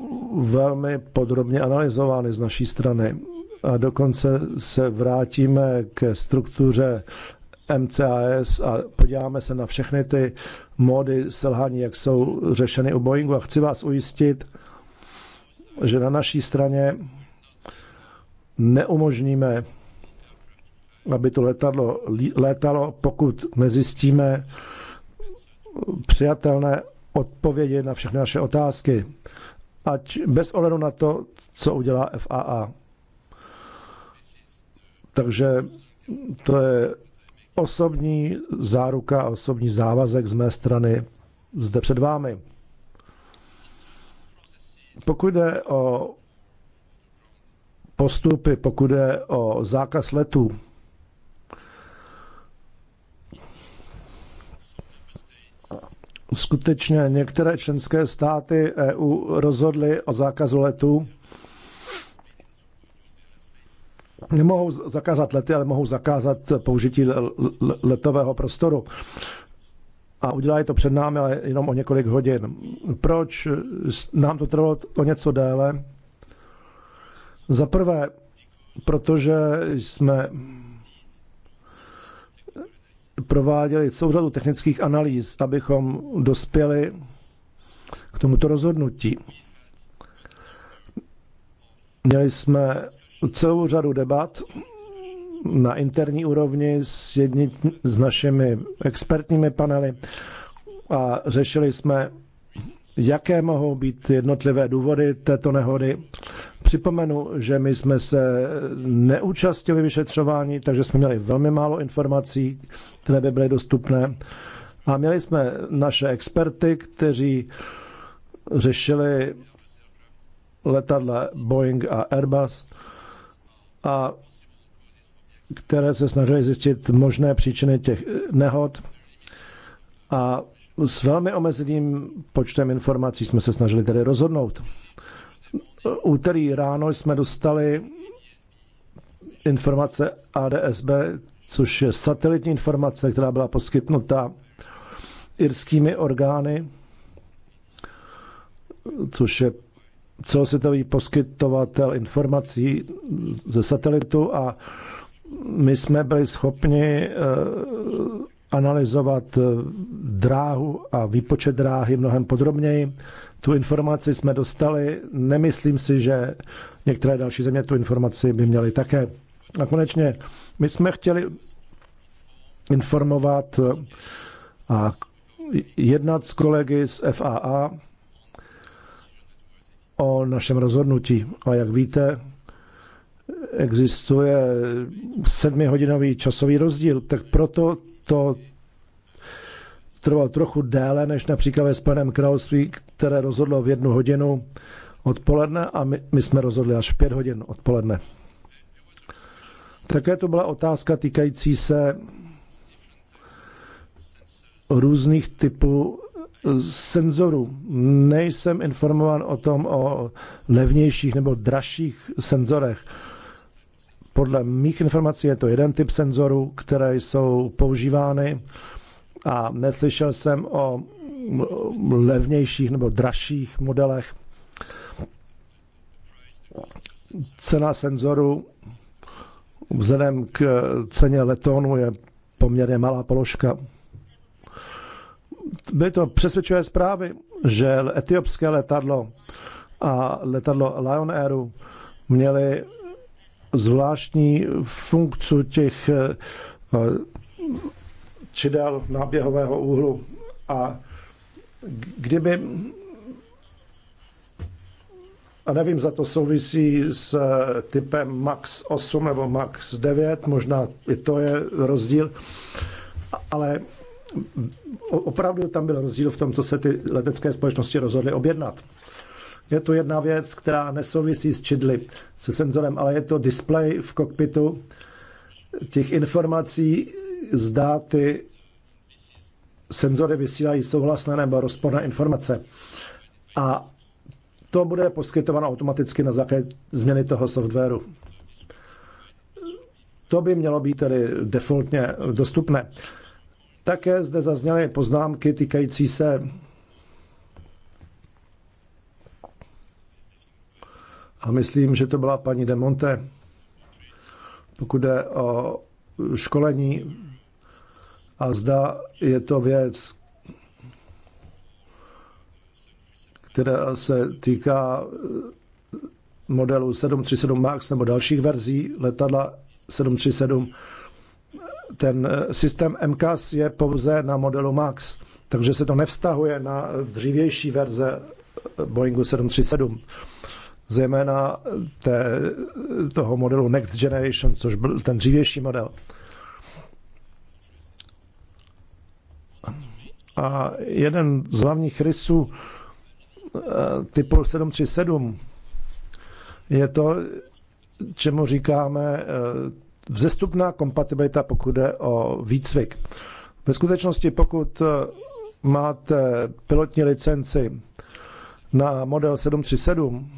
Speaker 2: velmi podrobně analyzovány z naší strany a dokonce se vrátíme ke struktuře MCAS a podíváme se na všechny ty módy selhání, jak jsou řešeny u Boeingu. A chci vás ujistit, že na naší straně neumožníme, aby to letadlo létalo, pokud nezjistíme přijatelné odpovědi na všechny naše otázky, ať bez ohledu na to, co udělá FAA. Takže to je osobní záruka a osobní závazek z mé strany zde před vámi. Pokud jde o postupy, pokud jde o zákaz letů, skutečně některé členské státy EU rozhodly o zákazu letů nemohou zakázat lety, ale mohou zakázat použití letového prostoru. A udělají to před námi, ale jenom o několik hodin. Proč nám to trvalo o něco déle? Za prvé, protože jsme prováděli celou řadu technických analýz, abychom dospěli k tomuto rozhodnutí. Měli jsme celou řadu debat na interní úrovni s, jedni, s našimi expertními panely a řešili jsme, jaké mohou být jednotlivé důvody této nehody. Připomenu, že my jsme se neúčastnili vyšetřování, takže jsme měli velmi málo informací, které by byly dostupné. A měli jsme naše experty, kteří řešili letadla Boeing a Airbus a které se snažili zjistit možné příčiny těch nehod. A s velmi omezeným počtem informací jsme se snažili tedy rozhodnout. Úterý ráno jsme dostali informace ADSB, což je satelitní informace, která byla poskytnuta irskými orgány, což je celosvětový poskytovatel informací ze satelitu a my jsme byli schopni eh, analyzovat eh, dráhu a výpočet dráhy mnohem podrobněji. Tu informaci jsme dostali, nemyslím si, že některé další země tu informaci by měly také. A konečně my jsme chtěli informovat eh, a jednat s kolegy z FAA, o našem rozhodnutí. A jak víte, existuje sedmihodinový časový rozdíl, tak proto to trvalo trochu déle než například ve Spojeném království, které rozhodlo v jednu hodinu odpoledne a my, my jsme rozhodli až v pět hodin odpoledne. Také to byla otázka týkající se různých typů senzorů. Nejsem informován o tom o levnějších nebo dražších senzorech. Podle mých informací je to jeden typ senzorů, které jsou používány a neslyšel jsem o levnějších nebo dražších modelech. Cena senzoru vzhledem k ceně letounu je poměrně malá položka byly to přesvědčivé zprávy, že etiopské letadlo a letadlo Lion Airu měly zvláštní funkci těch eh, čidel náběhového úhlu a kdyby a nevím, za to souvisí s eh, typem MAX 8 nebo MAX 9, možná i to je rozdíl, ale opravdu tam byl rozdíl v tom, co se ty letecké společnosti rozhodly objednat. Je to jedna věc, která nesouvisí s čidly, se senzorem, ale je to displej v kokpitu těch informací, zdá ty senzory vysílají souhlasné nebo rozporné informace. A to bude poskytováno automaticky na základě změny toho softwaru. To by mělo být tedy defaultně dostupné. Také zde zazněly poznámky týkající se a myslím, že to byla paní Demonte, pokud jde o školení a zda je to věc, která se týká modelu 737 MAX nebo dalších verzí letadla 737 ten eh, systém MCAS je pouze na modelu MAX, takže se to nevztahuje na dřívější verze eh, Boeingu 737 zejména eh, té, toho modelu Next Generation, což byl ten dřívější model. A jeden z hlavních rysů typu 737 je to, čemu říkáme vzestupná kompatibilita, pokud jde o výcvik. Ve skutečnosti, pokud eh, máte pilotní licenci na model 737,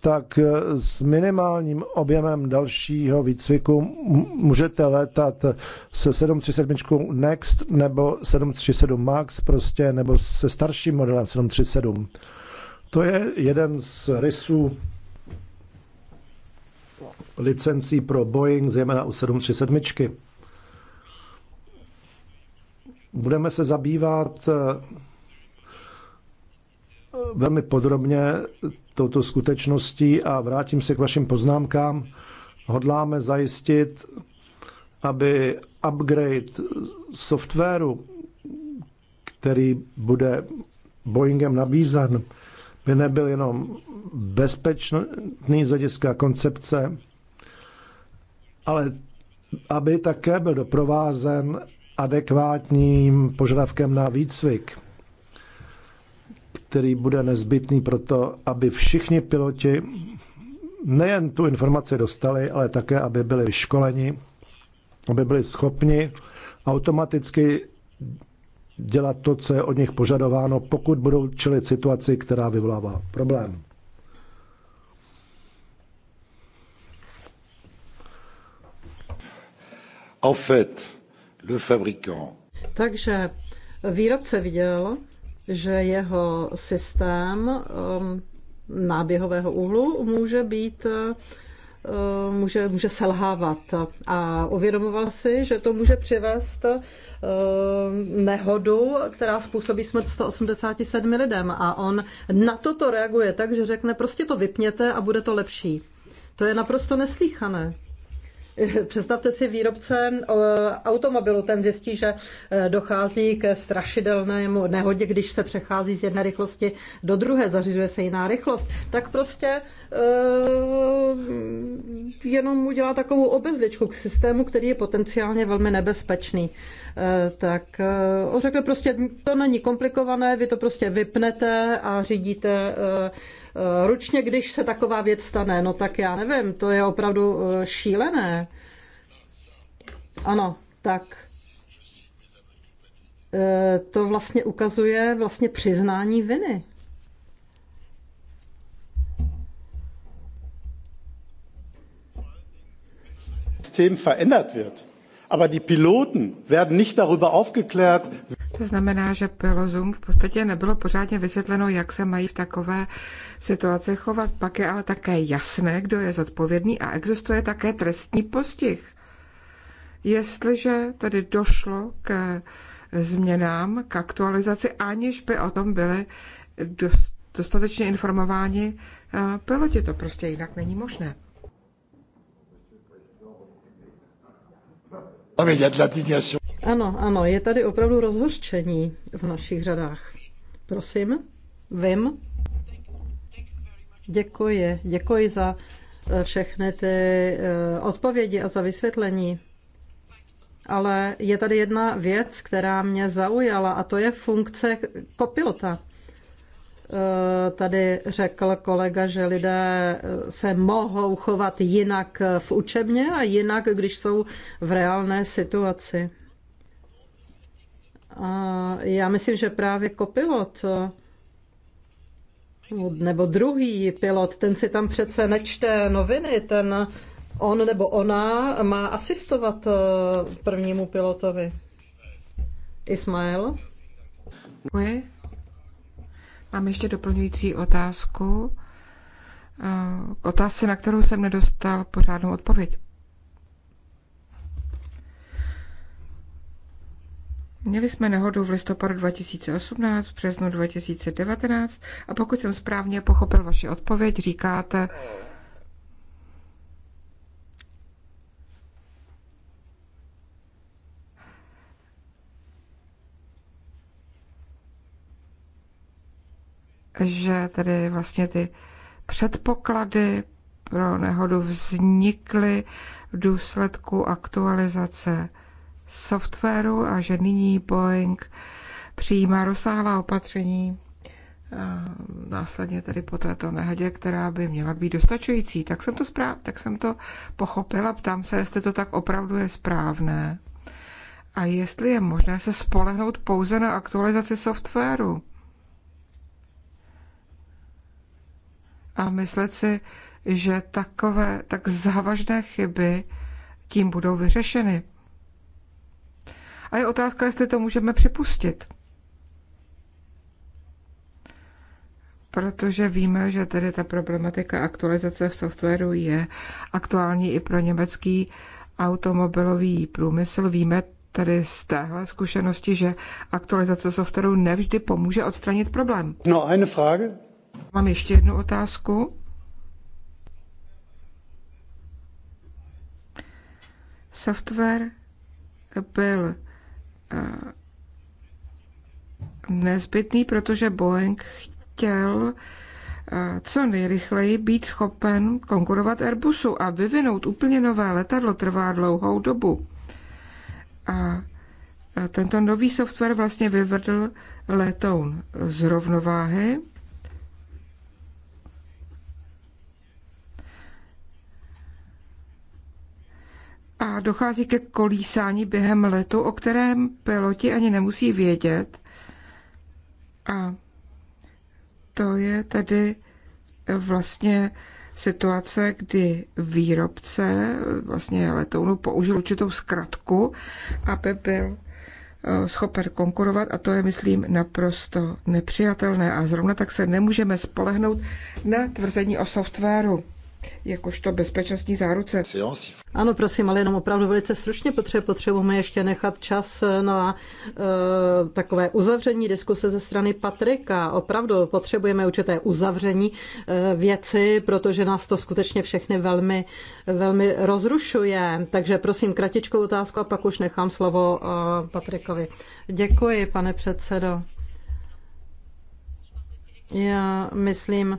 Speaker 2: tak eh, s minimálním objemem dalšího výcviku můžete létat se 737 Next nebo 737 Max prostě, nebo se starším modelem 737. To je jeden z rysů licencí pro Boeing, zejména u 737. Budeme se zabývat eh, velmi podrobně touto skutečností a vrátím se k vašim poznámkám. Hodláme zajistit, aby upgrade softwaru, který bude Boeingem nabízen, by nebyl jenom bezpečný z hlediska koncepce ale aby také byl doprovázen adekvátním požadavkem na výcvik, který bude nezbytný pro to, aby všichni piloti nejen tu informaci dostali, ale také, aby byli vyškoleni, aby byli schopni automaticky dělat to, co je od nich požadováno, pokud budou čelit situaci, která vyvolává problém. En fait, le fabricant.
Speaker 1: Takže výrobce viděl, že jeho systém um, náběhového úhlu může být uh, může, může selhávat a uvědomoval si, že to může přivést uh, nehodu, která způsobí smrt 187 lidem a on na toto reaguje tak, že řekne prostě to vypněte a bude to lepší. To je naprosto neslíchané. Představte si výrobce eh, automobilu, ten zjistí, že eh, dochází k strašidelnému nehodě, když se přechází z jedné rychlosti do druhé, zařizuje se jiná rychlost, tak prostě eh, jenom udělá takovou obezličku k systému, který je potenciálně velmi nebezpečný. Tak řekl prostě, to není komplikované, vy to prostě vypnete a řídíte Eh, ručně, když se taková věc stane. No tak já nevím, to je opravdu eh, šílené. Ano, tak eh, to vlastně ukazuje vlastně přiznání viny.
Speaker 2: System verändert wird. Aber die Piloten werden nicht darüber aufgeklärt.
Speaker 3: To znamená, že pelozum v podstatě nebylo pořádně vysvětleno, jak se mají v takové situaci chovat. Pak je ale také jasné, kdo je zodpovědný a existuje také trestní postih. Jestliže tedy došlo k změnám, k aktualizaci, aniž by o tom byly dostatečně informováni eh, piloti, to prostě jinak není možné.
Speaker 1: Ano, ano, je tady opravdu rozhořčení v našich řadách. Prosím, vím. Děkuji, děkuji za eh, všechny ty eh, odpovědi a za vysvětlení. Ale je tady jedna věc, která mě zaujala, a to je funkce kopilota. Eh, tady řekl kolega, že lidé se mohou chovat jinak v učebně a jinak, když jsou v reálné situaci. A já myslím, že právě kopilot nebo druhý pilot, ten si tam přece nečte noviny, ten on nebo ona má asistovat eh, prvnímu pilotovi.
Speaker 3: Ismail? Děkuji. Mám ještě doplňující otázku. Eh, k otázce, na kterou jsem nedostal pořádnou odpověď. Měli jsme nehodu v listopadu 2018, v březnu 2019 a pokud jsem správně pochopil vaši odpověď, říkáte, že tedy vlastně ty předpoklady pro nehodu vznikly v důsledku aktualizace softwaru a že nyní Boeing přijímá rozsáhlá opatření následně tady po této nehodě, která by měla být dostačující. Tak jsem to správ, tak jsem to pochopila. Ptám se, jestli to tak opravdu je správné a jestli je možné se spolehnout pouze na aktualizaci softwaru. A myslet si, že takové tak závažné chyby tím budou vyřešeny. A je otázka, jestli to můžeme připustit. protože víme, že tedy ta problematika aktualizace v softwaru je aktuální i pro německý automobilový průmysl. Víme tedy z téhle zkušenosti, že aktualizace softwaru nevždy pomůže odstranit problém.
Speaker 2: No, eine Frage.
Speaker 3: Mám ještě jednu otázku. Software byl nezbytný, protože Boeing chtěl co nejrychleji být schopen konkurovat Airbusu a vyvinout úplně nové letadlo trvá dlouhou dobu. A tento nový software vlastně vyvedl letoun z rovnováhy a dochází ke kolísání během letu, o kterém piloti ani nemusí vědět. A to je tedy vlastně situace, kdy výrobce vlastně letounu použil určitou zkratku, aby byl eh, schopen konkurovat a to je, myslím, naprosto nepřijatelné a zrovna tak se nemůžeme spolehnout na tvrzení o softwaru jakožto bezpečnostní záruce.
Speaker 1: Ano, prosím, ale jenom opravdu velice stručně, potřebu, potřebujeme ještě nechat čas na e, takové uzavření diskuse ze strany Patrika. Opravdu potřebujeme určité uzavření e, věci, protože nás to skutečně všechny velmi, velmi rozrušuje. Takže prosím, kratičkou otázku a pak už nechám slovo e, Patrikovi. Děkuji, pane předsedo. Já myslím,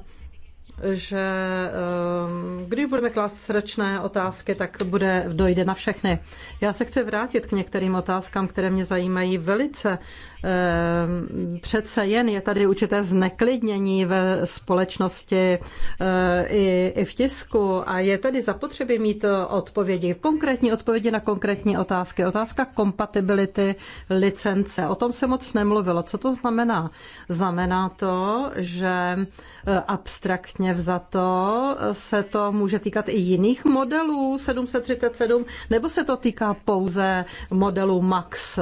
Speaker 1: že ehm, když budeme klást srdečné otázky, tak bude dojde na všechny. Já se chci vrátit k některým otázkám, které mě zajímají velice Ehm, přece jen je tady určité zneklidnění ve společnosti eh, i, i v tisku a je tady zapotřebí mít odpovědi, konkrétní odpovědi na konkrétní otázky. Otázka kompatibility licence, o tom se moc nemluvilo. Co to znamená? Znamená to, že eh, abstraktně vzato se to může týkat i jiných modelů 737, nebo se to týká pouze modelu MAX?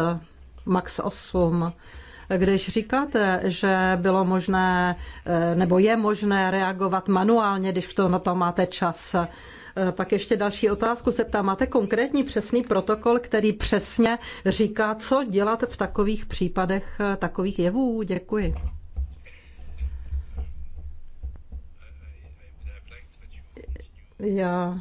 Speaker 1: MAX 8. Když říkáte, že bylo možné eh, nebo je možné reagovat manuálně, když to na to máte čas, eh, pak ještě další otázku se ptám, máte konkrétní přesný protokol, který přesně říká, co dělat v takových případech eh, takových jevů? Děkuji. Já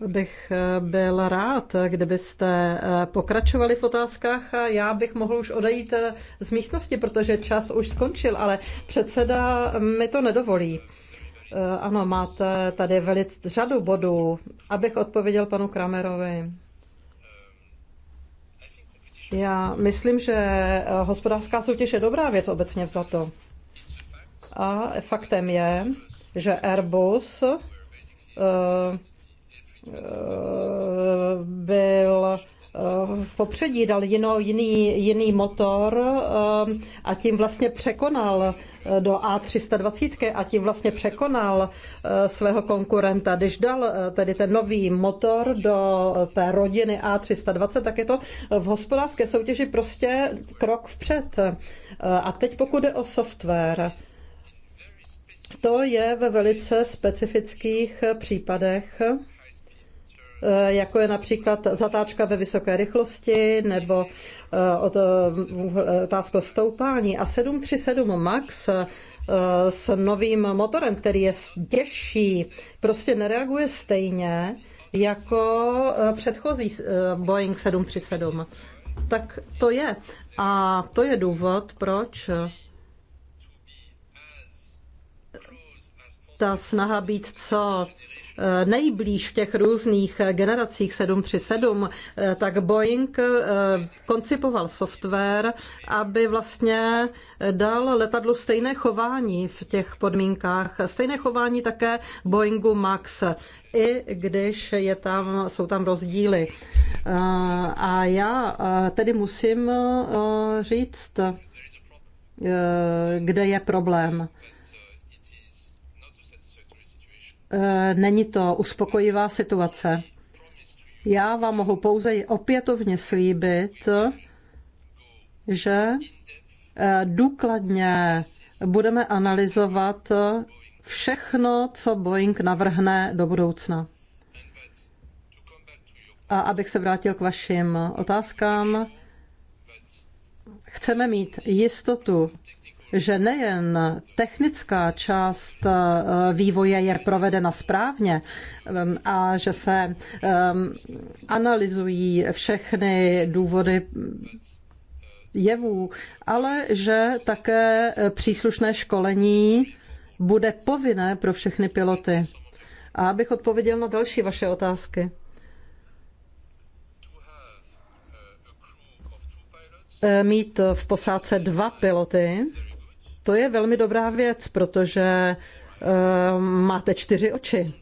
Speaker 1: bych eh, byl rád, kdybyste eh, pokračovali v otázkách a já bych mohl už odejít eh, z místnosti, protože čas už skončil, ale předseda mi to nedovolí. Ano, máte tady velice řadu bodů, abych odpověděl panu Kramerovi. Já myslím, že hospodářská soutěž je dobrá věc obecně vzato. A faktem je, že Airbus byl eh, v popředí, dal jino, jiný, jiný motor eh, a tím vlastně překonal eh, do A320 a tím vlastně překonal svého konkurenta. Když dal tedy ten nový motor do té rodiny A320, tak je to v hospodářské soutěži prostě krok vpřed. A teď pokud jde o software, to je ve velice specifických případech Eh, jako je například zatáčka ve vysoké rychlosti nebo eh, eh, otázka stoupání. A 737 MAX s novým motorem, který je těžší, prostě nereaguje stejně jako předchozí Boeing 737. Tak to je. A to je důvod, proč ta snaha být co Eh, nejblíž v těch různých eh, generacích 737, eh, tak Boeing koncipoval software, aby vlastně dal letadlu stejné chování v těch podmínkách. Stejné chování také Boeingu MAX, i když je tam, jsou tam rozdíly. A já tedy musím říct, kde je problém. Eh, není to uspokojivá situace. Já vám mohu pouze opětovně slíbit, že eh, důkladně budeme analyzovat všechno, co Boeing navrhne do budoucna. A abych se vrátil k vašim otázkám, chceme mít jistotu že nejen technická část eh, vývoje je provedena správně ehm, a že se ehm, analyzují všechny důvody jevů, ale že také příslušné školení bude povinné pro všechny piloty. A abych odpověděl na další vaše otázky. Eh, mít v posádce dva piloty to je velmi dobrá věc, protože uh, máte čtyři oči.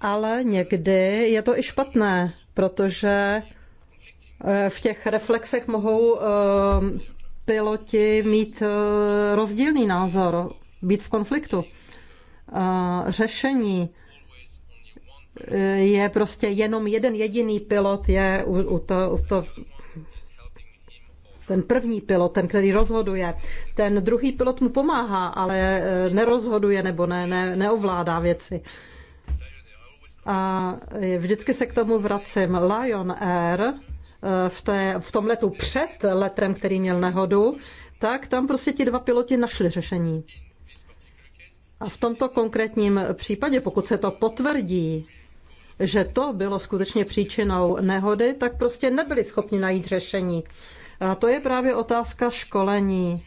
Speaker 1: Ale někdy je to i špatné, protože eh, v těch reflexech mohou eh, piloti mít rozdílný názor, být v konfliktu. Řešení je prostě jenom jeden jediný pilot je u, u, to, u to ten první pilot, ten, který rozhoduje. Ten druhý pilot mu pomáhá, ale e, nerozhoduje nebo ne, ne, neovládá věci. A vždycky se k tomu vracím. Lion Air e, v, té, v tom letu před letem, který měl nehodu, tak tam prostě ti dva piloti našli řešení. A v tomto konkrétním případě, pokud se to potvrdí, že to bylo skutečně příčinou nehody, tak prostě nebyli schopni najít řešení. A to je právě otázka školení.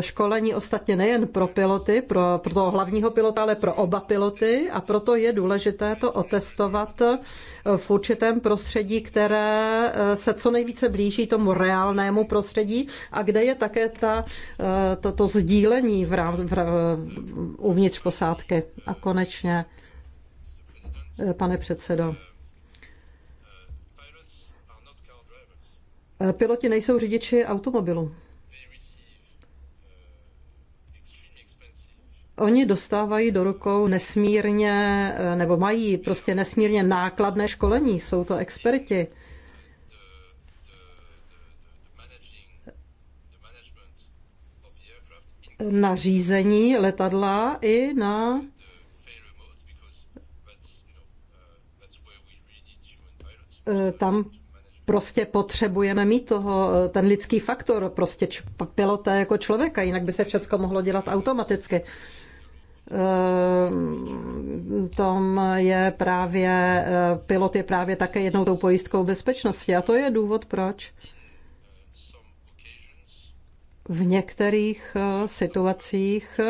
Speaker 1: Školení ostatně nejen pro piloty, pro, pro toho hlavního pilota, ale pro oba piloty a proto je důležité to otestovat v určitém prostředí, které eh, se co nejvíce blíží tomu reálnému prostředí a kde je také ta, eh, to, to sdílení v rám, v, eh, uvnitř posádky. A konečně, pane předsedo. Eh, piloti nejsou řidiči automobilu. Oni dostávají do rukou nesmírně, eh, nebo mají prostě nesmírně nákladné školení, jsou to experti. Na řízení letadla i na eh, tam prostě potřebujeme mít toho, eh, ten lidský faktor, prostě pilota jako člověka, jinak by se všechno mohlo dělat automaticky. Ehm, tom je právě, eh, pilot je právě také jednou tou pojistkou bezpečnosti a to je důvod, proč v některých eh, situacích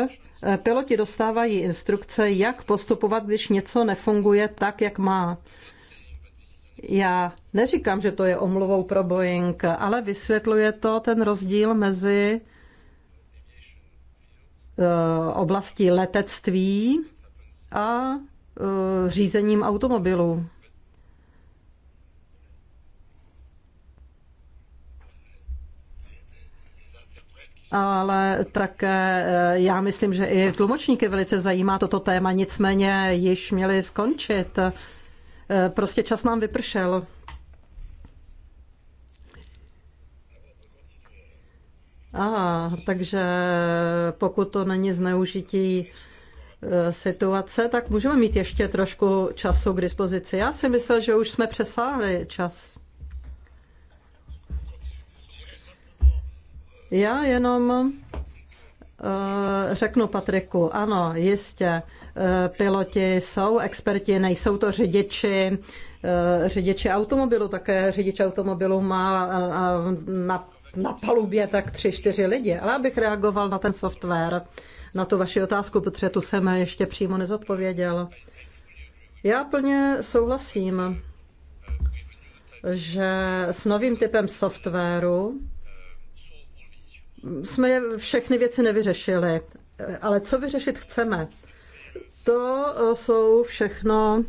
Speaker 1: piloti dostávají instrukce, jak postupovat, když něco nefunguje tak, jak má. Já neříkám, že to je omluvou pro Boeing, ale vysvětluje to ten rozdíl mezi eh, oblastí letectví a eh, řízením automobilů. ale také eh, já myslím, že i tlumočníky velice zajímá toto téma, nicméně již měli skončit Eh, prostě čas nám vypršel. A, ah, takže pokud to není zneužití eh, situace, tak můžeme mít ještě trošku času k dispozici. Já si myslel, že už jsme přesáhli čas. Já jenom Eh, řeknu Patriku, ano, jistě, eh, piloti jsou experti, nejsou to řidiči, eh, řidiči automobilu, také řidič automobilu má na, na palubě tak tři, čtyři lidi. Ale abych reagoval na ten software, na tu vaši otázku, protože tu jsem ještě přímo nezodpověděl. Já plně souhlasím, že s novým typem softwaru jsme všechny věci nevyřešili, ale co vyřešit chceme? To eh, jsou všechno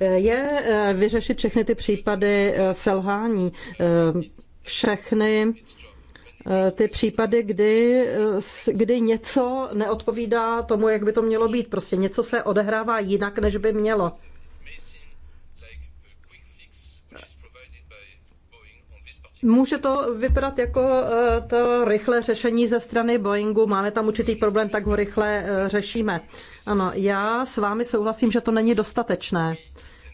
Speaker 1: je eh, vyřešit všechny ty případy eh, selhání, všechny ty případy, kdy, kdy něco neodpovídá tomu, jak by to mělo být. Prostě něco se odehrává jinak, než by mělo. Může to vypadat jako eh, to rychlé řešení ze strany Boeingu. Máme tam určitý problém, tak ho rychle eh, řešíme. Ano, já s vámi souhlasím, že to není dostatečné.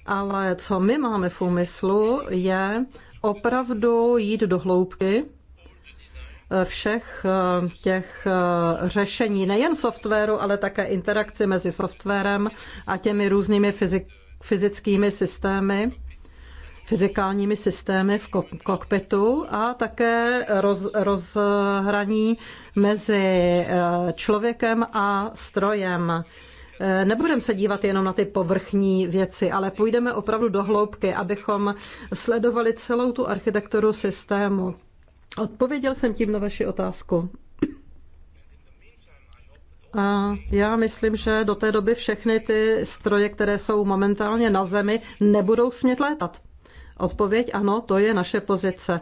Speaker 1: Ale co my máme v úmyslu, je opravdu jít do hloubky eh, všech těch řešení, nejen softwaru, ale také interakci mezi softwarem a těmi různými fyzik, fyzickými systémy fyzikálními systémy v kokpitu a také roz, rozhraní mezi eh, člověkem a strojem. Eh, nebudeme se dívat jenom na ty povrchní věci, ale půjdeme opravdu do hloubky, abychom sledovali celou tu architekturu systému. Odpověděl jsem tím na vaši otázku. A já myslím, že do té doby všechny ty stroje, které jsou momentálně na zemi, nebudou smět létat. Odpověď ano, to je naše pozice.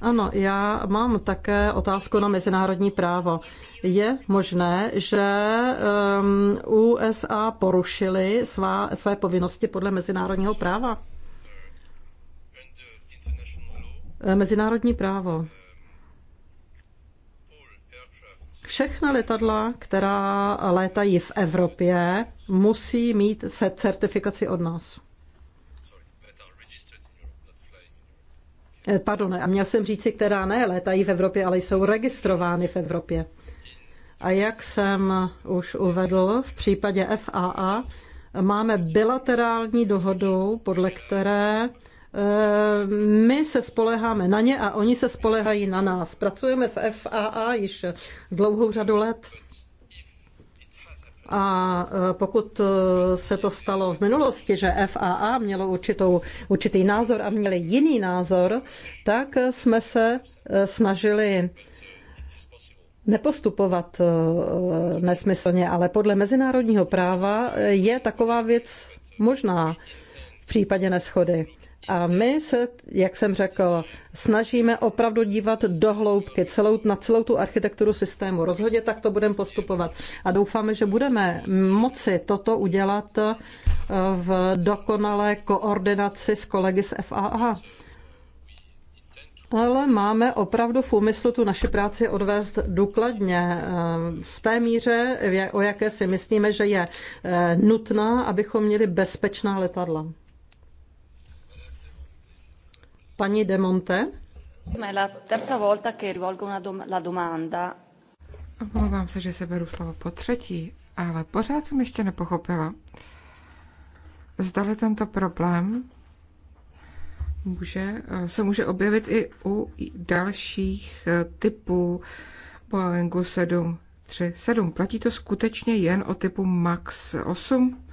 Speaker 1: Ano, já mám také otázku na mezinárodní právo. Je možné, že ehm, USA porušili svá, své povinnosti podle mezinárodního práva? Eh, mezinárodní právo. Všechna letadla, která létají v Evropě, musí mít certifikaci od nás. Eh, pardon, a měl jsem říci, která ne, létají v Evropě, ale jsou registrovány v Evropě. A jak jsem už uvedl, v případě FAA máme bilaterální dohodu, podle které eh, my se spoleháme na ně a oni se spolehají na nás. Pracujeme s FAA již dlouhou řadu let. A e, pokud e, se to stalo v minulosti, že FAA mělo určitou, určitý názor a měli jiný názor, tak jsme se e, snažili nepostupovat nesmyslně, ale podle mezinárodního práva je taková věc možná v případě neschody. A my se, jak jsem řekl, snažíme opravdu dívat do hloubky celou, na celou tu architekturu systému. Rozhodně tak to budeme postupovat. A doufáme, že budeme moci toto udělat eh, v dokonalé koordinaci s kolegy z FAA. Ale máme opravdu v úmyslu tu naši práci odvést důkladně eh, v té míře, o jaké si myslíme, že je eh, nutná, abychom měli bezpečná letadla. Pani De Monte? Ma è la terza volta che rivolgo una dom- la domanda.
Speaker 3: Omlouvám se, že se beru slovo po třetí, ale pořád jsem ještě nepochopila. Zdali tento problém může, eh, se může objevit i u dalších eh, typů Boeingu 737. Platí to skutečně jen o typu MAX 8?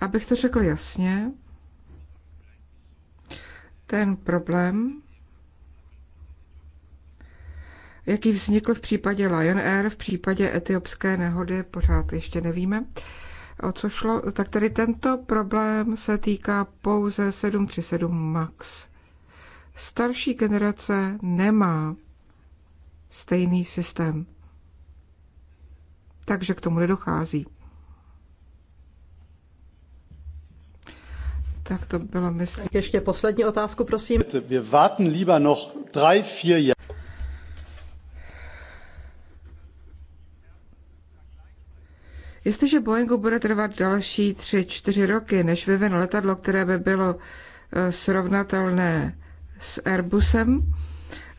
Speaker 3: Abych to řekl jasně, ten problém, jaký vznikl v případě Lion Air, v případě etiopské nehody, pořád ještě nevíme, o co šlo, tak tedy tento problém se týká pouze 737 MAX. Starší generace nemá stejný systém, takže k tomu nedochází.
Speaker 1: Tak to bylo myslím. Tak ještě poslední otázku, prosím. Wir warten lieber noch drei,
Speaker 2: vier Jahre.
Speaker 3: Jestliže Boeingu bude trvat další tři, čtyři roky, než vyvin letadlo, které by bylo eh, srovnatelné s Airbusem,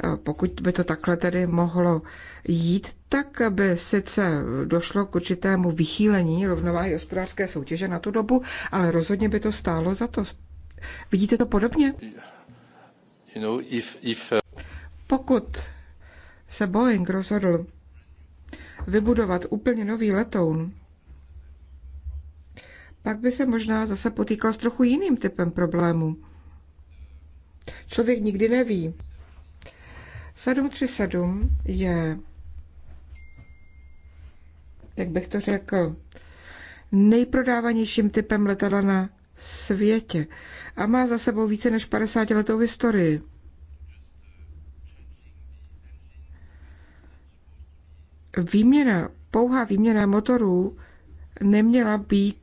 Speaker 3: eh, pokud by to takhle tedy mohlo jít tak, aby sice došlo k určitému vychýlení rovnováhy hospodářské soutěže na tu dobu, ale rozhodně by to stálo za to. Vidíte to podobně?
Speaker 2: You know, if, if, uh...
Speaker 3: Pokud se Boeing rozhodl vybudovat úplně nový letoun, pak by se možná zase potýkal s trochu jiným typem problému. Člověk nikdy neví. 737 je jak bych to řekl, nejprodávanějším typem letadla na světě a má za sebou více než 50 letou historii. Výměna, pouhá výměna motorů neměla být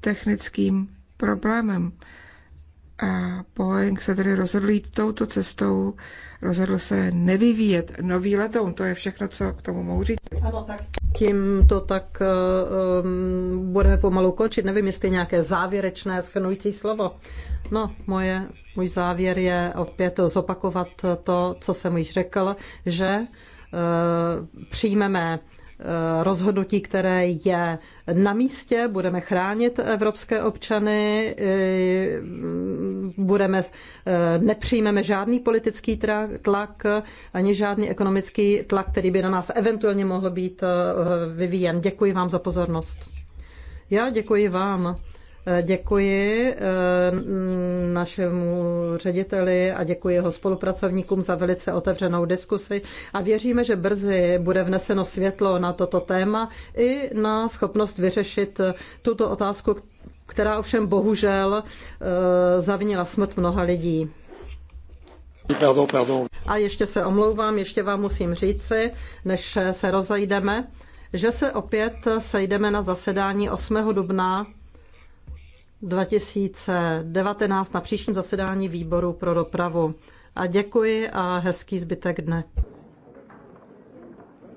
Speaker 3: technickým problémem. A Boeing se tedy rozhodl jít touto cestou, rozhodl se nevyvíjet nový letoun. To je všechno, co k tomu mohu říct. Ano, tak tím
Speaker 1: to tak um, budeme pomalu končit. Nevím, jestli nějaké závěrečné schrnující slovo. No, moje, můj závěr je opět zopakovat to, co jsem již řekl, že uh, přijmeme Eh, rozhodnutí, které je na místě, budeme chránit evropské občany, eh, budeme, eh, nepřijmeme žádný politický tlak, ani žádný ekonomický tlak, který by na nás eventuálně mohl být vyvíjen. Děkuji vám za pozornost. Já děkuji vám. Děkuji eh, našemu řediteli a děkuji jeho spolupracovníkům za velice otevřenou diskusi a věříme, že brzy bude vneseno světlo na toto téma i na schopnost vyřešit tuto otázku, která ovšem bohužel eh, zavinila smrt mnoha lidí. A ještě se omlouvám, ještě vám musím říci, než se rozejdeme, že se opět sejdeme na zasedání 8. dubna 2019 na příštím zasedání výboru pro dopravu. A děkuji a hezký zbytek dne.